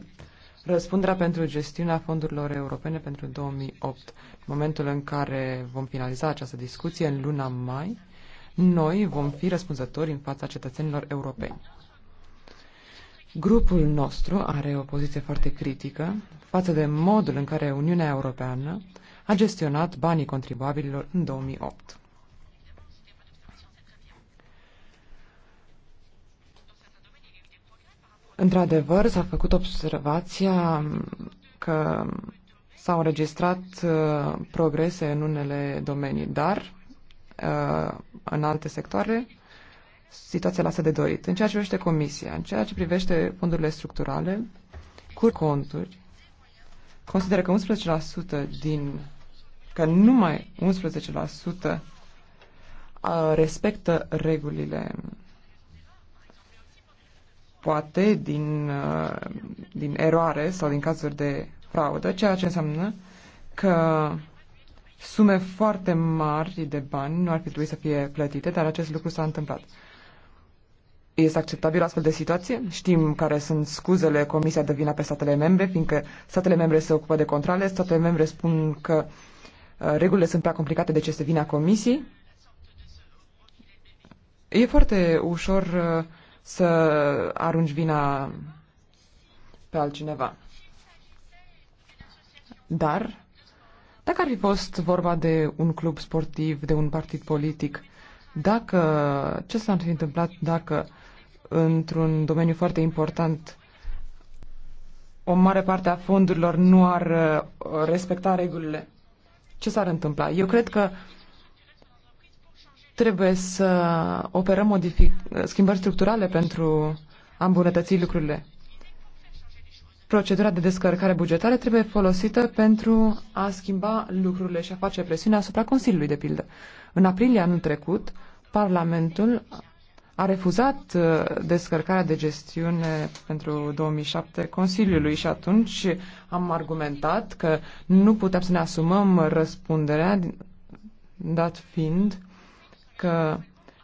Răspunderea pentru gestiunea fondurilor europene pentru 2008. În momentul în care vom finaliza această discuție, în luna mai, noi vom fi răspunzători în fața cetățenilor europeni. Grupul nostru are o poziție foarte critică față de modul în care Uniunea Europeană a gestionat banii contribuabililor în 2008. Într-adevăr, s-a făcut observația că s-au înregistrat uh, progrese în unele domenii, dar uh, în alte sectoare situația lasă de dorit. În ceea ce privește comisia, în ceea ce privește fondurile structurale, cu conturi, consideră că 11% din că numai 11% uh, respectă regulile poate, din, uh, din eroare sau din cazuri de fraudă, ceea ce înseamnă că sume foarte mari de bani nu ar fi trebuit să fie plătite, dar acest lucru s-a întâmplat. Este acceptabil astfel de situație? Știm care sunt scuzele Comisia de vina pe statele membre, fiindcă statele membre se ocupă de controle, statele membre spun că uh, regulile sunt prea complicate, deci este vina Comisiei. E foarte ușor uh, să arunci vina pe altcineva. Dar, dacă ar fi fost vorba de un club sportiv, de un partid politic, dacă, ce s-ar fi întâmplat dacă într-un domeniu foarte important o mare parte a fondurilor nu ar uh, respecta regulile? Ce s-ar întâmpla? Eu cred că uh, Trebuie să operăm modific- schimbări structurale pentru a îmbunătăți lucrurile. Procedura de descărcare bugetară trebuie folosită pentru a schimba lucrurile și a face presiune asupra Consiliului, de pildă. În aprilie anul trecut, Parlamentul a refuzat uh, descărcarea de gestiune pentru 2007 Consiliului și atunci am argumentat că nu putem să ne asumăm răspunderea, dat fiind că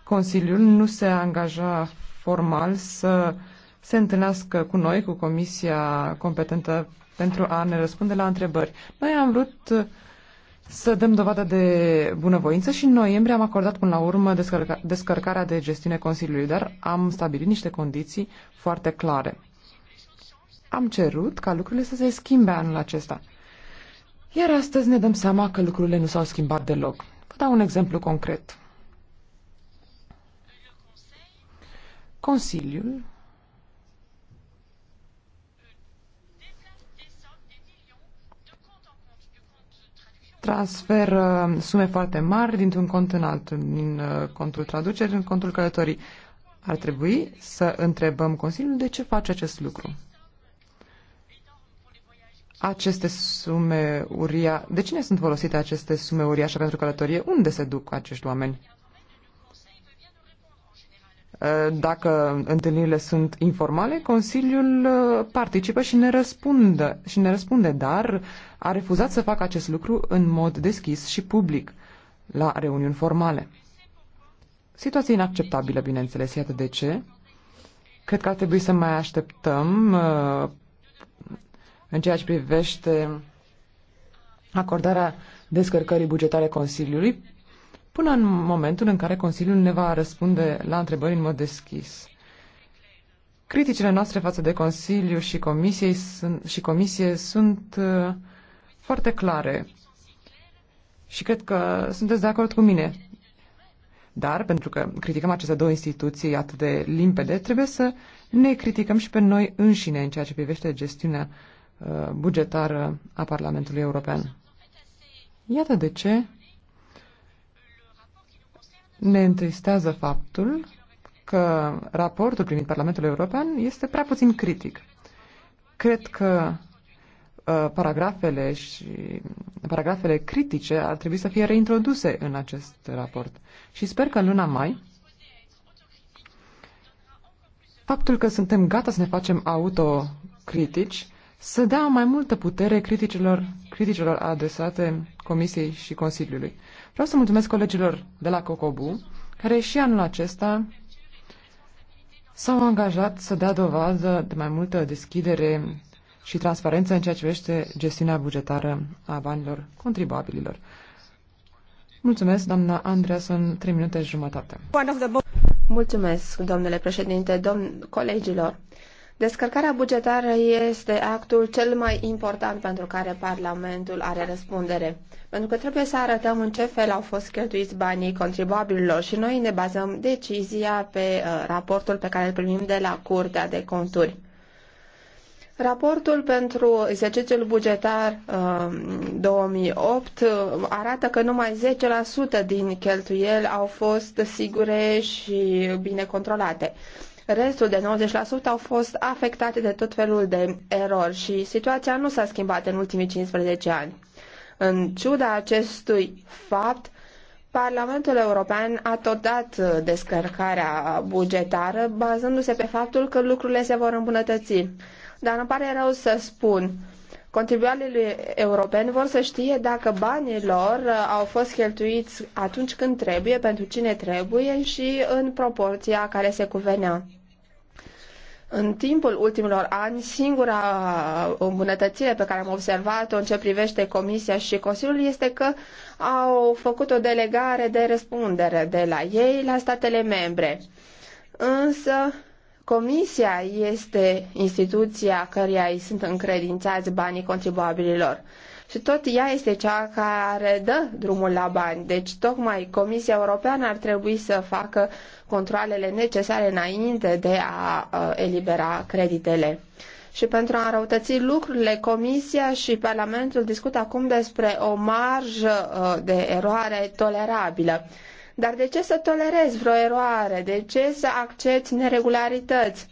Consiliul nu se angaja formal să se întâlnească cu noi, cu Comisia competentă pentru a ne răspunde la întrebări. Noi am vrut uh, să dăm dovadă de bunăvoință și în noiembrie am acordat până la urmă descărca- descărcarea de gestiune Consiliului, dar am stabilit niște condiții foarte clare. Am cerut ca lucrurile să se schimbe anul acesta. Iar astăzi ne dăm seama că lucrurile nu s-au schimbat deloc. Vă dau un exemplu concret. Consiliul transferă sume foarte mari dintr-un cont în altul, din uh, contul traduceri în contul călătorii. Ar trebui să întrebăm Consiliul de ce face acest lucru. Aceste sume uria... De cine sunt folosite aceste sume uriașe pentru călătorie? Unde se duc acești oameni? dacă întâlnirile sunt informale, Consiliul uh, participă și ne, răspundă, și ne răspunde, dar a refuzat să facă acest lucru în mod deschis și public la reuniuni formale. Situație inacceptabilă, bineînțeles, iată de ce. Cred că ar trebui să mai așteptăm uh, în ceea ce privește acordarea descărcării bugetare Consiliului până în momentul în care Consiliul ne va răspunde la întrebări în mod deschis. Criticile noastre față de Consiliu și, comisiei sunt, și Comisie sunt uh, foarte clare și cred că sunteți de acord cu mine. Dar, pentru că criticăm aceste două instituții atât de limpede, trebuie să ne criticăm și pe noi înșine în ceea ce privește gestiunea uh, bugetară a Parlamentului European. Iată de ce ne întristează faptul că raportul primit Parlamentul European este prea puțin critic. Cred că uh, paragrafele și paragrafele critice ar trebui să fie reintroduse în acest raport. Și sper că în luna mai faptul că suntem gata să ne facem autocritici să dea mai multă putere criticilor, criticilor adresate Comisiei și Consiliului. Vreau să mulțumesc colegilor de la COCOBU, care și anul acesta s-au angajat să dea dovadă de mai multă deschidere și transparență în ceea ce privește gestiunea bugetară a banilor contribuabililor. Mulțumesc, doamna sunt 3 minute și jumătate. Mulțumesc, domnule președinte, domn colegilor. Descărcarea bugetară este actul cel mai important pentru care Parlamentul are răspundere, pentru că trebuie să arătăm în ce fel au fost cheltuiți banii contribuabililor și noi ne bazăm decizia pe uh, raportul pe care îl primim de la Curtea de Conturi. Raportul pentru exercițiul bugetar uh, 2008 uh, arată că numai 10% din cheltuieli au fost sigure și bine controlate. Restul de 90% au fost afectate de tot felul de erori și situația nu s-a schimbat în ultimii 15 ani. În ciuda acestui fapt, Parlamentul European a tot dat uh, descărcarea bugetară bazându-se pe faptul că lucrurile se vor îmbunătăți. Dar îmi pare rău să spun, Contribuabilii europeni vor să știe dacă banii lor uh, au fost cheltuiți atunci când trebuie, pentru cine trebuie și în proporția care se cuvenea. În timpul ultimilor ani, singura uh, îmbunătățire pe care am observat-o în ce privește Comisia și Consiliul este că au făcut o delegare de răspundere de la ei la statele membre. Însă, Comisia este instituția căreia îi sunt încredințați banii contribuabililor. Și tot ea este cea care dă drumul la bani. Deci tocmai Comisia Europeană ar trebui să facă controlele necesare înainte de a elibera creditele. Și pentru a înrăutăți lucrurile, Comisia și Parlamentul discută acum despre o marjă uh, de eroare tolerabilă. Dar de ce să tolerezi vreo eroare? De ce să accepti neregularități?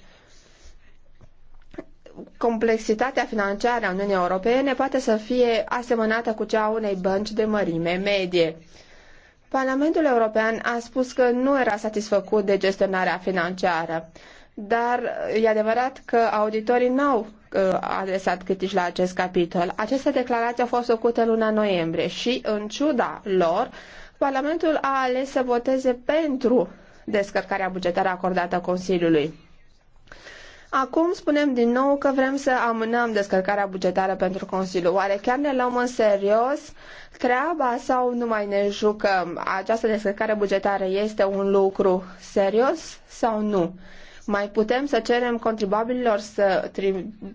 Complexitatea financiară a Uniunii Europene poate să fie asemănată cu cea a unei bănci de mărime medie. Parlamentul European a spus că nu era satisfăcut de gestionarea financiară, dar e adevărat că auditorii n-au uh, adresat critici la acest capitol. Această declarație a fost făcută luna noiembrie și, în ciuda lor, Parlamentul a ales să voteze pentru descărcarea bugetară acordată Consiliului. Acum spunem din nou că vrem să amânăm descărcarea bugetară pentru Consiliu. Oare chiar ne luăm în serios treaba sau nu mai ne jucăm? Această descărcare bugetară este un lucru serios sau nu? Mai putem să cerem contribuabililor să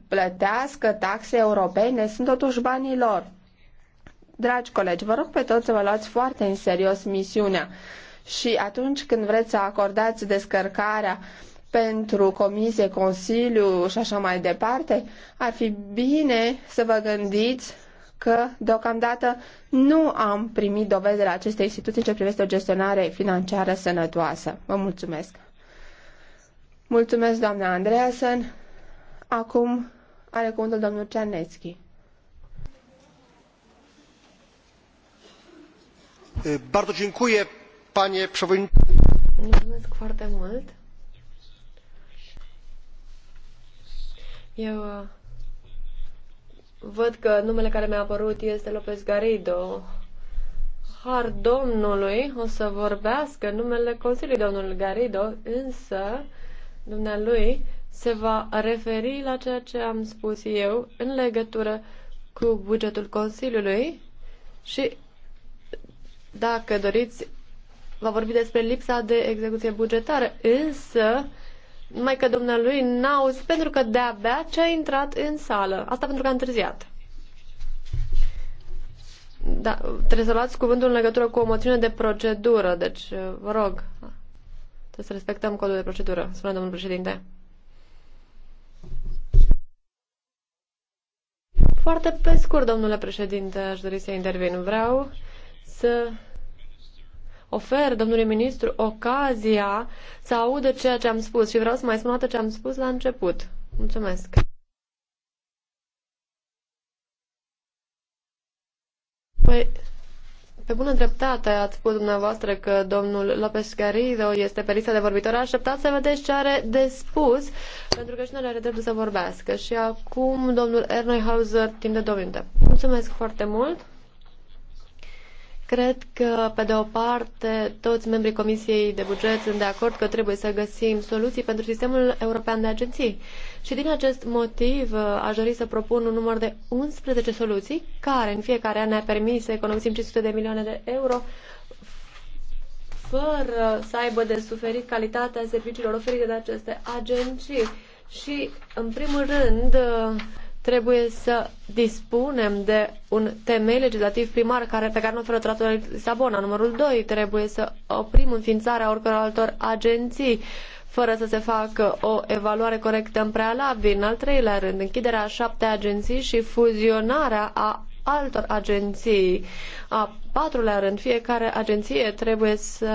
plătească taxe europene? Sunt totuși banii lor. Dragi colegi, vă rog pe toți să vă luați foarte în serios misiunea și atunci când vreți să acordați descărcarea pentru comisie, consiliu și așa mai departe, ar fi bine să vă gândiți că deocamdată nu am primit dovedele acestei instituții ce privește o gestionare financiară sănătoasă. Vă mulțumesc! Mulțumesc, doamna Andreasen. Acum are cuvântul domnul Cernețchi. Eu uh, văd că numele care mi-a apărut este Lopez Garrido. Har Domnului o să vorbească numele Consiliului Domnul Garrido, însă dumnealui se va referi la ceea ce am spus eu în legătură cu bugetul Consiliului și dacă doriți, va vorbi despre lipsa de execuție bugetară, însă mai că domnului n-a auzit pentru că de-abia ce a intrat în sală. Asta pentru că a întârziat. Da, trebuie să luați cuvântul în legătură cu o moțiune de procedură, deci vă rog, trebuie să respectăm codul de procedură, spune domnul președinte. Foarte pe scurt, domnule președinte, aș dori să intervin. Vreau să ofer domnului ministru ocazia să audă ceea ce am spus și vreau să mai spun atât ce am spus la început. Mulțumesc! Păi, pe bună dreptate ați spus dumneavoastră că domnul Lopez Garrido este pe lista de vorbitori. Așteptați să vedeți ce are de spus, pentru că și nu are dreptul să vorbească. Și acum domnul Ernoi Hauser, timp de două minute. Mulțumesc foarte mult! Cred că, pe de o parte, toți membrii Comisiei de Buget sunt de acord că trebuie să găsim soluții pentru sistemul european de agenții. Și din acest motiv aș dori să propun un număr de 11 soluții care în fiecare an ne-a permis să economisim 500 de milioane de euro fără să aibă de suferit calitatea serviciilor oferite de aceste agenții. Și, în primul rând, trebuie să dispunem de un temei legislativ primar care, pe care nu oferă tratul de Lisabona. Numărul 2, trebuie să oprim înființarea oricăror altor agenții fără să se facă o evaluare corectă în prealabil. În al treilea rând, închiderea a șapte agenții și fuzionarea a altor agenții. A patrulea rând, fiecare agenție trebuie să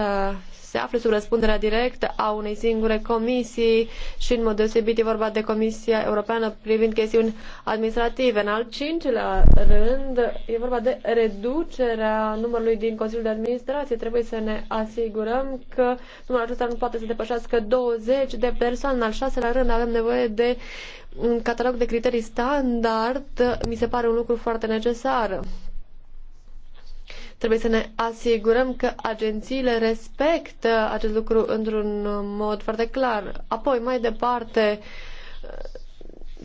se află sub răspunderea directă a unei singure comisii și în mod deosebit e vorba de Comisia Europeană privind chestiuni administrative. În al cincilea rând e vorba de reducerea numărului din Consiliul de Administrație. Trebuie să ne asigurăm că numărul acesta nu poate să depășească 20 de persoane. În al șaselea rând avem nevoie de un catalog de criterii standard. Mi se pare un lucru foarte necesar. Trebuie să ne asigurăm că agențiile respectă acest lucru într-un mod foarte clar. Apoi, mai departe, uh,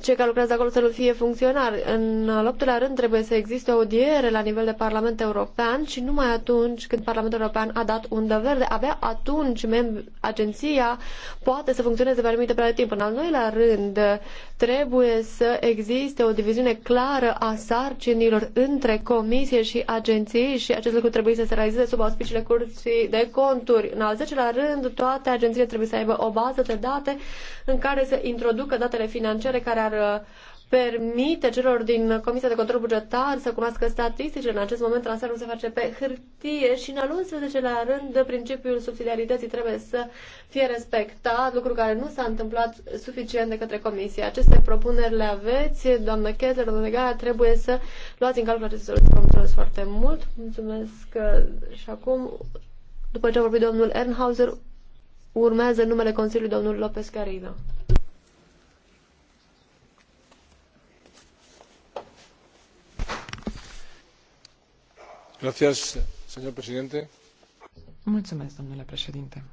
cei care lucrează acolo să nu fie funcționari. În al optulea rând trebuie să existe o audiere la nivel de Parlament European și numai atunci când Parlamentul European a dat undă verde, abia atunci agenția poate să funcționeze pe anumite perioade de timp. În al doilea rând trebuie să existe o diviziune clară a sarcinilor între comisie și agenții și acest lucru trebuie să se realizeze sub auspiciile curții de conturi. În al zecelea rând, toate agențiile trebuie să aibă o bază de date în care să introducă datele financiare care ar uh, permite celor din Comisia de Control Bugetar să cunoască statisticile. În acest moment transferul se face pe hârtie și în al 11-lea rând principiul subsidiarității trebuie să fie respectat, lucru care nu s-a întâmplat suficient de către Comisie. Aceste propuneri le aveți, doamnă Chetler, doamnă Gaia, trebuie să luați în calcul aceste soluții. Vă mulțumesc foarte mult. Mulțumesc uh, și acum, după ce a vorbit domnul Ernhauser, urmează numele Consiliului domnul Lopez Carina. Mulțumesc, domnule președinte.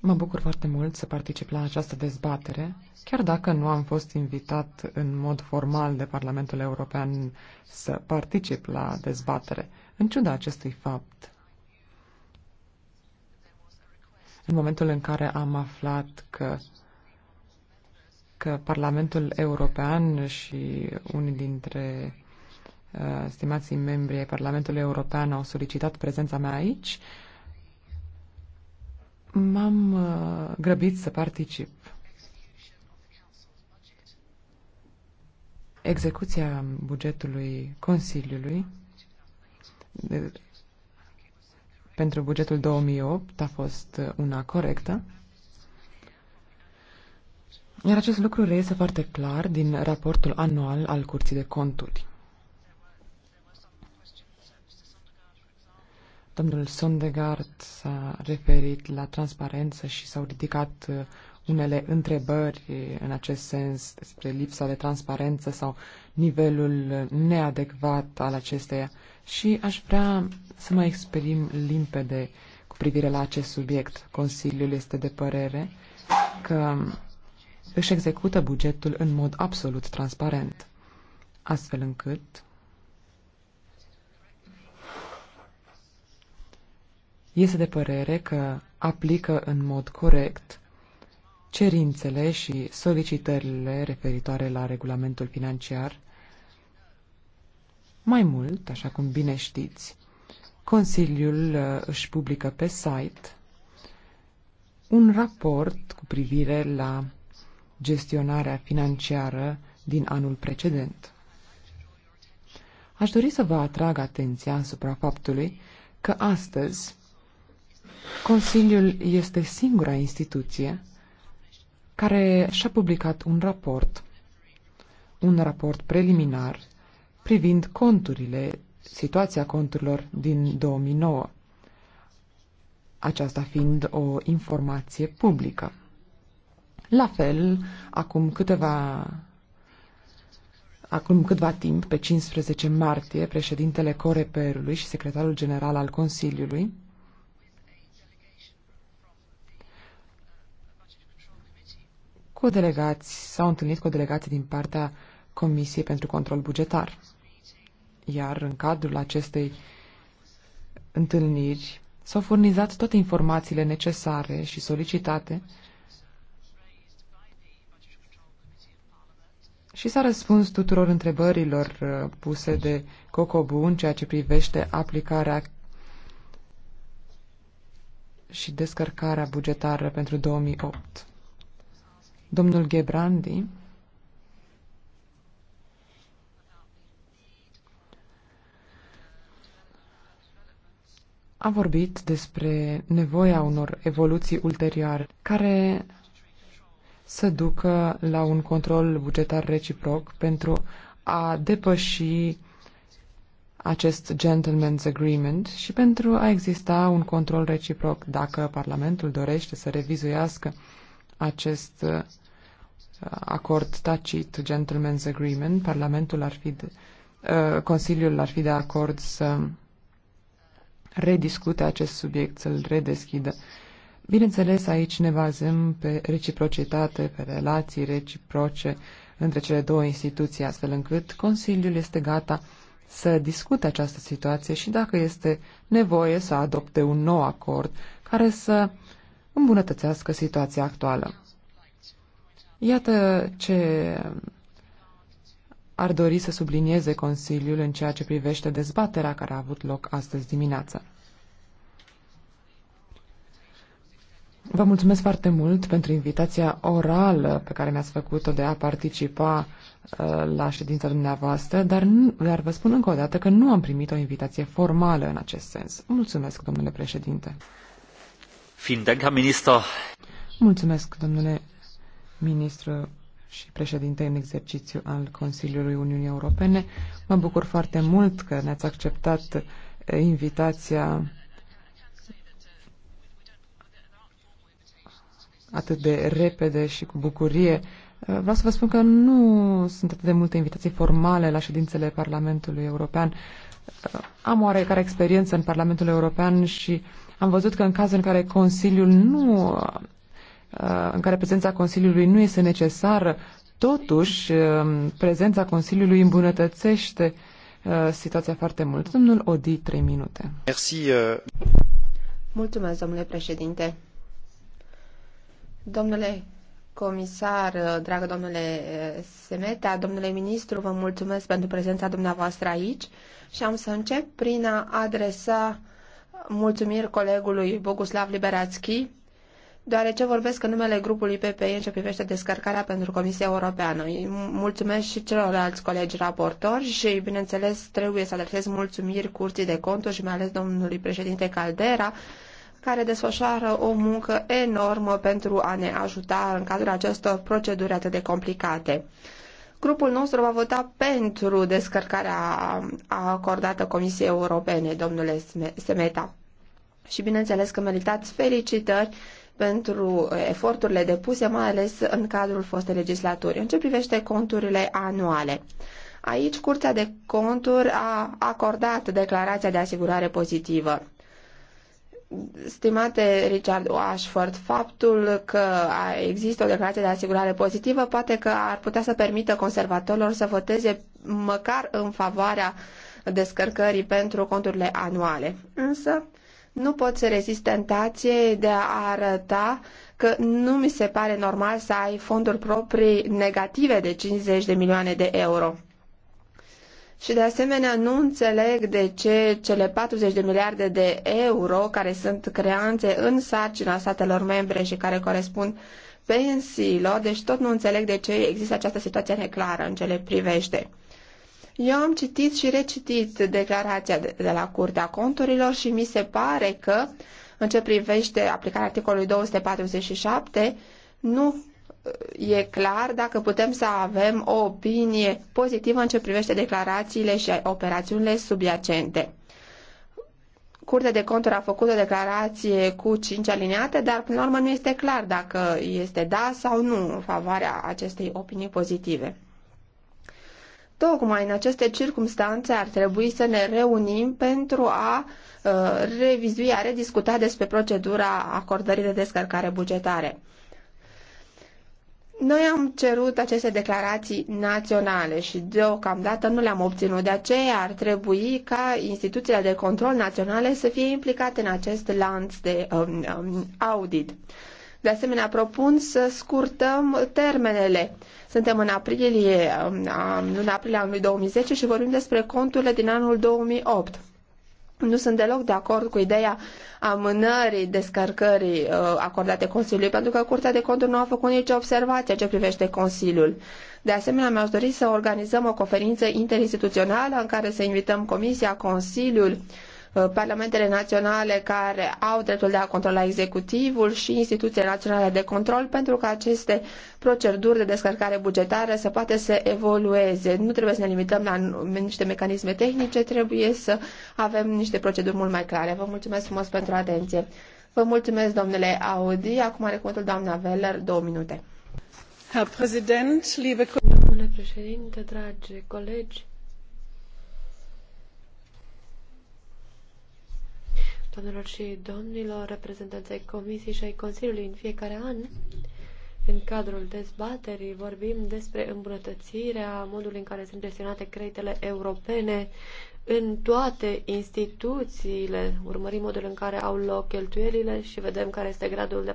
Mă bucur foarte mult să particip la această dezbatere, chiar dacă nu am fost invitat în mod formal de Parlamentul European să particip la dezbatere. În ciuda acestui fapt, în momentul în care am aflat că că Parlamentul European și unii dintre uh, stimații membri ai Parlamentului European au solicitat prezența mea aici, m-am uh, grăbit să particip. Execuția bugetului Consiliului de, pentru bugetul 2008 a fost uh, una corectă. Iar acest lucru reiese foarte clar din raportul anual al Curții de Conturi. Domnul Sondegard s-a referit la transparență și s-au ridicat uh, unele întrebări uh, în acest sens despre lipsa de transparență sau nivelul uh, neadecvat al acesteia și aș vrea să mă exprim limpede cu privire la acest subiect. Consiliul este de părere că își execută bugetul în mod absolut transparent, astfel încât este de părere că aplică în mod corect cerințele și solicitările referitoare la regulamentul financiar. Mai mult, așa cum bine știți, Consiliul uh, își publică pe site un raport cu privire la gestionarea financiară din anul precedent. Aș dori să vă atrag atenția asupra faptului că astăzi Consiliul este singura instituție care și-a publicat un raport, un raport preliminar privind conturile, situația conturilor din 2009, aceasta fiind o informație publică. La fel, acum câteva Acum câtva timp, pe 15 martie, președintele Coreperului și secretarul general al Consiliului cu delegați, s-au întâlnit cu delegație din partea Comisiei pentru Control Bugetar. Iar în cadrul acestei întâlniri s-au furnizat toate informațiile necesare și solicitate și s-a răspuns tuturor întrebărilor uh, puse de Cocobu în ceea ce privește aplicarea și descărcarea bugetară pentru 2008. Domnul Gebrandi a vorbit despre nevoia unor evoluții ulterioare care să ducă la un control bugetar reciproc pentru a depăși acest gentleman's agreement și pentru a exista un control reciproc dacă Parlamentul dorește să revizuiască acest uh, acord tacit, gentleman's agreement, Parlamentul ar fi de, uh, Consiliul ar fi de acord să rediscute acest subiect, să-l redeschidă Bineînțeles, aici ne bazăm pe reciprocitate, pe relații reciproce între cele două instituții, astfel încât Consiliul este gata să discute această situație și dacă este nevoie să adopte un nou acord care să îmbunătățească situația actuală. Iată ce ar dori să sublinieze Consiliul în ceea ce privește dezbaterea care a avut loc astăzi dimineață. Vă mulțumesc foarte mult pentru invitația orală pe care mi-ați făcut-o de a participa uh, la ședința dumneavoastră, dar, dar vă spun încă o dată că nu am primit o invitație formală în acest sens. Mulțumesc, domnule președinte. Mulțumesc, domnule ministru și președinte în exercițiu al Consiliului Uniunii Europene. Mă bucur foarte mult că ne-ați acceptat uh, invitația atât de repede și cu bucurie. Uh, vreau să vă spun că nu sunt atât de multe invitații formale la ședințele Parlamentului European. Uh, am oarecare experiență în Parlamentul European și am văzut că în cazul în care Consiliul nu uh, în care prezența Consiliului nu este necesară, totuși prezența Consiliului îmbunătățește situația foarte mult. Domnul Odi, trei minute. Merci. Mulțumesc, domnule președinte. Domnule comisar, dragă domnule eh, Semeta, domnule ministru, vă mulțumesc pentru prezența dumneavoastră aici și am să încep prin a adresa mulțumiri colegului Boguslav Liberațchi, deoarece vorbesc în numele grupului PPE în ce privește descărcarea pentru Comisia Europeană. Îi mulțumesc și celorlalți colegi raportori și, bineînțeles, trebuie să adresez mulțumiri Curții de Conturi și mai ales domnului președinte Caldera, care desfășoară o muncă enormă pentru a ne ajuta în cadrul acestor proceduri atât de complicate. Grupul nostru va vota pentru descărcarea acordată Comisiei Europene, domnule Semeta. Și bineînțeles că meritați felicitări pentru eforturile depuse, mai ales în cadrul fostei legislaturi. În ce privește conturile anuale? Aici, Curtea de Conturi a acordat declarația de asigurare pozitivă. Stimate Richard Ashford, faptul că există o declarație de asigurare pozitivă poate că ar putea să permită conservatorilor să voteze măcar în favoarea descărcării pentru conturile anuale. Însă nu pot să rezist tentației de a arăta că nu mi se pare normal să ai fonduri proprii negative de 50 de milioane de euro. Și de asemenea nu înțeleg de ce cele 40 de miliarde de euro care sunt creanțe în sarcina statelor membre și care corespund pensiilor, deci tot nu înțeleg de ce există această situație neclară în ce le privește. Eu am citit și recitit declarația de, la Curtea Conturilor și mi se pare că, în ce privește aplicarea articolului 247, nu e clar dacă putem să avem o opinie pozitivă în ce privește declarațiile și operațiunile subiacente. Curtea de conturi a făcut o declarație cu cinci aliniate, dar până la urmă nu este clar dacă este da sau nu în favoarea acestei opinii pozitive. Tocmai în aceste circunstanțe ar trebui să ne reunim pentru a uh, revizui, a rediscuta despre procedura acordării de descărcare bugetare. Noi am cerut aceste declarații naționale și deocamdată nu le-am obținut, de aceea ar trebui ca instituțiile de control naționale să fie implicate în acest lanț de um, um, audit. De asemenea, propun să scurtăm termenele. Suntem în aprilie, um, în aprilie anului 2010 și vorbim despre conturile din anul 2008. Nu sunt deloc de acord cu ideea amânării descărcării uh, acordate Consiliului, pentru că Curtea de Conturi nu a făcut nicio observație ce privește Consiliul. De asemenea, mi-aș dori să organizăm o conferință interinstituțională în care să invităm Comisia, Consiliul, Uh, parlamentele naționale care au dreptul de a controla executivul și instituțiile naționale de control pentru că aceste proceduri de descărcare bugetară să poată să evolueze. Nu trebuie să ne limităm la niște mecanisme tehnice, trebuie să avem niște proceduri mult mai clare. Vă mulțumesc frumos pentru atenție. Vă mulțumesc, domnule Audi. Acum are cuvântul doamna Veller două minute. Herr Präsident, liebe Domnule președinte, dragi colegi, doamnelor și domnilor, reprezentanței Comisiei și ai Consiliului în fiecare an. În cadrul dezbaterii vorbim despre îmbunătățirea modului în care sunt gestionate creditele europene în toate instituțiile. Urmărim modul în care au loc cheltuielile și vedem care este gradul de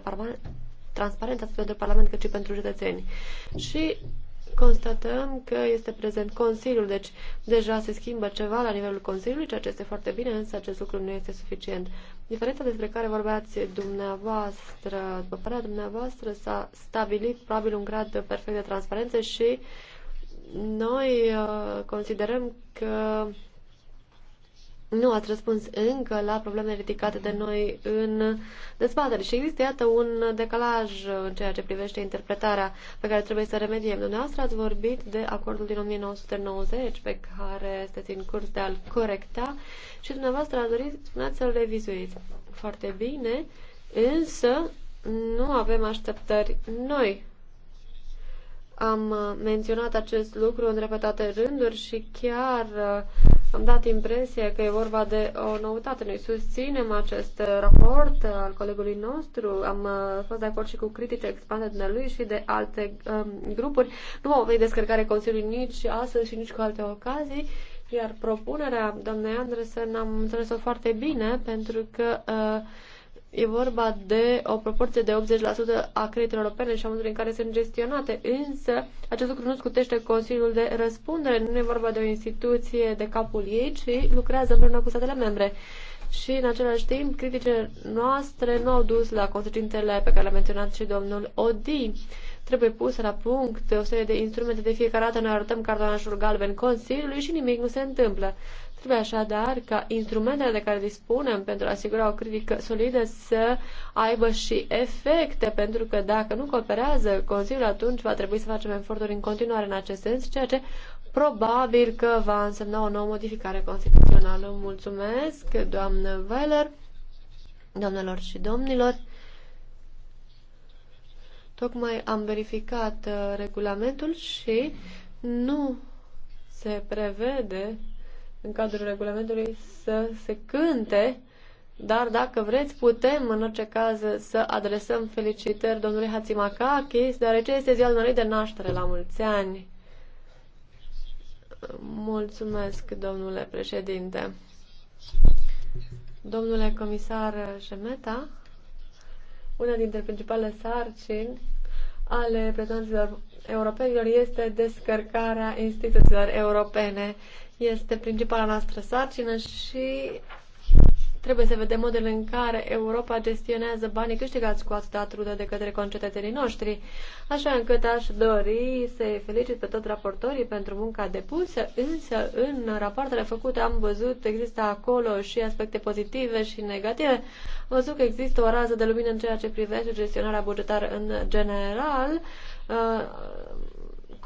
transparență atât pentru Parlament cât și pentru cetățeni. Și Constatăm că este prezent Consiliul, deci deja se schimbă ceva la nivelul Consiliului, ceea ce este foarte bine, însă acest lucru nu este suficient. Diferența despre care vorbeați dumneavoastră, după părerea dumneavoastră, s-a stabilit probabil un grad perfect de transparență și noi uh, considerăm că nu ați răspuns încă la problemele ridicate de noi în dezbatere și există, iată, un decalaj în ceea ce privește interpretarea pe care trebuie să remediem. Dumneavoastră ați vorbit de acordul din 1990 pe care este în curs de a-l corecta și dumneavoastră ați dorit, spuneați, să-l revizuiți. Foarte bine, însă nu avem așteptări noi am menționat acest lucru în repetate rânduri și chiar am dat impresia că e vorba de o noutate. Noi susținem acest raport al colegului nostru, am uh, fost de acord și cu critice expandate de lui și de alte um, grupuri. Nu mă vei descărcare Consiliului nici astăzi și nici cu alte ocazii. Iar propunerea doamnei Andresen am înțeles-o foarte bine pentru că uh, E vorba de o proporție de 80% a creditelor europene și a modului în care sunt gestionate, însă acest lucru nu scutește Consiliul de Răspundere, nu e vorba de o instituție de capul ei, ci lucrează împreună cu statele membre. Și, în același timp, criticile noastre nu au dus la consecințele pe care le-a menționat și domnul Odi trebuie pusă la punct o serie de instrumente de fiecare dată, noi arătăm cartonașul galben Consiliului și nimic nu se întâmplă. Trebuie așadar ca instrumentele de care dispunem pentru a asigura o critică solidă să aibă și efecte, pentru că dacă nu cooperează Consiliul, atunci va trebui să facem eforturi în continuare în acest sens, ceea ce probabil că va însemna o nouă modificare constituțională. Mulțumesc, doamnă Weiler, doamnelor și domnilor. Tocmai am verificat uh, regulamentul și nu se prevede în cadrul regulamentului să se cânte, dar dacă vreți, putem în orice caz să adresăm felicitări domnului Hatzimakakis, deoarece este ziua lui de naștere la mulți ani. Mulțumesc, domnule președinte. Domnule comisar Jemeta, una dintre principalele sarcini ale pretenților europenilor este descărcarea instituțiilor europene. Este principala noastră sarcină și trebuie să vedem modul în care Europa gestionează banii câștigați cu atâta trudă de către concetățenii noștri, așa încât aș dori să-i felicit pe toți raportorii pentru munca depusă, însă în rapoartele făcute am văzut, că există acolo și aspecte pozitive și negative. Am văzut că există o rază de lumină în ceea ce privește gestionarea bugetară în general, uh,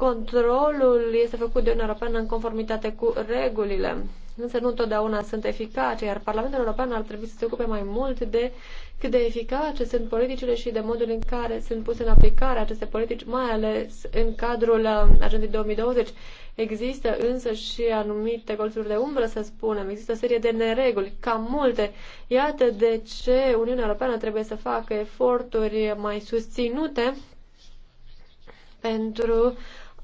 Controlul este făcut de Uniunea Europeană în conformitate cu regulile, însă nu întotdeauna sunt eficace, iar Parlamentul European ar trebui să se ocupe mai mult de cât de eficace sunt politicile și de modul în care sunt puse în aplicare aceste politici, mai ales în cadrul uh, agendei 2020. Există însă și anumite colțuri de umbră, să spunem. Există o serie de nereguli, cam multe. Iată de ce Uniunea Europeană trebuie să facă eforturi mai susținute pentru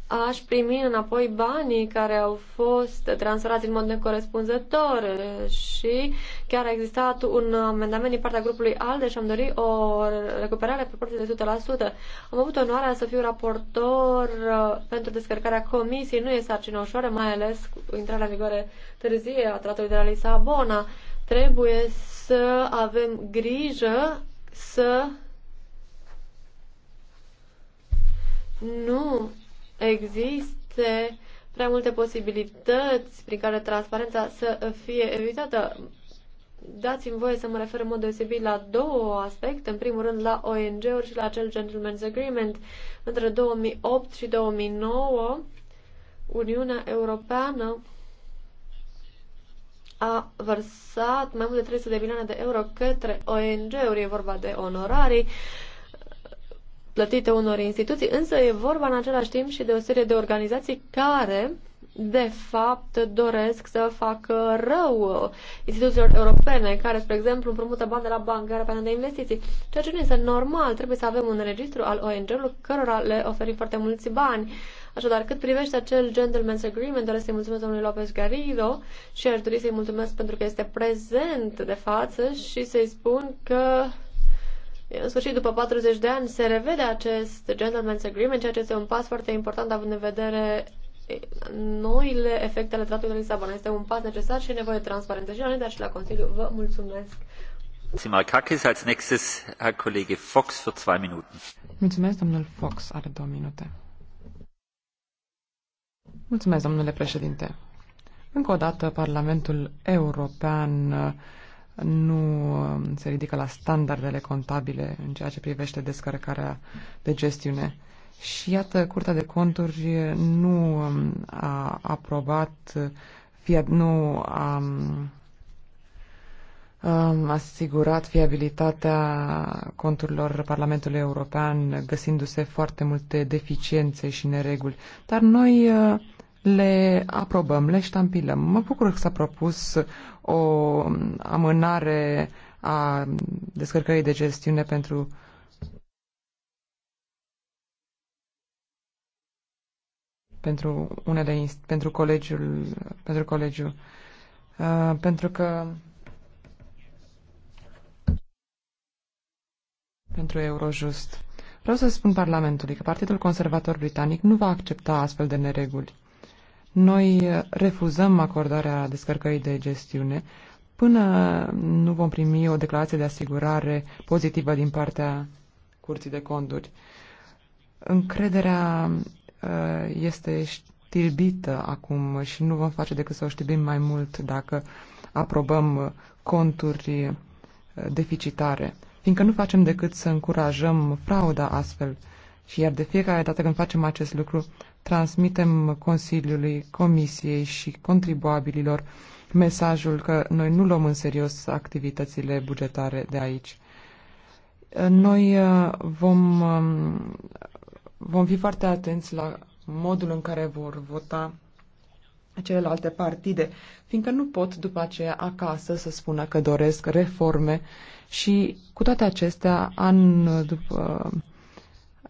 aș primi înapoi banii care au fost transferați în mod necorespunzător eh, și chiar a existat un amendament din partea grupului ALDE și am dorit o recuperare pe proporției de 100%. Am avut onoarea să fiu raportor eh, pentru descărcarea comisiei. Nu e sarcină ușoară, mai ales cu intrarea în vigoare târzie a tratului de la Lisabona. Trebuie să avem grijă să nu existe prea multe posibilități prin care transparența să fie evitată. Dați-mi voie să mă refer în mod deosebit la două aspecte. În primul rând la ONG-uri și la acel Gentleman's Agreement. Între 2008 și 2009, Uniunea Europeană a vărsat mai mult de 300 de milioane de euro către ONG-uri, e vorba de onorarii, plătite unor instituții, însă e vorba în același timp și de o serie de organizații care de fapt doresc să facă rău instituțiilor europene care, spre exemplu, împrumută bani de la Banca Europeană de Investiții, ceea ce nu este normal. Trebuie să avem un registru al ONG-urilor cărora le oferim foarte mulți bani. Așadar, cât privește acel gentleman's agreement, doresc să-i mulțumesc domnului Lopez Garrido și aș dori să-i mulțumesc pentru că este prezent de față și să-i spun că în sfârșit, după 40 de ani, se revede acest Gentleman's Agreement, ceea ce este un pas foarte important având în vedere noile efecte ale tratului de Lisabona. Este un pas necesar și e nevoie de transparență și la noi, dar și la Consiliu. Vă mulțumesc! Tsimarkakis, als nächstes Herr Kollege Fox für zwei Minuten. Mulțumesc, domnul Fox, are două minute. Mulțumesc, domnule președinte. Încă o dată, Parlamentul European nu um, se ridică la standardele contabile în ceea ce privește descărcarea de gestiune. Și iată, Curtea de Conturi nu um, a aprobat, fie nu a, a asigurat fiabilitatea conturilor Parlamentului European, găsindu-se foarte multe deficiențe și nereguli. Dar noi uh, le aprobăm, le ștampilăm. Mă bucur că s-a propus o amânare a descărcării de gestiune pentru pentru unele pentru colegiul pentru colegiul uh, pentru că pentru Eurojust. Vreau să spun Parlamentului că Partidul Conservator Britanic nu va accepta astfel de nereguli. Noi uh, refuzăm acordarea descărcării de gestiune până nu vom primi o declarație de asigurare pozitivă din partea Curții de Conduri. Încrederea uh, este știrbită acum și nu vom face decât să o știrbim mai mult dacă aprobăm conturi uh, deficitare, fiindcă nu facem decât să încurajăm frauda astfel. Și iar de fiecare dată când facem acest lucru, transmitem Consiliului, Comisiei și contribuabililor mesajul că noi nu luăm în serios activitățile bugetare de aici. Noi uh, vom, um, vom fi foarte atenți la modul în care vor vota celelalte partide, fiindcă nu pot după aceea acasă să spună că doresc reforme și cu toate acestea, an după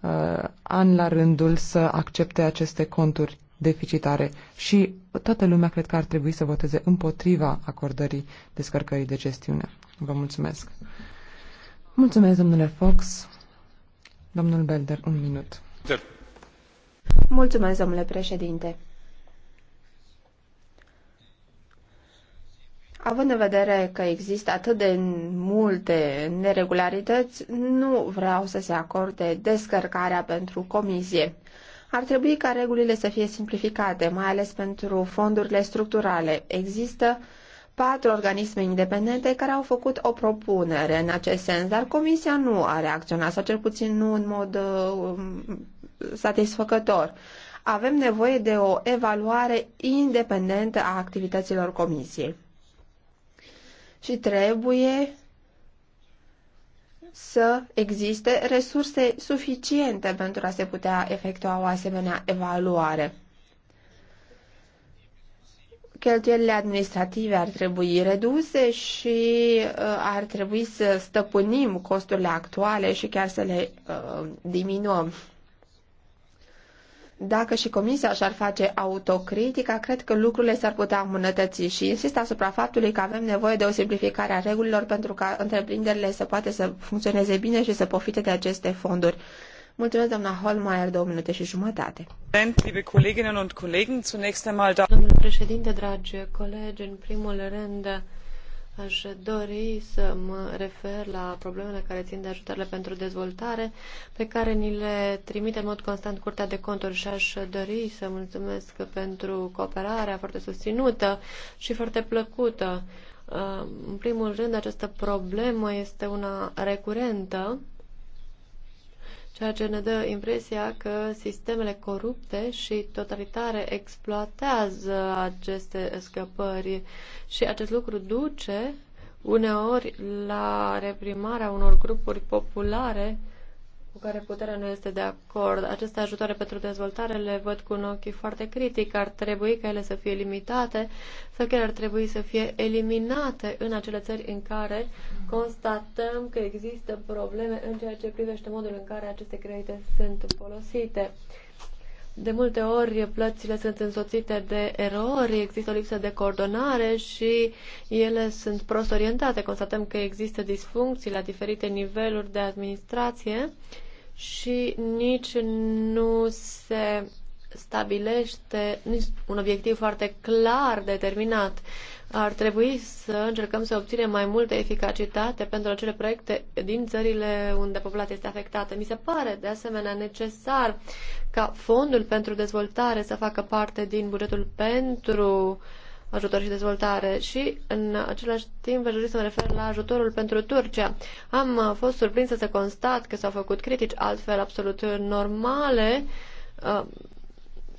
Uh, an la rândul să accepte aceste conturi deficitare și toată lumea cred că ar trebui să voteze împotriva acordării descărcării de gestiune. Vă mulțumesc. Mulțumesc, domnule Fox. Domnul Belder, un minut. Mulțumesc, domnule președinte. Având în vedere că există atât de multe neregularități, nu vreau să se acorde descărcarea pentru comisie. Ar trebui ca regulile să fie simplificate, mai ales pentru fondurile structurale. Există patru organisme independente care au făcut o propunere în acest sens, dar Comisia nu a reacționat, sau cel puțin nu în mod uh, satisfăcător. Avem nevoie de o evaluare independentă a activităților Comisiei și trebuie să existe resurse suficiente pentru a se putea efectua o asemenea evaluare. Cheltuielile administrative ar trebui reduse și uh, ar trebui să stăpânim costurile actuale și chiar să le uh, diminuăm. Dacă și Comisia și-ar face autocritica, cred că lucrurile s-ar putea îmbunătăți și insist asupra faptului că avem nevoie de o simplificare a regulilor pentru ca întreprinderile să poată să funcționeze bine și să profite de aceste fonduri. Mulțumesc, doamna Holmeier, două minute și jumătate. Da- Domnule președinte, dragi colegi, în primul rând, Aș dori să mă refer la problemele care țin de ajutoarele pentru dezvoltare, pe care ni le trimite în mod constant Curtea de Conturi și aș dori să mulțumesc pentru cooperarea foarte susținută și foarte plăcută. Uh, în primul rând, această problemă este una recurentă ceea ce ne dă impresia că sistemele corupte și totalitare exploatează aceste scăpări și acest lucru duce uneori la reprimarea unor grupuri populare cu care puterea nu este de acord. Aceste ajutoare pentru dezvoltare le văd cu un ochi foarte critic. Ar trebui ca ele să fie limitate sau chiar ar trebui să fie eliminate în acele țări în care constatăm că există probleme în ceea ce privește modul în care aceste credite sunt folosite. De multe ori plățile sunt însoțite de erori, există o lipsă de coordonare și ele sunt prost orientate. Constatăm că există disfuncții la diferite niveluri de administrație și nici nu se stabilește un obiectiv foarte clar, determinat. Ar trebui să încercăm să obținem mai multă eficacitate pentru acele proiecte din țările unde populația este afectată. Mi se pare de asemenea necesar ca fondul pentru dezvoltare să facă parte din bugetul pentru uh, ajutor și dezvoltare și în același timp aș dori să mă refer la ajutorul pentru Turcia. Am uh, fost surprinsă să constat că s-au făcut critici altfel absolut normale uh,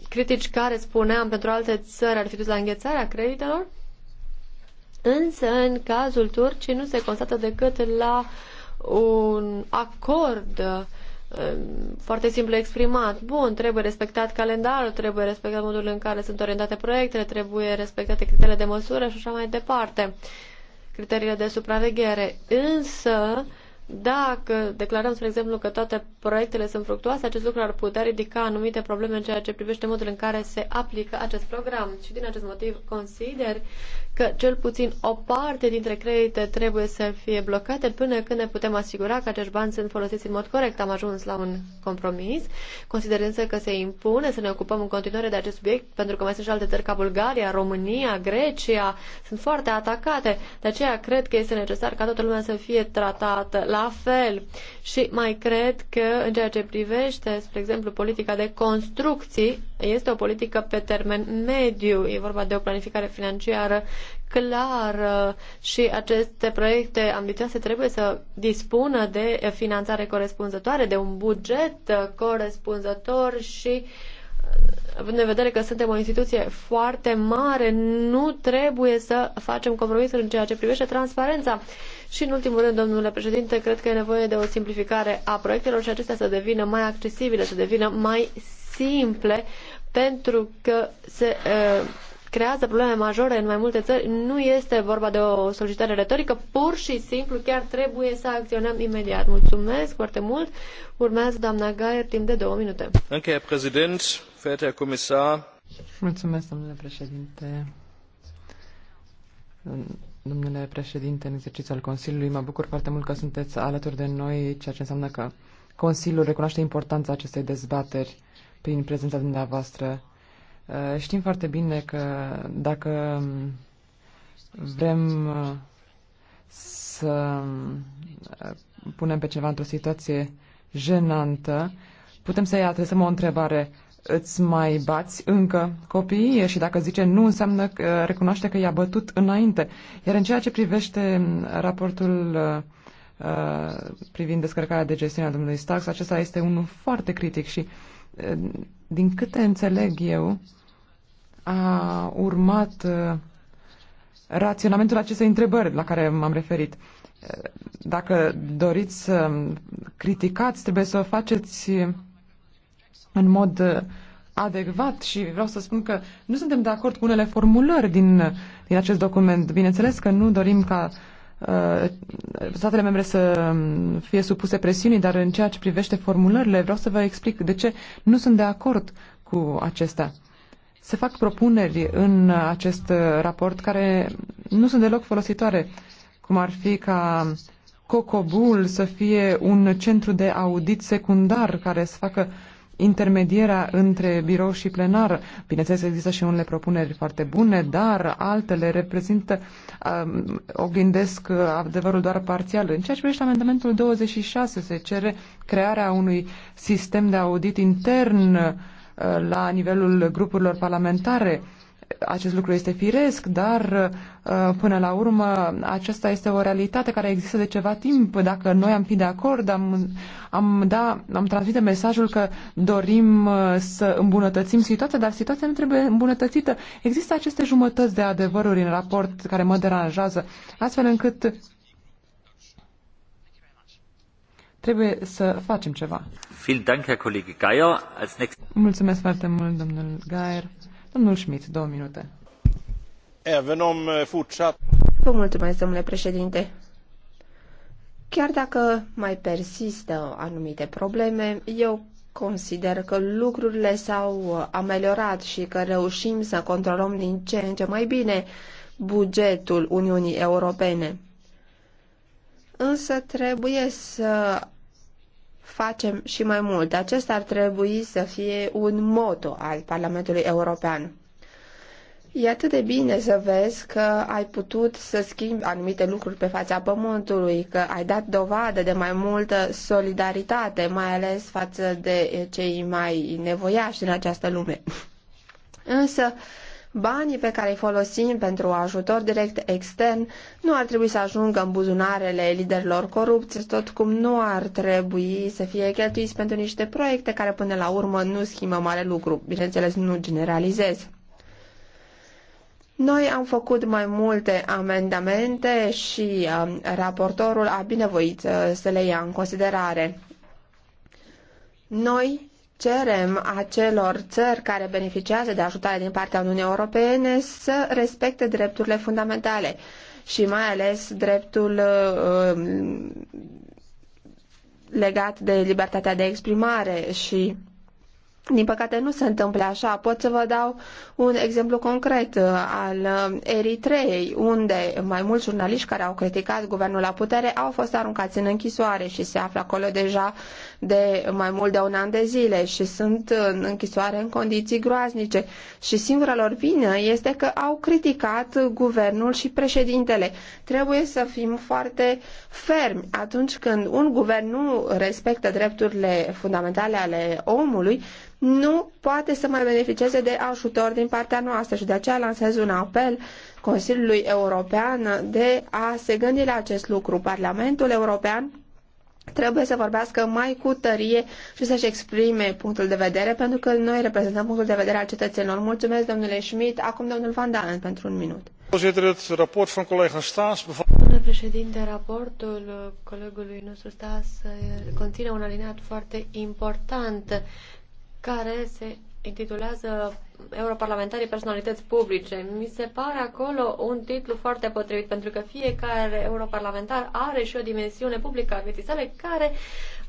critici care spuneam pentru alte țări ar fi dus la înghețarea creditelor, însă în cazul Turciei nu se constată decât la un acord foarte simplu exprimat. Bun, trebuie respectat calendarul, trebuie respectat modul în care sunt orientate proiectele, trebuie respectate criteriile de măsură și așa mai departe, criteriile de supraveghere. Însă, dacă declarăm, spre exemplu, că toate proiectele sunt fructuoase, acest lucru ar putea ridica anumite probleme în ceea ce privește modul în care se aplică acest program. Și din acest motiv consider că cel puțin o parte dintre credite trebuie să fie blocate până când ne putem asigura că acești bani sunt folosiți în mod corect. Am ajuns la un compromis, considerând că se impune să ne ocupăm în continuare de acest subiect, pentru că mai sunt și alte țări ca Bulgaria, România, Grecia, sunt foarte atacate. De aceea cred că este necesar ca toată lumea să fie tratată la fel. Și mai cred că în ceea ce privește, spre exemplu, politica de construcții, este o politică pe termen mediu. E vorba de o planificare financiară clar și aceste proiecte ambițioase trebuie să dispună de finanțare corespunzătoare, de un buget corespunzător și având în vedere că suntem o instituție foarte mare, nu trebuie să facem compromisuri în ceea ce privește transparența. Și în ultimul rând, domnule președinte, cred că e nevoie de o simplificare a proiectelor și acestea să devină mai accesibile, să devină mai simple, pentru că se uh, creează probleme majore în mai multe țări, nu este vorba de o solicitare retorică, pur și simplu chiar trebuie să acționăm imediat. Mulțumesc foarte mult. Urmează doamna Gaier timp de două minute. Danke, Herr Präsident, verehrter Mulțumesc, domnule președinte. Domnule președinte în exercițiu al Consiliului, mă bucur foarte mult că sunteți alături de noi, ceea ce înseamnă că Consiliul recunoaște importanța acestei dezbateri prin prezența dumneavoastră Uh, știm foarte bine că dacă vrem uh, să uh, punem pe ceva într-o situație jenantă, putem să-i adresăm o întrebare. Îți mai bați încă copiii? Și dacă zice nu, înseamnă că recunoaște că i-a bătut înainte. Iar în ceea ce privește raportul privind descărcarea de gestiune a domnului Stax, acesta este unul foarte critic și, din câte înțeleg eu, a urmat uh, raționamentul acestei întrebări la care m-am referit. Uh, dacă doriți să criticați, trebuie să o faceți în mod uh, adecvat și vreau să spun că nu suntem de acord cu unele formulări din, din acest document. Bineînțeles că nu dorim ca uh, statele membre să fie supuse presiunii, dar în ceea ce privește formulările, vreau să vă explic de ce nu sunt de acord cu acestea se fac propuneri în acest raport care nu sunt deloc folositoare, cum ar fi ca Cocobul să fie un centru de audit secundar care să facă intermedierea între birou și plenar. Bineînțeles, există și unele propuneri foarte bune, dar altele reprezintă, um, oglindesc adevărul doar parțial. În ceea ce privește amendamentul 26, se cere crearea unui sistem de audit intern uh, Uh, la nivelul grupurilor parlamentare. Acest lucru este firesc, dar uh, până la urmă aceasta este o realitate care există de ceva timp. Dacă noi am fi de acord, am, am, da, am transmite mesajul că dorim uh, să îmbunătățim situația, dar situația nu trebuie îmbunătățită. Există aceste jumătăți de adevăruri în raport care mă deranjează, astfel încât Trebuie să facem ceva. Mulțumesc foarte mult, domnul Geier, Domnul Schmidt, două minute. Eh, Vă mulțumesc, domnule președinte. Chiar dacă mai persistă anumite probleme, eu consider că lucrurile s-au eh, ameliorat și că reușim să controlăm din ce în ce mai bine bugetul Uniunii Europene. Însă trebuie să facem și mai mult. Acesta ar trebui să fie un moto al Parlamentului European. E atât de bine să vezi că ai putut să schimbi anumite lucruri pe fața pământului, că ai dat dovadă de mai multă solidaritate, mai ales față de cei mai nevoiași în această lume. Însă, Banii pe care îi folosim pentru ajutor direct extern nu ar trebui să ajungă în buzunarele liderilor corupți, tot cum nu ar trebui să fie cheltuiți pentru niște proiecte care până la urmă nu schimbă mare lucru. Bineînțeles, nu generalizez. Noi am făcut mai multe amendamente și um, raportorul a binevoit uh, să le ia în considerare. Noi cerem acelor țări care beneficiază de ajutare din partea Uniunii Europene să respecte drepturile fundamentale și mai ales dreptul uh, um, legat de libertatea de exprimare și din păcate nu se întâmplă așa. Pot să vă dau un exemplu concret uh, al uh, Eritreei, unde mai mulți jurnaliști care au criticat guvernul la putere au fost aruncați în închisoare și se află acolo deja de mai mult de un an de zile și sunt în închisoare în condiții groaznice și singura lor vină este că au criticat guvernul și președintele. Trebuie să fim foarte fermi atunci când un guvern nu respectă drepturile fundamentale ale omului, nu poate să mai beneficieze de ajutor din partea noastră și de aceea lansez un apel Consiliului European de a se gândi la acest lucru. Parlamentul European trebuie să vorbească mai cu tărie și să-și exprime punctul de vedere, pentru că noi reprezentăm punctul de vedere al cetățenilor. Mulțumesc, domnule Schmidt. Acum, domnul Van Dalen, pentru un minut. Domnule președinte, raportul colegului nostru Stas eh, conține un alineat foarte important care se intitulează Europarlamentarii personalități publice. Mi se pare acolo un titlu foarte potrivit, pentru că fiecare europarlamentar are și o dimensiune publică a vieții sale care uh,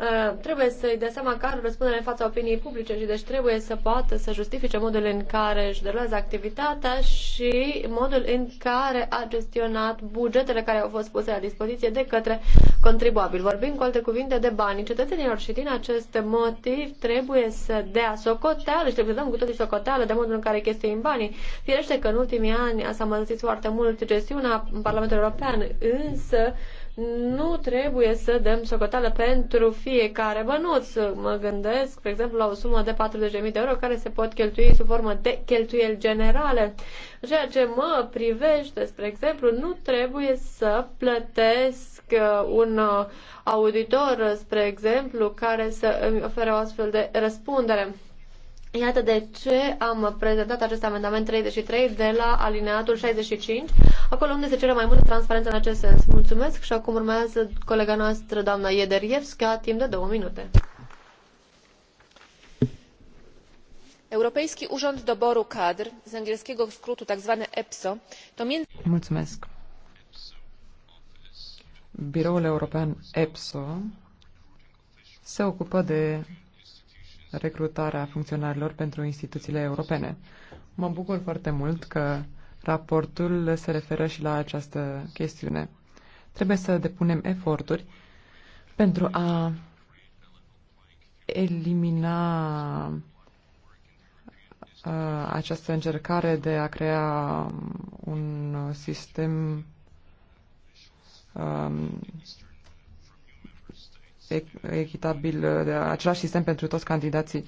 Uh, trebuie să-i dea seama care răspundere în fața opiniei publice și deci trebuie să poată să justifice modul în care își derulează activitatea și modul în care a gestionat bugetele care au fost puse la dispoziție de către contribuabil. Vorbim cu alte cuvinte de bani. cetățenilor și din acest motiv trebuie să dea socoteală și trebuie să dăm cu toții socoteală de modul în care chestii în banii. Firește că în ultimii ani s-a mărțit foarte mult gestiunea în Parlamentul European, însă nu trebuie să dăm socoteală pentru fiecare bănuț. Mă gândesc, de exemplu, la o sumă de 40.000 de euro care se pot cheltui sub formă de cheltuieli generale. Ceea ce mă privește, spre exemplu, nu trebuie să plătesc uh, un uh, auditor, spre exemplu, care să îmi ofere o astfel de răspundere. Iată de ce am prezentat acest amendament 33 de la alineatul 65, acolo unde se cere mai multă transparență în acest sens. Mulțumesc și acum urmează colega noastră, doamna Iederievska, timp de două minute. Europejski Urząd Doboru Kadr, z angielskiego skrótu zwane EPSO, to między... Mulțumesc. Biroul European EPSO se ocupă de recrutarea funcționarilor pentru instituțiile europene. Mă bucur foarte mult că raportul se referă și la această chestiune. Trebuie să depunem eforturi pentru a elimina uh, această încercare de a crea un sistem um, echitabil, de același sistem pentru toți candidații.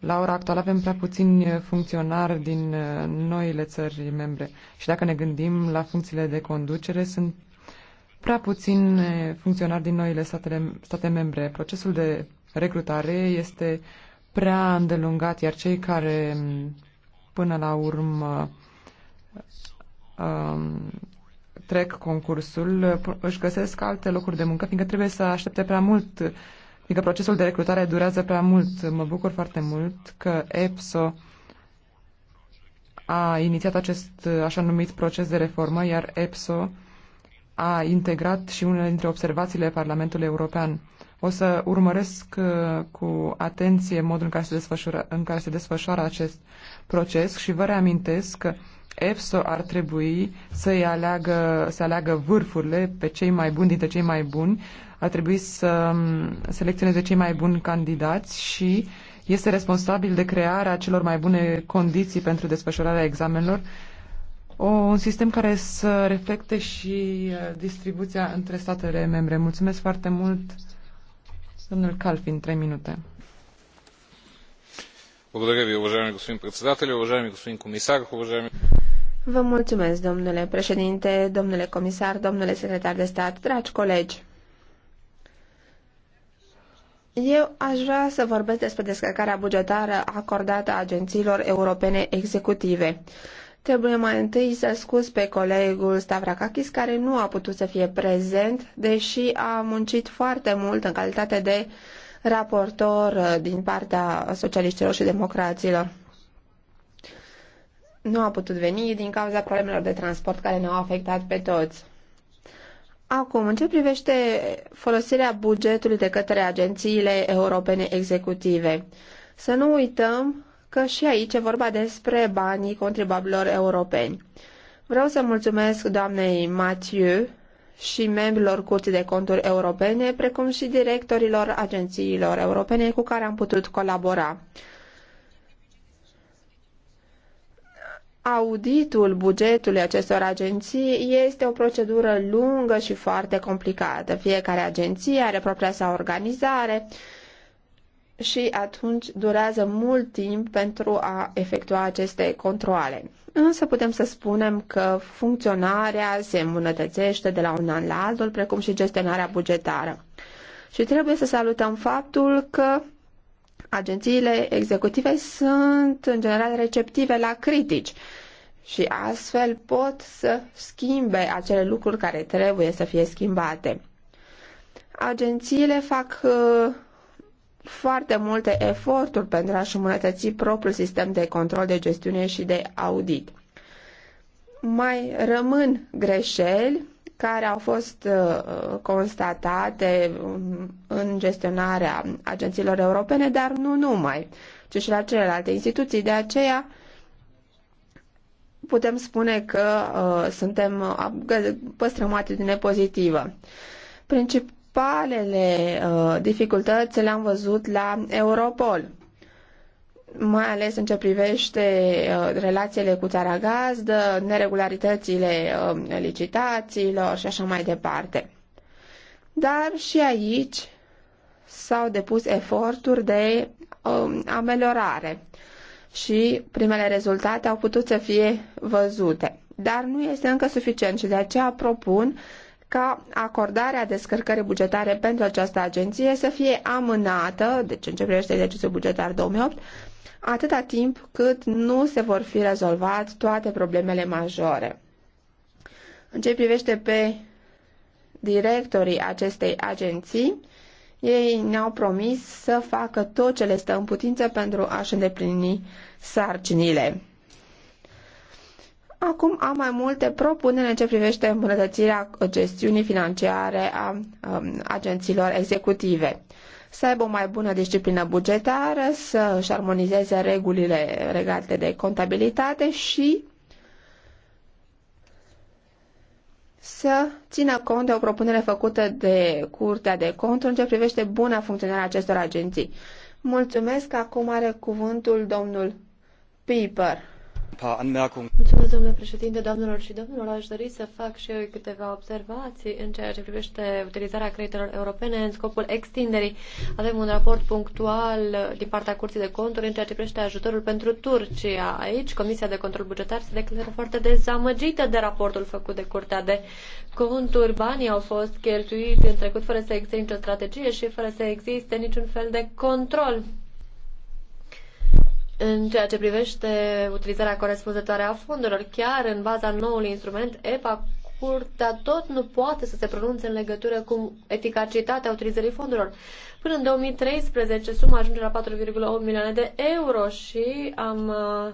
La ora actuală avem prea puțini funcționari din uh, noile țări membre și dacă ne gândim la funcțiile de conducere, sunt prea puțini funcționari din noile statele, state membre. Procesul de recrutare este prea îndelungat, iar cei care mm, până la urmă um, trec concursul își găsesc alte locuri de muncă, fiindcă trebuie să aștepte prea mult, fiindcă procesul de recrutare durează prea mult. Mă bucur foarte mult că EPSO a inițiat acest așa numit proces de reformă, iar EPSO a integrat și unele dintre observațiile Parlamentului European. O să urmăresc uh, cu atenție modul în care se desfășoară, în care se desfășoară acest proces și vă reamintesc că EFSO ar trebui să-i aleagă, să aleagă vârfurile pe cei mai buni dintre cei mai buni, ar trebui să um, selecționeze cei mai buni candidați și este responsabil de crearea celor mai bune condiții pentru desfășurarea examenelor, o, un sistem care să reflecte și uh, distribuția între statele membre. Mulțumesc foarte mult, domnul Calfin, trei minute. Благодаря ви, уважаеми господин председател, уважаеми господин комисар, уважаеми... Vă mulțumesc, domnule președinte, domnule comisar, domnule secretar de stat, dragi colegi. Eu aș vrea să vorbesc despre descărcarea bugetară acordată agențiilor europene executive. Trebuie mai întâi să scuz pe colegul Stavrakakis, care nu a putut să fie prezent, deși a muncit foarte mult în calitate de raportor din partea socialiștilor și democraților nu a putut veni din cauza problemelor de transport care ne-au afectat pe toți. Acum, în ce privește folosirea bugetului de către agențiile europene executive, să nu uităm că și aici e vorba despre banii contribuabilor europeni. Vreau să mulțumesc doamnei Mathieu și membrilor Curții de Conturi Europene, precum și directorilor agențiilor europene cu care am putut colabora. Auditul bugetului acestor agenții este o procedură lungă și foarte complicată. Fiecare agenție are propria sa organizare și atunci durează mult timp pentru a efectua aceste controle. Însă putem să spunem că funcționarea se îmbunătățește de la un an la altul, precum și gestionarea bugetară. Și trebuie să salutăm faptul că agențiile executive sunt în general receptive la critici și astfel pot să schimbe acele lucruri care trebuie să fie schimbate. Agențiile fac uh, foarte multe eforturi pentru a-și îmbunătăți propriul sistem de control, de gestiune și de audit. Mai rămân greșeli care au fost uh, constatate um, în gestionarea agențiilor europene, dar nu numai, ci și la celelalte instituții. De aceea putem spune că uh, suntem uh, păstrăm o atitudine pozitivă. Principalele uh, dificultăți le-am văzut la Europol mai ales în ce privește uh, relațiile cu țara gazdă, neregularitățile uh, licitațiilor și așa mai departe. Dar și aici s-au depus eforturi de um, ameliorare și primele rezultate au putut să fie văzute. Dar nu este încă suficient și de aceea propun ca acordarea descărcării bugetare pentru această agenție să fie amânată, deci în ce privește exercițiul bugetar 2008, atâta timp cât nu se vor fi rezolvat toate problemele majore. În ce privește pe directorii acestei agenții, ei ne-au promis să facă tot ce le stă în putință pentru a-și îndeplini sarcinile. Acum am mai multe propuneri în ce privește îmbunătățirea gestiunii financiare a, a um, agențiilor executive să aibă o mai bună disciplină bugetară, să își armonizeze regulile legate de contabilitate și să țină cont de o propunere făcută de Curtea de Conturi în ce privește buna funcționare acestor agenții. Mulțumesc, acum are cuvântul domnul Piper. Mulțumesc, domnule președinte, doamnelor și domnilor. Aș dori să fac și eu câteva observații în ceea ce privește utilizarea creditelor europene în scopul extinderii. Avem un raport punctual din partea Curții de Conturi în ceea ce privește ajutorul pentru Turcia. Aici, Comisia de Control Bugetar se declară foarte dezamăgită de raportul făcut de Curtea de Conturi. Banii au fost cheltuiți în trecut fără să existe nicio strategie și fără să existe niciun fel de control în ceea ce privește utilizarea corespunzătoare a fondurilor, chiar în baza noului instrument EPA, Curtea tot nu poate să se pronunțe în legătură cu eficacitatea utilizării fondurilor. Până în 2013, suma ajunge la 4,8 milioane de euro și am uh,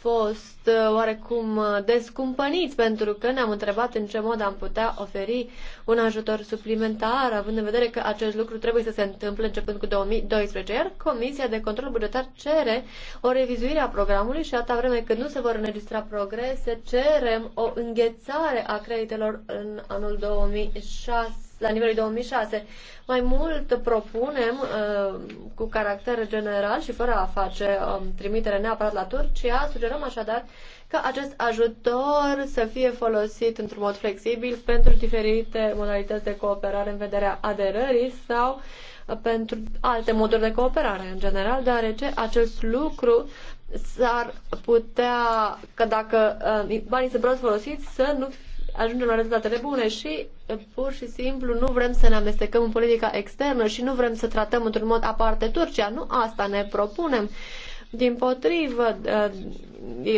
fost uh, oarecum uh, descumpăniți pentru că ne-am întrebat în ce mod am putea oferi un ajutor suplimentar, având în vedere că acest lucru trebuie să se întâmple începând cu 2012, iar Comisia de Control Bugetar cere o revizuire a programului și atâta vreme când nu se vor înregistra progrese, cerem o înghețare a creditelor în anul 2006 la nivelul 2006. Mai mult propunem uh, cu caracter general și fără a face um, trimitere neapărat la Turcia, sugerăm așadar ca acest ajutor să fie folosit într-un mod flexibil pentru diferite modalități de cooperare în vederea aderării sau uh, pentru alte moduri de cooperare în general, deoarece acest lucru s-ar putea, că dacă uh, banii sunt prost folosiți, să nu ajungem la rezultatele bune și pur și simplu nu vrem să ne amestecăm în politica externă și nu vrem să tratăm într-un mod aparte Turcia. Nu asta ne propunem. Din potrivă,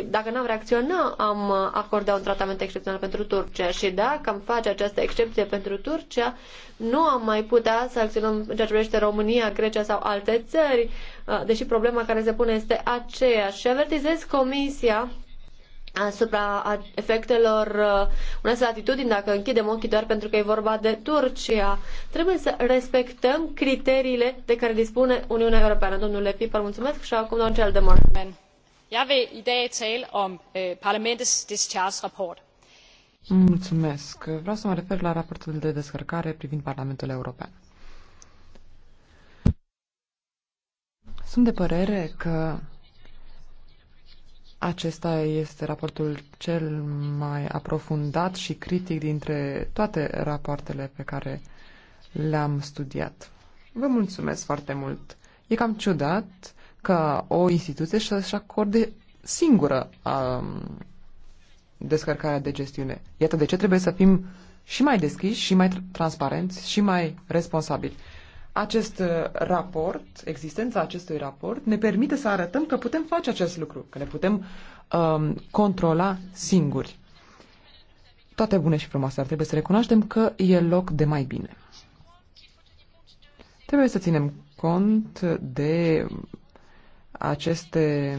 dacă n-am reacționa, am acordat un tratament excepțional pentru Turcia și dacă am face această excepție pentru Turcia, nu am mai putea să acționăm în ceea ce privește România, Grecia sau alte țări, deși problema care se pune este aceeași. Și avertizez Comisia asupra efectelor uh, unei atitudini dacă închidem ochii doar pentru că e vorba de Turcia. Trebuie să respectăm criteriile de care dispune Uniunea Europeană. Domnule Piper, mulțumesc și acum domnul cel de mor. Jeg vil i dag tale om eh, parlamentets discharge rapport. Mulțumesc. Vreau să mă refer la raportul de descărcare privind Parlamentul European. Sunt de părere că acesta este raportul cel mai aprofundat și critic dintre toate rapoartele pe care le-am studiat. Vă mulțumesc foarte mult. E cam ciudat ca o instituție să-și acorde singură um, descărcarea de gestiune. Iată de ce trebuie să fim și mai deschiși, și mai transparenți, și mai responsabili. Acest uh, raport, existența acestui raport, ne permite să arătăm că putem face acest lucru, că ne putem um, controla singuri. Toate bune și frumoase, dar trebuie să recunoaștem că e loc de mai bine. Trebuie să ținem cont de aceste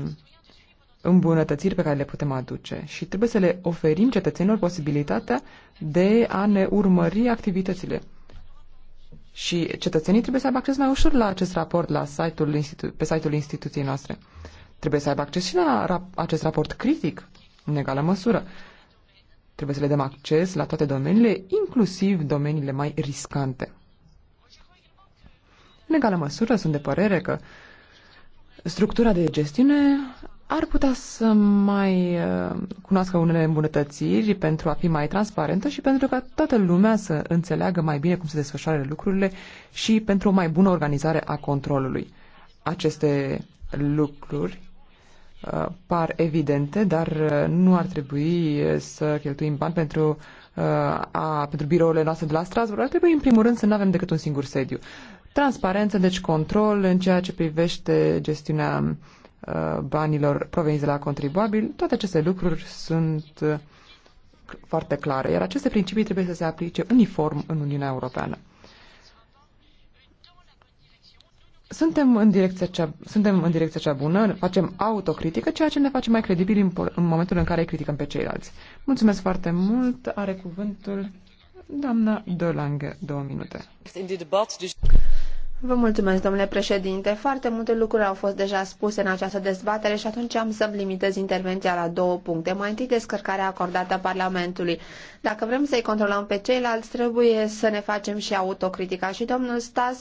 îmbunătățiri pe care le putem aduce și trebuie să le oferim cetățenilor posibilitatea de a ne urmări activitățile. Și cetățenii trebuie să aibă acces mai ușor la acest raport la site-ul institu- pe site-ul instituției noastre. Trebuie să aibă acces și la rap- acest raport critic, în egală măsură. Trebuie să le dăm acces la toate domeniile, inclusiv domeniile mai riscante. În egală măsură, sunt de părere că structura de gestiune ar putea să mai uh, cunoască unele îmbunătățiri pentru a fi mai transparentă și pentru ca toată lumea să înțeleagă mai bine cum se desfășoară lucrurile și pentru o mai bună organizare a controlului. Aceste lucruri uh, par evidente, dar uh, nu ar trebui să cheltuim bani pentru, a, pentru birourile noastre de la Strasbourg. Ar trebui, în primul rând, să nu avem decât un singur sediu. Transparență, deci control în ceea ce privește gestiunea Uh, banilor proveniți de la contribuabil, toate aceste lucruri sunt uh, foarte clare, iar aceste principii trebuie să se aplice uniform în Uniunea Europeană. Suntem în, direcția cea, suntem în direcția cea bună, facem autocritică, ceea ce ne face mai credibili în, în momentul în care criticăm pe ceilalți. Mulțumesc foarte mult. Are cuvântul doamna Dolange, două minute. Vă mulțumesc, domnule președinte. Foarte multe lucruri au fost deja spuse în această dezbatere și atunci am să-mi limitez intervenția la două puncte. Mai întâi, descărcarea acordată Parlamentului. Dacă vrem să-i controlăm pe ceilalți, trebuie să ne facem și autocritica. Și domnul Stas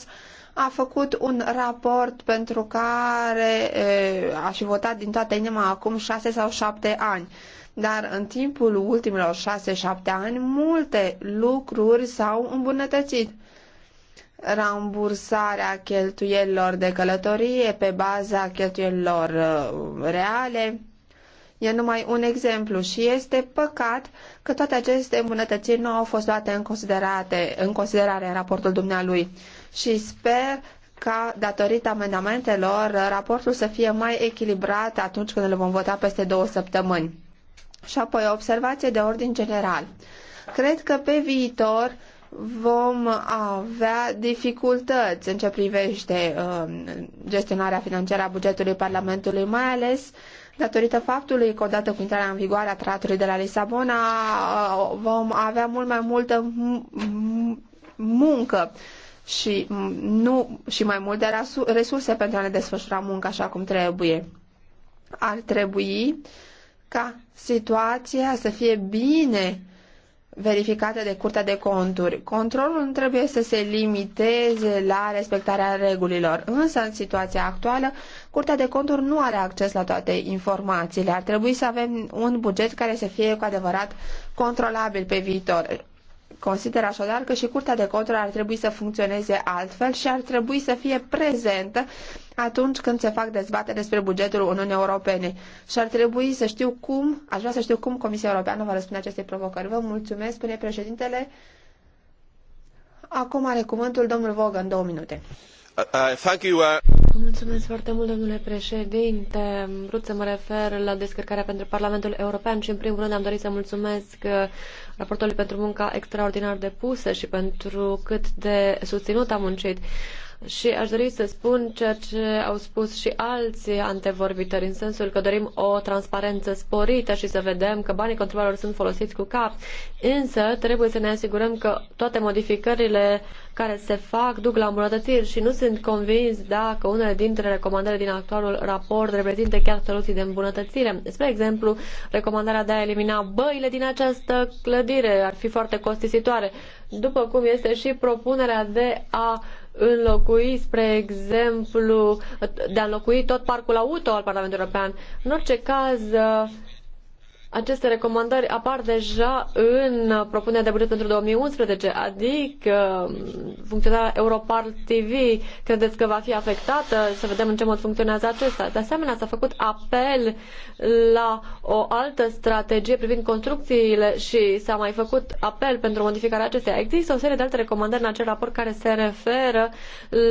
a făcut un raport pentru care e, a și votat din toată inima acum șase sau șapte ani. Dar în timpul ultimilor șase-șapte ani, multe lucruri s-au îmbunătățit rambursarea cheltuielilor de călătorie pe baza cheltuielilor uh, reale. E numai un exemplu și este păcat că toate aceste îmbunătățiri nu au fost luate în, considerate, în considerare în raportul dumnealui și sper ca, datorită amendamentelor, raportul să fie mai echilibrat atunci când îl vom vota peste două săptămâni. Și apoi, o observație de ordin general. Cred că pe viitor vom avea dificultăți în ce privește um, gestionarea financiară a bugetului Parlamentului, mai ales datorită faptului că odată cu intrarea în vigoare a tratului de la Lisabona uh, vom avea mult mai multă muncă și, nu, și mai multe resurse pentru a ne desfășura munca așa cum trebuie. Ar trebui ca situația să fie bine verificate de Curtea de Conturi. Controlul nu trebuie să se limiteze la respectarea regulilor, însă în situația actuală, Curtea de Conturi nu are acces la toate informațiile. Ar trebui să avem un buget care să fie cu adevărat controlabil pe viitor. Consider așadar că și Curtea de Conturi ar trebui să funcționeze altfel și ar trebui să fie prezentă atunci când se fac dezbateri despre bugetul Uniunii Europene. Și ar trebui să știu cum, aș vrea să știu cum Comisia Europeană va răspunde acestei provocări. Vă mulțumesc, spune președintele. Acum are cuvântul domnul în două minute. Uh, uh, uh, mulțumesc foarte mult, domnule președinte. Vreau să mă refer la descărcarea pentru Parlamentul European și, în primul rând, am dorit să mulțumesc raportului pentru munca extraordinar depusă și pentru cât de susținut a muncit și aș dori să spun ceea ce au spus și alții antevorbitori, în sensul că dorim o transparență sporită și să vedem că banii controlelor sunt folosiți cu cap. Însă trebuie să ne asigurăm că toate modificările care se fac duc la îmbunătățiri și nu sunt convins dacă unele dintre recomandările din actualul raport reprezintă chiar soluții de îmbunătățire. Spre exemplu, recomandarea de a elimina băile din această clădire ar fi foarte costisitoare, după cum este și propunerea de a înlocui, spre exemplu, de a înlocui tot parcul auto al Parlamentului European. În orice caz, aceste recomandări apar deja în propunerea de buget pentru 2011, adică um, funcționarea Europarl TV credeți că va fi afectată? Să vedem în ce mod funcționează acesta. De asemenea, s-a făcut apel la o altă strategie privind construcțiile și s-a mai făcut apel pentru modificarea acesteia. Există o serie de alte recomandări în acel raport care se referă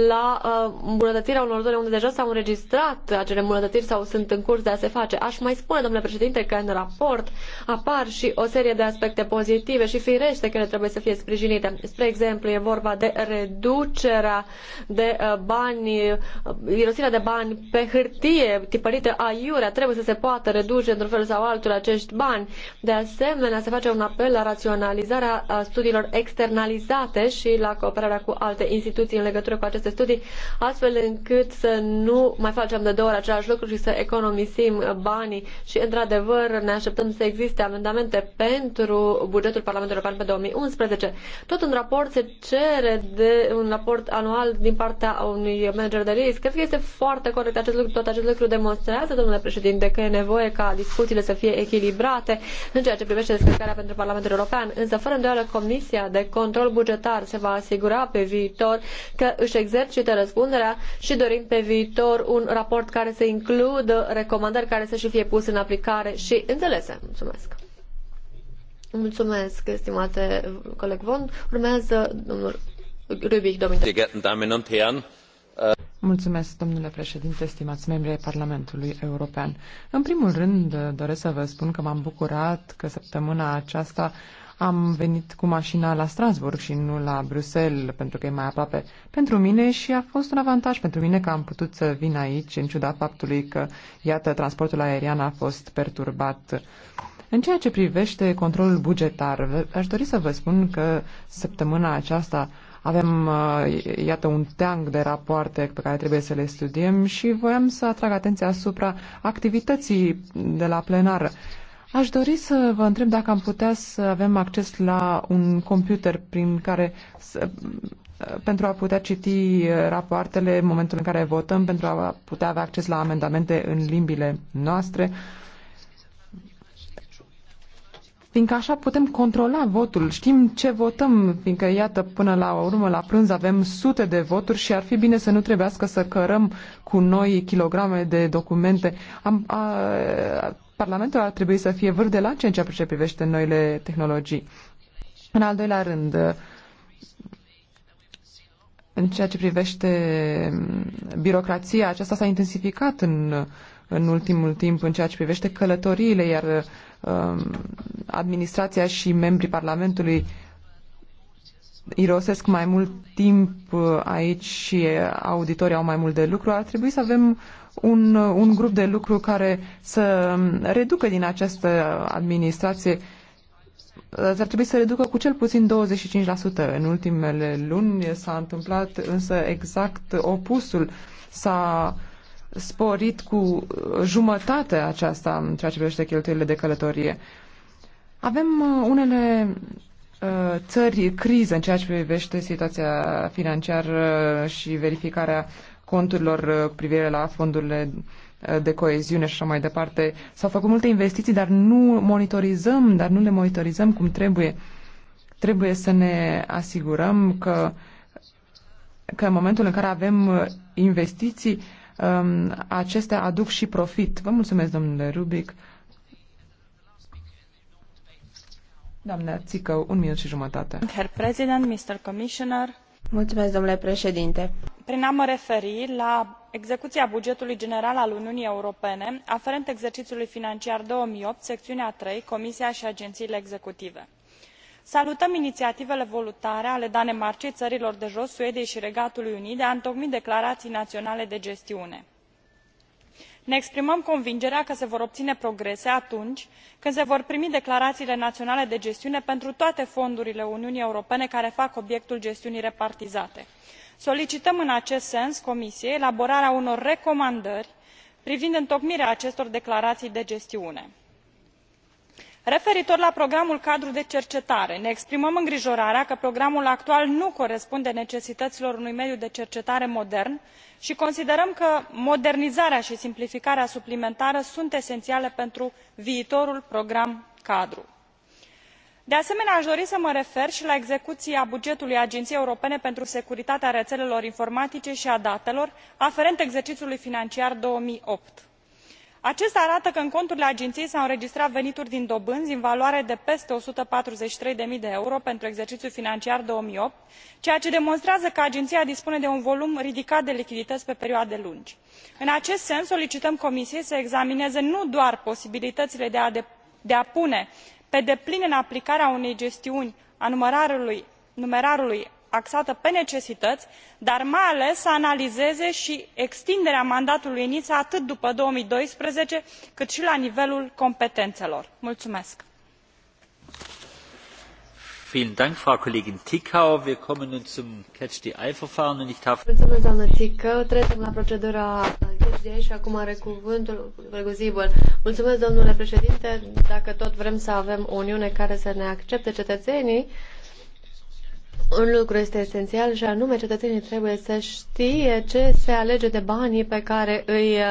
la uh, îmbunătățirea unor zone unde deja s-au înregistrat acele îmbunătățiri sau sunt în curs de a se face. Aș mai spune, domnule președinte, că în raport sport apar și o serie de aspecte pozitive și firește că ele trebuie să fie sprijinite. Spre exemplu, e vorba de reducerea de uh, bani, uh, irosirea de bani pe hârtie tipărită aiurea. Trebuie să se poată reduce într-un fel sau altul acești bani. De asemenea, se face un apel la raționalizarea uh, studiilor externalizate și la cooperarea cu alte instituții în legătură cu aceste studii, astfel încât să nu mai facem de două ori același lucru și să economisim banii și, într-adevăr, ne așteptăm așteptăm să existe amendamente pentru bugetul Parlamentului European pe 2011. Tot în raport se cere de un raport anual din partea unui manager de risc. Cred că este foarte corect acest lucru. Tot acest lucru demonstrează, domnule președinte, că e nevoie ca discuțiile să fie echilibrate în ceea ce privește descărcarea pentru Parlamentul European. Însă, fără îndoială, Comisia de Control Bugetar se va asigura pe viitor că își exercită răspunderea și dorim pe viitor un raport care să includă recomandări care să și fie pus în aplicare și înțeles Mulțumesc! Mulțumesc, stimate coleg Von. Urmează domnul Rubic, domnule. Uh, Mulțumesc, domnule președinte, stimați membri ai Parlamentului European. În primul rând, uh, doresc să vă spun că m-am bucurat că săptămâna aceasta am venit cu mașina la Strasburg și nu la Bruxelles, pentru că e mai aproape pentru mine și a fost un avantaj pentru mine că am putut să vin aici, în ciuda faptului că, iată, transportul aerian a fost perturbat. În ceea ce privește controlul bugetar, aș dori să vă spun că săptămâna aceasta avem, uh, iată, un teang de rapoarte pe care trebuie să le studiem și voiam să atrag atenția asupra activității de la plenară. Aș dori să vă întreb dacă am putea să avem acces la un computer prin care să, pentru a putea citi rapoartele în momentul în care votăm, pentru a putea avea acces la amendamente în limbile noastre fiindcă așa putem controla votul. Știm ce votăm, fiindcă, iată, până la urmă, la prânz avem sute de voturi și ar fi bine să nu trebuiască să cărăm cu noi kilograme de documente. Am, a, Parlamentul ar trebui să fie vârf de lance în ceea ce privește noile tehnologii. În al doilea rând, în ceea ce privește birocrația, aceasta s-a intensificat în, în ultimul timp în ceea ce privește călătoriile, iar um, administrația și membrii Parlamentului irosesc mai mult timp uh, aici și auditorii au mai mult de lucru. Ar trebui să avem un, un grup de lucru care să reducă din această administrație ar trebui să reducă cu cel puțin 25%. În ultimele luni s-a întâmplat însă exact opusul. S-a sporit cu jumătate aceasta în ceea ce privește cheltuielile de călătorie. Avem uh, unele uh, țări criză în ceea ce privește situația financiară uh, și verificarea conturilor uh, cu privire la fondurile uh, de coeziune și așa mai departe. S-au făcut multe investiții, dar nu monitorizăm, dar nu le monitorizăm cum trebuie. Trebuie să ne asigurăm că, că în momentul în care avem uh, investiții, um, acestea aduc și profit. Vă mulțumesc, domnule Rubic. Doamna Țică, un minut și jumătate. Herr President, Mr. Commissioner. Mulțumesc, domnule președinte prin a mă referi la execuia bugetului general al uniunii europene aferent exerciiului financiar două mii opt seciunea trei comisia i ageniile executive. salutăm iniiativele voluntare ale danemarcei ărilor de jos suediei i regatului unit de a întocmi declaraii naionale de gestiune. ne exprimăm convingerea că se vor obine progrese atunci când se vor primi declaraiile naionale de gestiune pentru toate fondurile uniunii europene care fac obiectul gestiunii repartizate solicităm în acest sens comisiei elaborarea unor recomandări privind întocmirea acestor declaraii de gestiune. referitor la programul cadru de cercetare ne exprimăm îngrijorarea că programul actual nu corespunde necesităilor unui mediu de cercetare modern i considerăm că modernizarea i simplificarea suplimentară sunt eseniale pentru viitorul program cadru de asemenea a dori să mă refer i la execuia bugetului ageniei europene pentru securitatea rețelelor informatice i a datelor aferent exerciiului financiar. două mii opt acesta arată că în conturile ageniei s au înregistrat venituri din dobânzi în valoare de peste o sută patruzeci și trei zero de euro pentru exerciiul financiar două mii opt ceea ce demonstrează că agenia dispune de un volum ridicat de lichidităi pe perioade lungi. în acest sens solicităm comisiei să examineze nu doar posibilităile de a pune pe deplin în aplicarea unei gestiuni a numerarului axată pe necesităi dar mai ales să analizeze i extinderea mandatului enisa atât după două mii doisprezece cât i la nivelul competenelor. mulumesc. Mulțumesc, Trecem la procedura Catch the Eye și acum are cuvântul Mulțumesc, domnule președinte. Dacă tot vrem să avem o uniune care să ne accepte cetățenii, un lucru este esențial și anume cetățenii trebuie să știe ce se alege de banii pe care îi uh,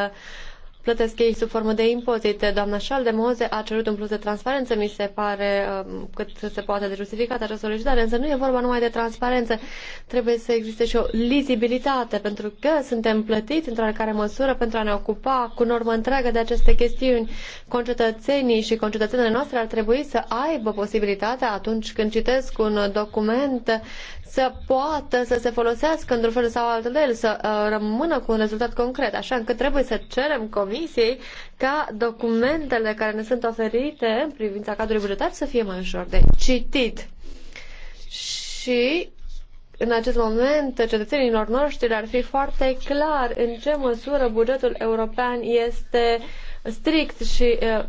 plătesc ei sub formă de impozite. Doamna Șaldemoze a cerut un plus de transparență, mi se pare um, cât se poate de justificat această solicitare, însă nu e vorba numai de transparență. Trebuie să existe și o lizibilitate, pentru că suntem plătiți într-o oarecare măsură pentru a ne ocupa cu normă întreagă de aceste chestiuni. Concetățenii și concetățenele noastre ar trebui să aibă posibilitatea atunci când citesc un document să poată să se folosească într-un fel sau altul de el, să uh, rămână cu un rezultat concret, așa încât trebuie să cerem comisiei ca documentele care ne sunt oferite în privința cadrului bugetar să fie mai ușor de citit. Și în acest moment cetățenilor noștri ar fi foarte clar în ce măsură bugetul european este strict și uh,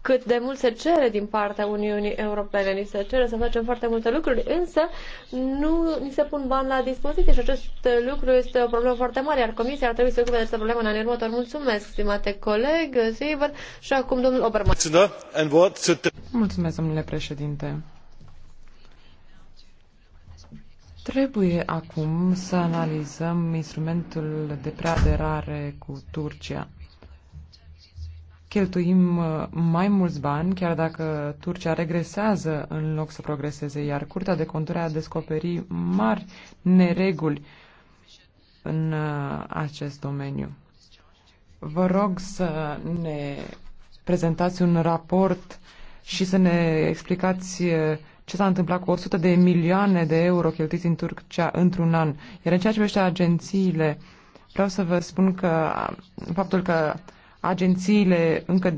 cât de mult se cere din partea Uniunii Europene. Ni se cere să facem foarte multe lucruri, însă nu ni se pun bani la dispoziție și acest lucru este o problemă foarte mare, iar Comisia ar trebui să se ocupe de această problemă în anul următor. Mulțumesc, stimate coleg, Sivăr, și acum domnul Oberman. Mulțumesc, domnule președinte. Trebuie acum să analizăm instrumentul de preaderare cu Turcia cheltuim uh, mai mulți bani, chiar dacă Turcia regresează în loc să progreseze, iar Curtea de Conturi a descoperit mari nereguli în uh, acest domeniu. Vă rog să ne prezentați un raport și să ne explicați uh, ce s-a întâmplat cu 100 de milioane de euro cheltuiți în Turcia într-un an. Iar în ceea ce privește agențiile, vreau să vă spun că faptul că agențiile încă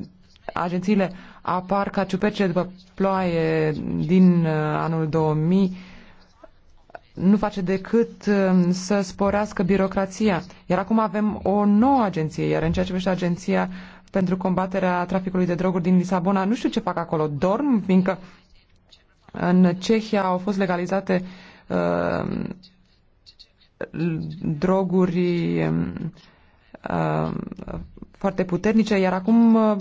agențiile apar ca ciupercile după ploaie din uh, anul 2000 nu face decât um, să sporească birocrația. Iar acum avem o nouă agenție, iar în ceea ce privește agenția pentru combaterea traficului de droguri din Lisabona, nu știu ce fac acolo, dorm, fiindcă în Cehia au fost legalizate uh, droguri uh, foarte puternice, iar acum uh,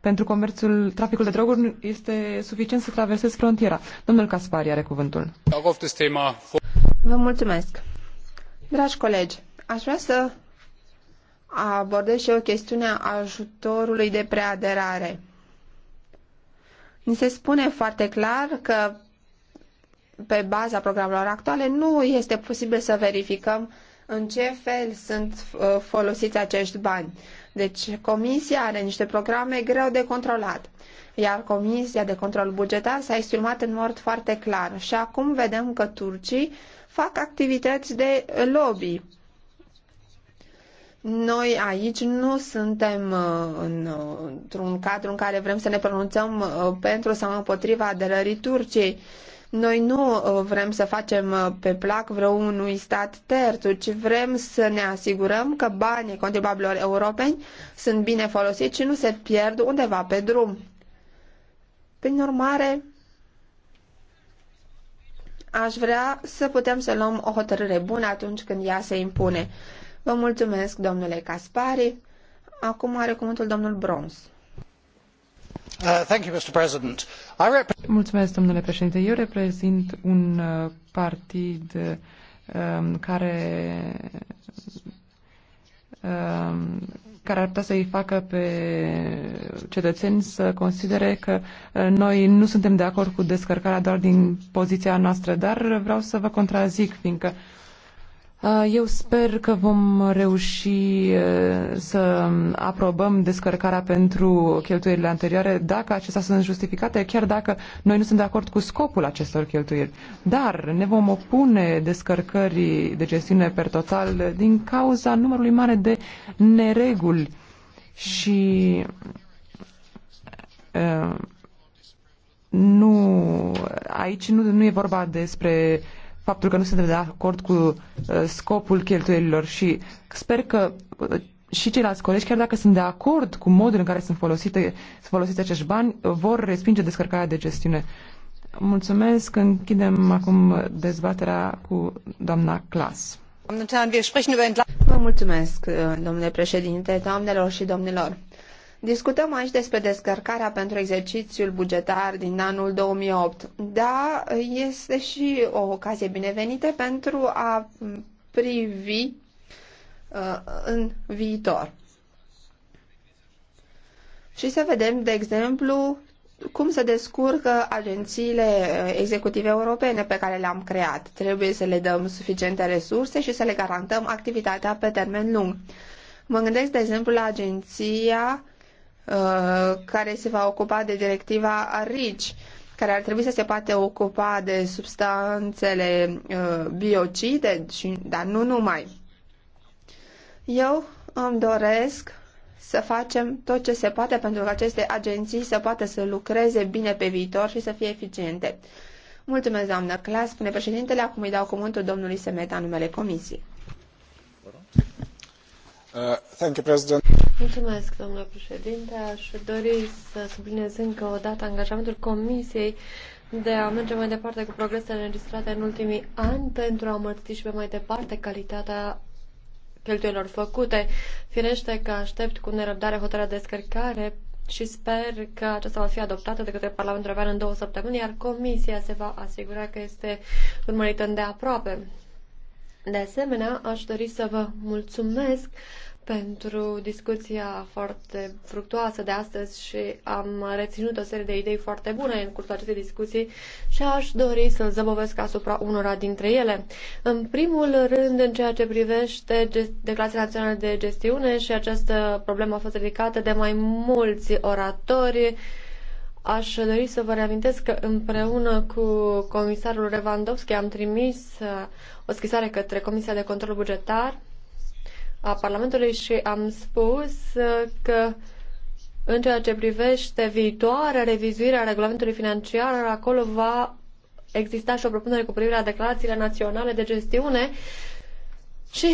pentru comerțul, traficul de droguri este suficient să traversezi frontiera. Domnul Caspari are cuvântul. Vă mulțumesc. Dragi colegi, aș vrea să abordez și eu chestiunea ajutorului de preaderare. Ni se spune foarte clar că pe baza programelor actuale nu este posibil să verificăm în ce fel sunt uh, folosiți acești bani. Deci comisia are niște programe greu de controlat. Iar comisia de control bugetar s-a exprimat în mod foarte clar. Și acum vedem că turcii fac activități de lobby. Noi aici nu suntem uh, în, într-un cadru în care vrem să ne pronunțăm uh, pentru sau împotriva aderării Turciei noi nu uh, vrem să facem uh, pe plac vreunui stat terțu, ci vrem să ne asigurăm că banii contribuabililor europeni sunt bine folosiți și nu se pierd undeva pe drum. Prin urmare, aș vrea să putem să luăm o hotărâre bună atunci când ea se impune. Vă mulțumesc, domnule Caspari. Acum are cuvântul domnul Brons. Uh, thank you, Mr. President. Mulțumesc, domnule președinte. Eu reprezint un uh, partid um, care um, care ar putea să-i facă pe cetățeni să considere că uh, noi nu suntem de acord cu descărcarea doar din poziția noastră, dar vreau să vă contrazic, fiindcă uh, Uh, eu sper că vom reuși uh, să aprobăm descărcarea pentru cheltuielile anterioare dacă acestea sunt justificate, chiar dacă noi nu suntem de acord cu scopul acestor cheltuieli. Dar ne vom opune descărcării de gestiune per total din cauza numărului mare de nereguli și uh, nu, aici nu, nu e vorba despre faptul că nu suntem de acord cu uh, scopul cheltuielilor și sper că uh, și ceilalți colegi, chiar dacă sunt de acord cu modul în care sunt folosite, sunt folosite acești bani, vor respinge descărcarea de gestiune. Mulțumesc. Închidem acum dezbaterea cu doamna Clas. Vă mulțumesc, uh, domnule președinte, doamnelor și domnilor Discutăm aici despre descărcarea pentru exercițiul bugetar din anul 2008, dar este și o ocazie binevenită pentru a privi uh, în viitor. Și să vedem, de exemplu, cum se descurcă agențiile uh, executive europene pe care le-am creat. Trebuie să le dăm suficiente resurse și să le garantăm activitatea pe termen lung. Mă gândesc, de exemplu, la agenția uh, Uh, care se va ocupa de directiva RICI, care ar trebui să se poate ocupa de substanțele uh, biocide, dar nu numai. Eu îmi doresc să facem tot ce se poate pentru că aceste agenții să poată să lucreze bine pe viitor și să fie eficiente. Mulțumesc, doamnă Clas, spune președintele. Acum îi dau cuvântul domnului Semeta numele comisiei. Mulțumesc, domnule președinte. Aș dori să subliniez încă o dată angajamentul Comisiei de a merge mai departe cu progresele înregistrate în ultimii ani pentru a îmbunătăți și pe mai departe calitatea cheltuielor făcute. Firește că aștept cu nerăbdare hotărârea de descărcare și sper că aceasta va fi adoptată de către Parlamentul European în două săptămâni, iar Comisia se va asigura că este urmărită îndeaproape. De asemenea, aș dori să vă mulțumesc pentru discuția foarte fructuoasă de astăzi și am reținut o serie de idei foarte bune în cursul acestei discuții și aș dori să zăbovesc asupra unora dintre ele. În primul rând, în ceea ce privește Declarația Națională de Gestiune și această problemă a fost ridicată de mai mulți oratori, Aș dori să vă reamintesc că împreună cu comisarul Revandovski am trimis uh, o scrisoare către Comisia de Control Bugetar a Parlamentului și am spus uh, că în ceea ce privește viitoarea revizuire a regulamentului financiar, acolo va exista și o propunere cu privire la declarațiile naționale de gestiune și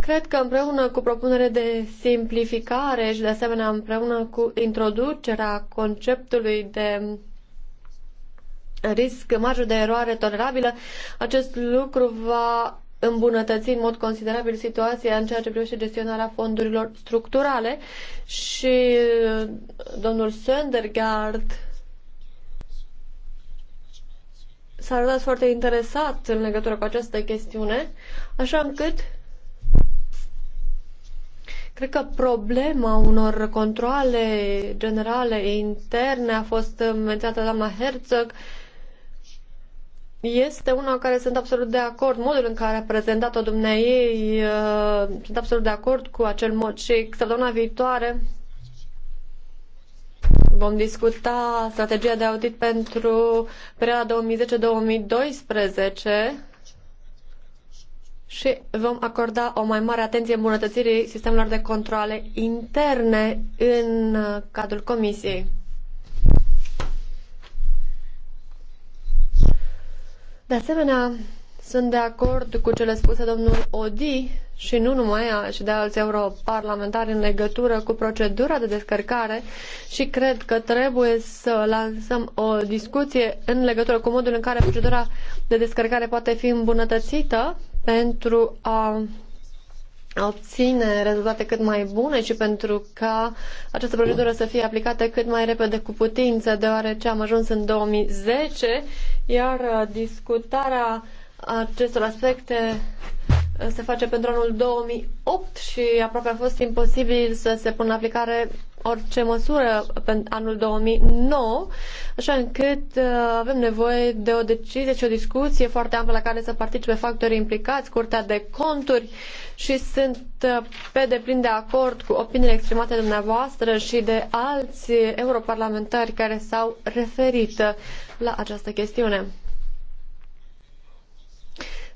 cred că împreună cu propunere de simplificare și de asemenea împreună cu introducerea conceptului de risc, marjul de eroare tolerabilă, acest lucru va îmbunătăți în mod considerabil situația în ceea ce privește gestionarea fondurilor structurale și uh, domnul Söndergaard s-a arătat foarte interesat în legătură cu această chestiune, așa încât Cred că problema unor controle generale interne a fost menționată doamna Herzog este una care sunt absolut de acord. Modul în care a prezentat-o dumneai, uh, sunt absolut de acord cu acel mod și săptămâna viitoare vom discuta strategia de audit pentru perioada 2010-2012 și vom acorda o mai mare atenție îmbunătățirii sistemelor de controle interne în uh, cadrul Comisiei. De asemenea, sunt de acord cu cele spuse domnul Odi și nu numai ea, și de alți europarlamentari în legătură cu procedura de descărcare și cred că trebuie să lansăm o discuție în legătură cu modul în care procedura de descărcare poate fi îmbunătățită pentru a a obține rezultate cât mai bune și pentru ca această procedură să fie aplicată cât mai repede cu putință, deoarece am ajuns în 2010, iar uh, discutarea acestor aspecte uh, se face pentru anul 2008 și aproape a fost imposibil să se pună în aplicare orice măsură pentru anul 2009, așa încât uh, avem nevoie de o decizie și o discuție foarte amplă la care să participe factorii implicați, Curtea de Conturi și sunt uh, pe deplin de acord cu opiniile exprimate de dumneavoastră și de alți europarlamentari care s-au referit uh, la această chestiune.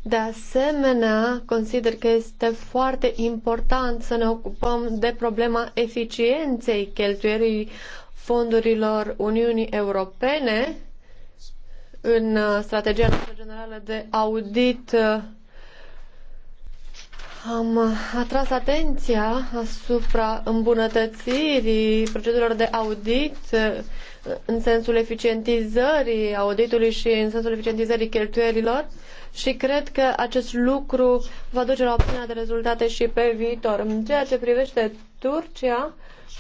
De asemenea, consider că este foarte important să ne ocupăm de problema eficienței cheltuierii fondurilor Uniunii Europene în uh, strategia noastră generală de audit uh, am atras atenția asupra îmbunătățirii procedurilor de audit uh, în sensul eficientizării auditului și în sensul eficientizării cheltuielilor și cred că acest lucru va duce la obținerea de rezultate și pe viitor. În ceea ce privește Turcia,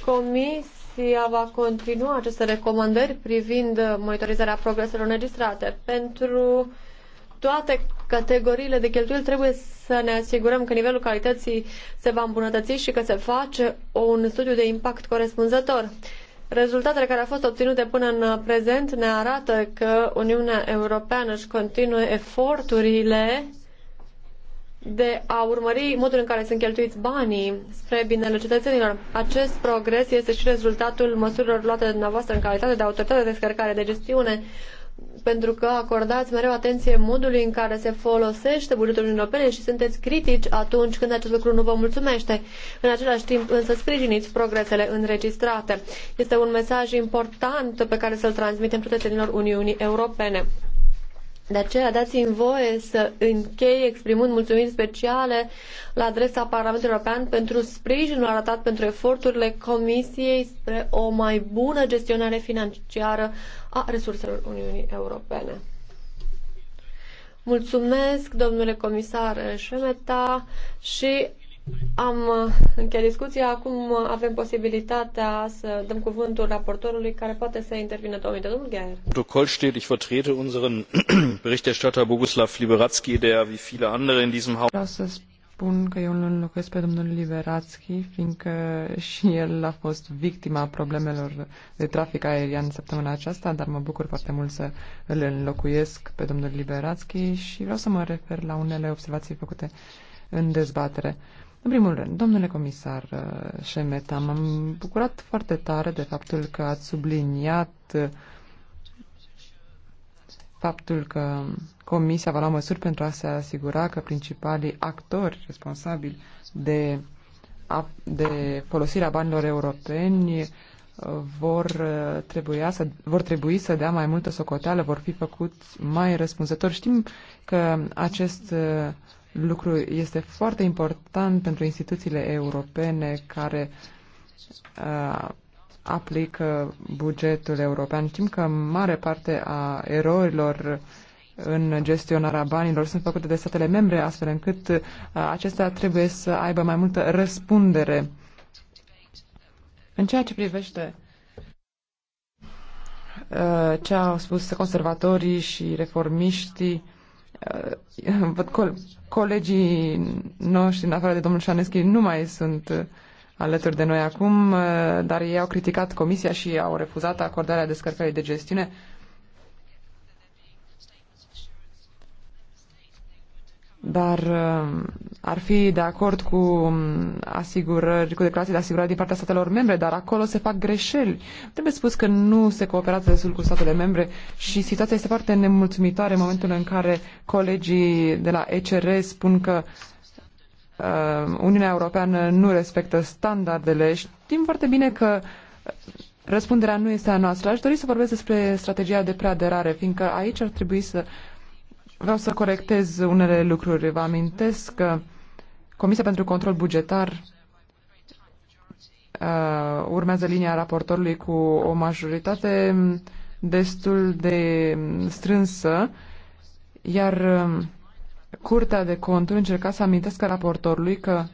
Comisia va continua aceste recomandări privind monitorizarea progreselor înregistrate pentru toate categoriile de cheltuieli, trebuie să ne asigurăm că nivelul calității se va îmbunătăți și că se face un studiu de impact corespunzător. Rezultatele care au fost obținute până în prezent ne arată că Uniunea Europeană își continuă eforturile de a urmări modul în care sunt cheltuiți banii spre binele cetățenilor. Acest progres este și rezultatul măsurilor luate de dumneavoastră în calitate de autoritate de descărcare de gestiune pentru că acordați mereu atenție modului în care se folosește bugetul Uniunii Europene și sunteți critici atunci când acest lucru nu vă mulțumește. În același timp, însă, sprijiniți progresele înregistrate. Este un mesaj important pe care să-l transmitem cetățenilor Uniunii Europene. De aceea dați-mi voie să închei exprimând mulțumiri speciale la adresa Parlamentului European pentru sprijinul arătat pentru eforturile Comisiei spre o mai bună gestionare financiară a resurselor Uniunii Europene. Mulțumesc, domnule comisar Șemeta, și am uh, încheiat discuția. Acum uh, avem posibilitatea să dăm cuvântul raportorului care poate să intervină două Domnul Geier. Protokoll steht, ich vertrete unseren Berichterstatter Boguslav Liberatski, der wie viele andere in diesem Haus... Vreau să spun că eu îl înlocuiesc pe domnul Liberatski, fiindcă și el a fost victima problemelor de trafic aerian săptămâna aceasta, dar mă bucur foarte mult să îl înlocuiesc pe domnul Liberatski și vreau să mă refer la unele observații făcute în dezbatere. În primul rând, domnule comisar uh, Șemeta, m-am bucurat foarte tare de faptul că ați subliniat uh, faptul că Comisia va lua măsuri pentru a se asigura că principalii actori responsabili de, de folosirea banilor europeni uh, vor, să, vor trebui să dea mai multă socoteală, vor fi făcuți mai răspunzători. Știm că acest lucru este foarte important pentru instituțiile europene care uh, aplică bugetul european. Știm că mare parte a erorilor în gestionarea banilor sunt făcute de statele membre, astfel încât uh, acestea trebuie să aibă mai multă răspundere. În ceea ce privește uh, ce au spus conservatorii și reformiștii, văd col colegii noștri, în afară de domnul Șaneschi, nu mai sunt uh, alături de noi acum, uh, dar ei au criticat comisia și au refuzat acordarea descărcării de gestiune dar uh, ar fi de acord cu um, asigurări, cu declarații de asigurare din partea statelor membre, dar acolo se fac greșeli. Trebuie spus că nu se cooperează destul cu statele membre și situația este foarte nemulțumitoare în momentul în care colegii de la ECR spun că uh, Uniunea Europeană nu respectă standardele. Știm foarte bine că răspunderea nu este a noastră. Aș dori să vorbesc despre strategia de preaderare, fiindcă aici ar trebui să Vreau să corectez unele lucruri. Vă amintesc că Comisia pentru Control Bugetar uh, urmează linia raportorului cu o majoritate destul de strânsă, iar um, Curtea de Conturi încerca să amintească raportorului că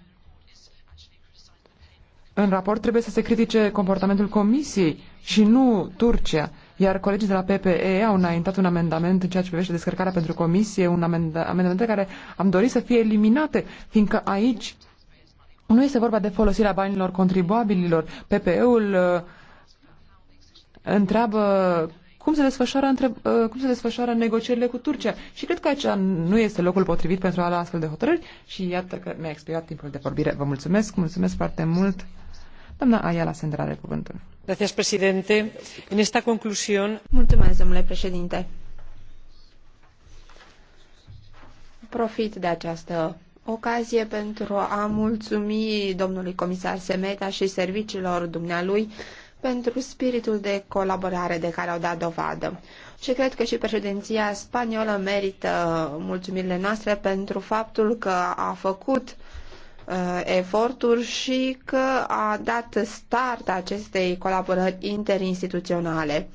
în raport trebuie să se critique comportamentul Comisiei și nu Turcia. Iar colegii de la PPE au înaintat un amendament în ceea ce privește descărcarea pentru comisie, un amendament care am dorit să fie eliminate, fiindcă aici nu este vorba de folosirea banilor contribuabililor. PPE-ul uh, întreabă cum se desfășoară, între, uh, cum se desfășoară negocierile cu Turcia. Și cred că aici nu este locul potrivit pentru a lua astfel de hotărâri și iată că mi-a expirat timpul de vorbire. Vă mulțumesc, mulțumesc foarte mult. Domnule Ayala Sender esta conclusión... Mulțumesc, domnule președinte. Profit de această ocazie pentru a mulțumi domnului comisar Semeta și serviciilor dumnealui pentru spiritul de colaborare de care au dat dovadă. Și cred că și președinția spaniolă merită mulțumirile noastre pentru faptul că a făcut uh, eforturi și că a dat start acestei colaborări interinstituționale.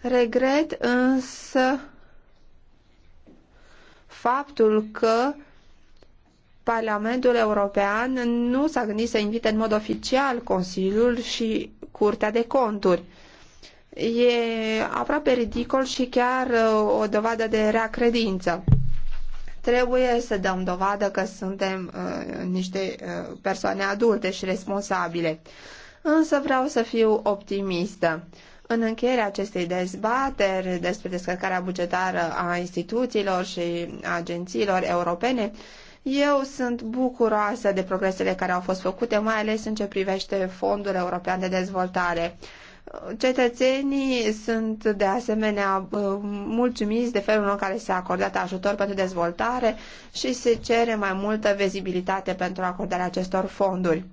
Regret însă faptul că Parlamentul European nu s-a gândit să invite în mod oficial Consiliul și Curtea de Conturi. E aproape ridicol și chiar uh, o dovadă de rea credință. Trebuie să dăm dovadă că suntem uh, niște uh, persoane adulte și responsabile. Însă vreau să fiu optimistă. În încheierea acestei dezbateri despre descărcarea bugetară a instituțiilor și agențiilor europene, eu sunt bucuroasă de progresele care au fost făcute, mai ales în ce privește Fondul European de Dezvoltare. Cetățenii sunt de asemenea mulțumiți de felul în care s-a acordat ajutor pentru dezvoltare și se cere mai multă vizibilitate pentru acordarea acestor fonduri.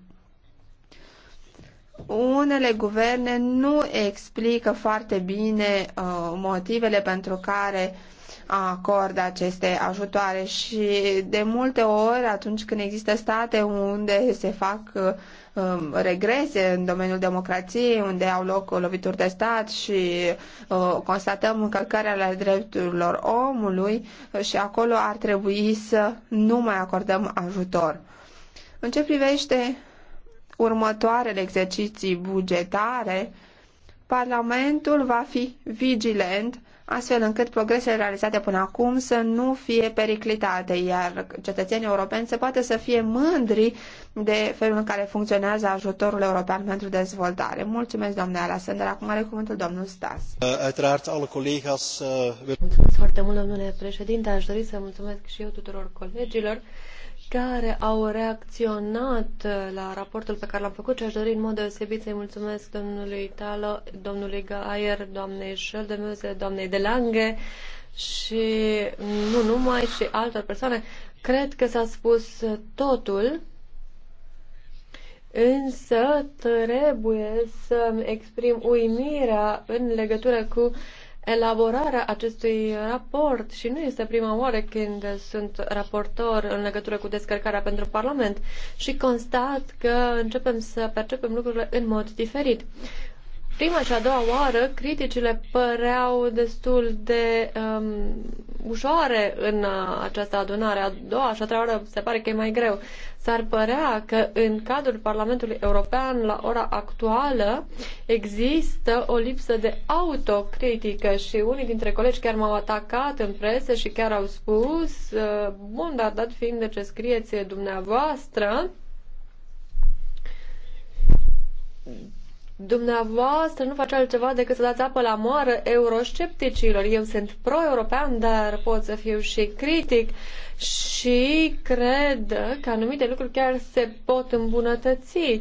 Unele guverne nu explică foarte bine ă, motivele pentru care acordă aceste ajutoare și de multe ori atunci când există state unde se fac ă, Um, regrese în domeniul democrației, unde au loc lovituri de stat și uh, constatăm încălcarea ale drepturilor omului uh, și acolo ar trebui să nu mai acordăm ajutor. În ce privește următoarele exerciții bugetare, Parlamentul va fi vigilent astfel încât progresele realizate până acum să nu fie periclitate, iar cetățenii europeni să poată să fie mândri de felul în care funcționează ajutorul european pentru dezvoltare. Mulțumesc, domnule Alassander. Acum are cuvântul domnul Stas. Uh, uh, mulțumesc foarte mult, domnule președinte. Aș dori să mulțumesc și eu tuturor colegilor care au reacționat la raportul pe care l-am făcut și aș dori în mod deosebit să-i mulțumesc domnului Italo, domnului Gaier, doamnei Șeldemuse, doamnei Delange și nu numai și altor persoane. Cred că s-a spus totul, însă trebuie să exprim uimirea în legătură cu uh, elaborarea acestui raport și nu este prima oară când sunt raportor în legătură cu descărcarea pentru Parlament și constat că începem să percepem lucrurile în mod diferit prima și a doua oară criticile păreau destul de um, ușoare în uh, această adunare. A doua și a treia oară se pare că e mai greu. S-ar părea că în cadrul Parlamentului European, la ora actuală, există o lipsă de autocritică și unii dintre colegi chiar m-au atacat în presă și chiar au spus uh, bun, dar dat fiind de ce scrieți dumneavoastră, Dumneavoastră nu face altceva decât să dați apă la moară euroscepticilor. Eu sunt pro-european, dar pot să fiu și critic și cred că anumite lucruri chiar se pot îmbunătăți.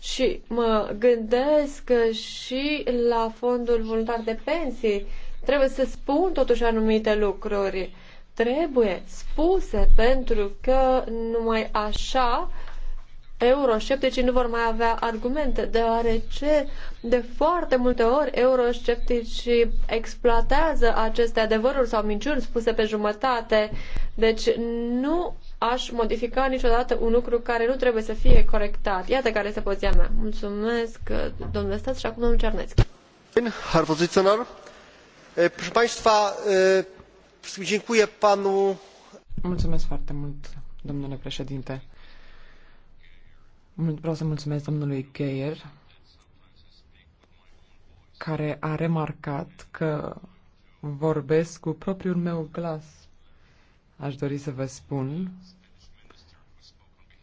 Și mă gândesc și la fondul voluntar de pensii. Trebuie să spun totuși anumite lucruri. Trebuie spuse pentru că numai așa eurosceptici nu vor mai avea argumente, deoarece de foarte multe ori eurosceptici exploatează aceste adevăruri sau minciuni spuse pe jumătate. Deci nu aș modifica niciodată un lucru care nu trebuie să fie corectat. Iată care este poziția mea. Mulțumesc, domnule Stat, și acum domnul Cernețchi. Proszę Państwa, dziękuję Panu. Mulțumesc foarte mult, domnule președinte. Vreau să mulțumesc domnului Geier, care a remarcat că vorbesc cu propriul meu glas. Aș dori să vă spun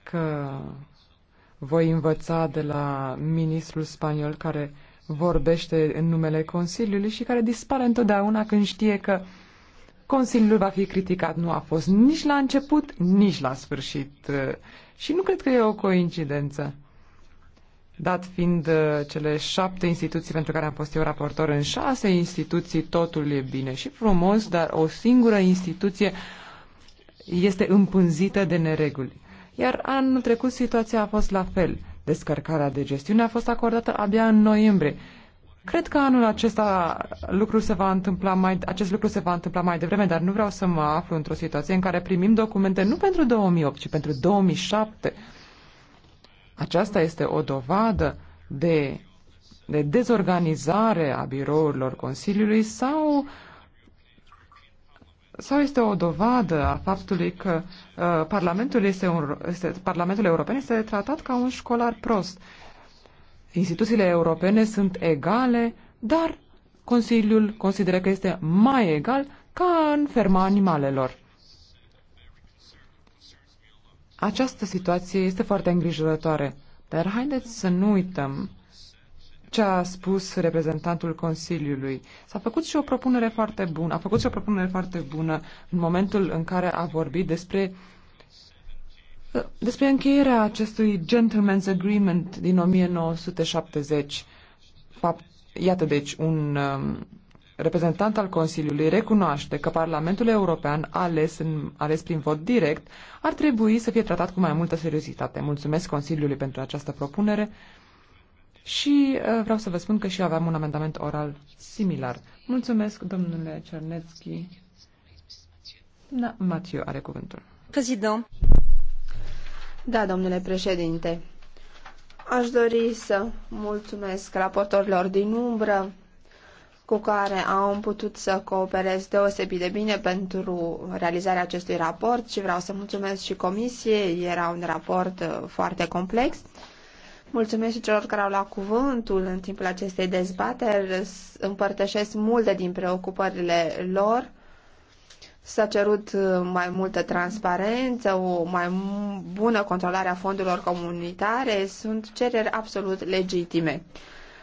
că voi învăța de la ministrul spaniol care vorbește în numele Consiliului și care dispare întotdeauna când știe că Consiliul va fi criticat. Nu a fost nici la început, nici la sfârșit. Și nu cred că e o coincidență. Dat fiind uh, cele șapte instituții pentru care am fost eu raportor în șase instituții, totul e bine și frumos, dar o singură instituție este împânzită de nereguli. Iar anul trecut situația a fost la fel. Descărcarea de gestiune a fost acordată abia în noiembrie Cred că anul acesta lucru se va întâmpla mai, acest lucru se va întâmpla mai devreme, dar nu vreau să mă aflu într-o situație în care primim documente nu pentru 2008, ci pentru 2007. Aceasta este o dovadă de, de dezorganizare a birourilor Consiliului sau, sau este o dovadă a faptului că uh, Parlamentul, este un, este, Parlamentul European este tratat ca un școlar prost. Uh, instituțiile europene sunt egale, dar Consiliul consideră că este mai egal ca în ferma animalelor. Această situație este foarte îngrijorătoare, dar haideți să nu uităm ce a spus reprezentantul Consiliului. S-a făcut și o propunere foarte bună, a făcut și o propunere foarte bună în momentul în care a vorbit despre despre încheierea acestui Gentleman's Agreement din 1970, fapt, iată deci, un um, reprezentant al Consiliului recunoaște că Parlamentul European, ales, în, ales prin vot direct, ar trebui să fie tratat cu mai multă seriozitate. Mulțumesc Consiliului pentru această propunere și uh, vreau să vă spun că și aveam un amendament oral similar. Mulțumesc, domnule Cernetski. Da, Matiu are cuvântul. Prezident. Da, domnule președinte. Aș dori să mulțumesc raportorilor din umbră cu care am putut să cooperez deosebit de bine pentru realizarea acestui raport și vreau să mulțumesc și comisiei, era un raport uh, foarte complex. Mulțumesc și celor care au luat cuvântul în timpul acestei dezbateri, împărtășesc multe din preocupările lor S-a cerut uh, mai multă transparență, o mai bună controlare a fondurilor comunitare. Sunt cereri absolut legitime.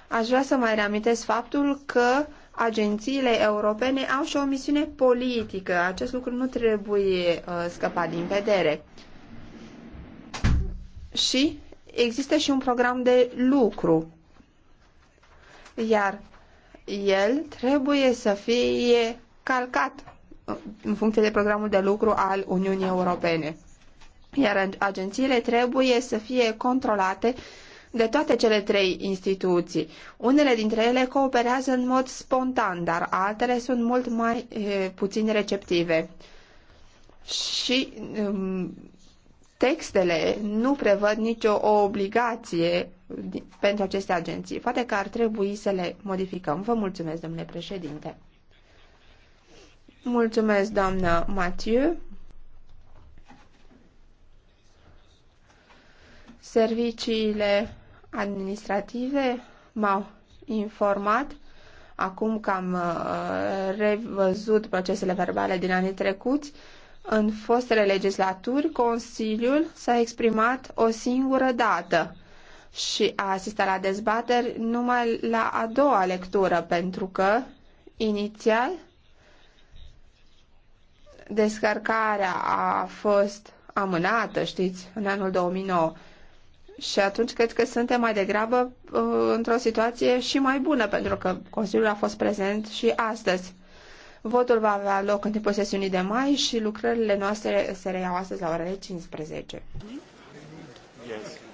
Aș vrea să mai reamintesc faptul că agențiile europene au și o misiune politică. Acest lucru nu trebuie uh, scăpat din vedere. Și există și un program de lucru. Iar el trebuie să fie calcat în funcție de programul de lucru al Uniunii Europene. Iar agențiile trebuie să fie controlate de toate cele trei instituții. Unele dintre ele cooperează în mod spontan, dar altele sunt mult mai e, puțin receptive. Și um, textele nu prevăd nicio obligație pentru aceste agenții. Poate că ar trebui să le modificăm. Vă mulțumesc, domnule președinte. Mulțumesc, doamna Mathieu. Serviciile administrative m-au informat acum că am uh, revăzut procesele verbale din anii trecuți. În fostele legislaturi, Consiliul s-a exprimat o singură dată și a asistat la dezbateri numai la a doua lectură, pentru că inițial descărcarea a fost amânată, știți, în anul 2009. Și atunci cred că suntem mai degrabă uh, într-o situație și mai bună, pentru că Consiliul a fost prezent și astăzi. Votul va avea loc în timpul sesiunii de mai și lucrările noastre se reiau astăzi la orele 15. Yes.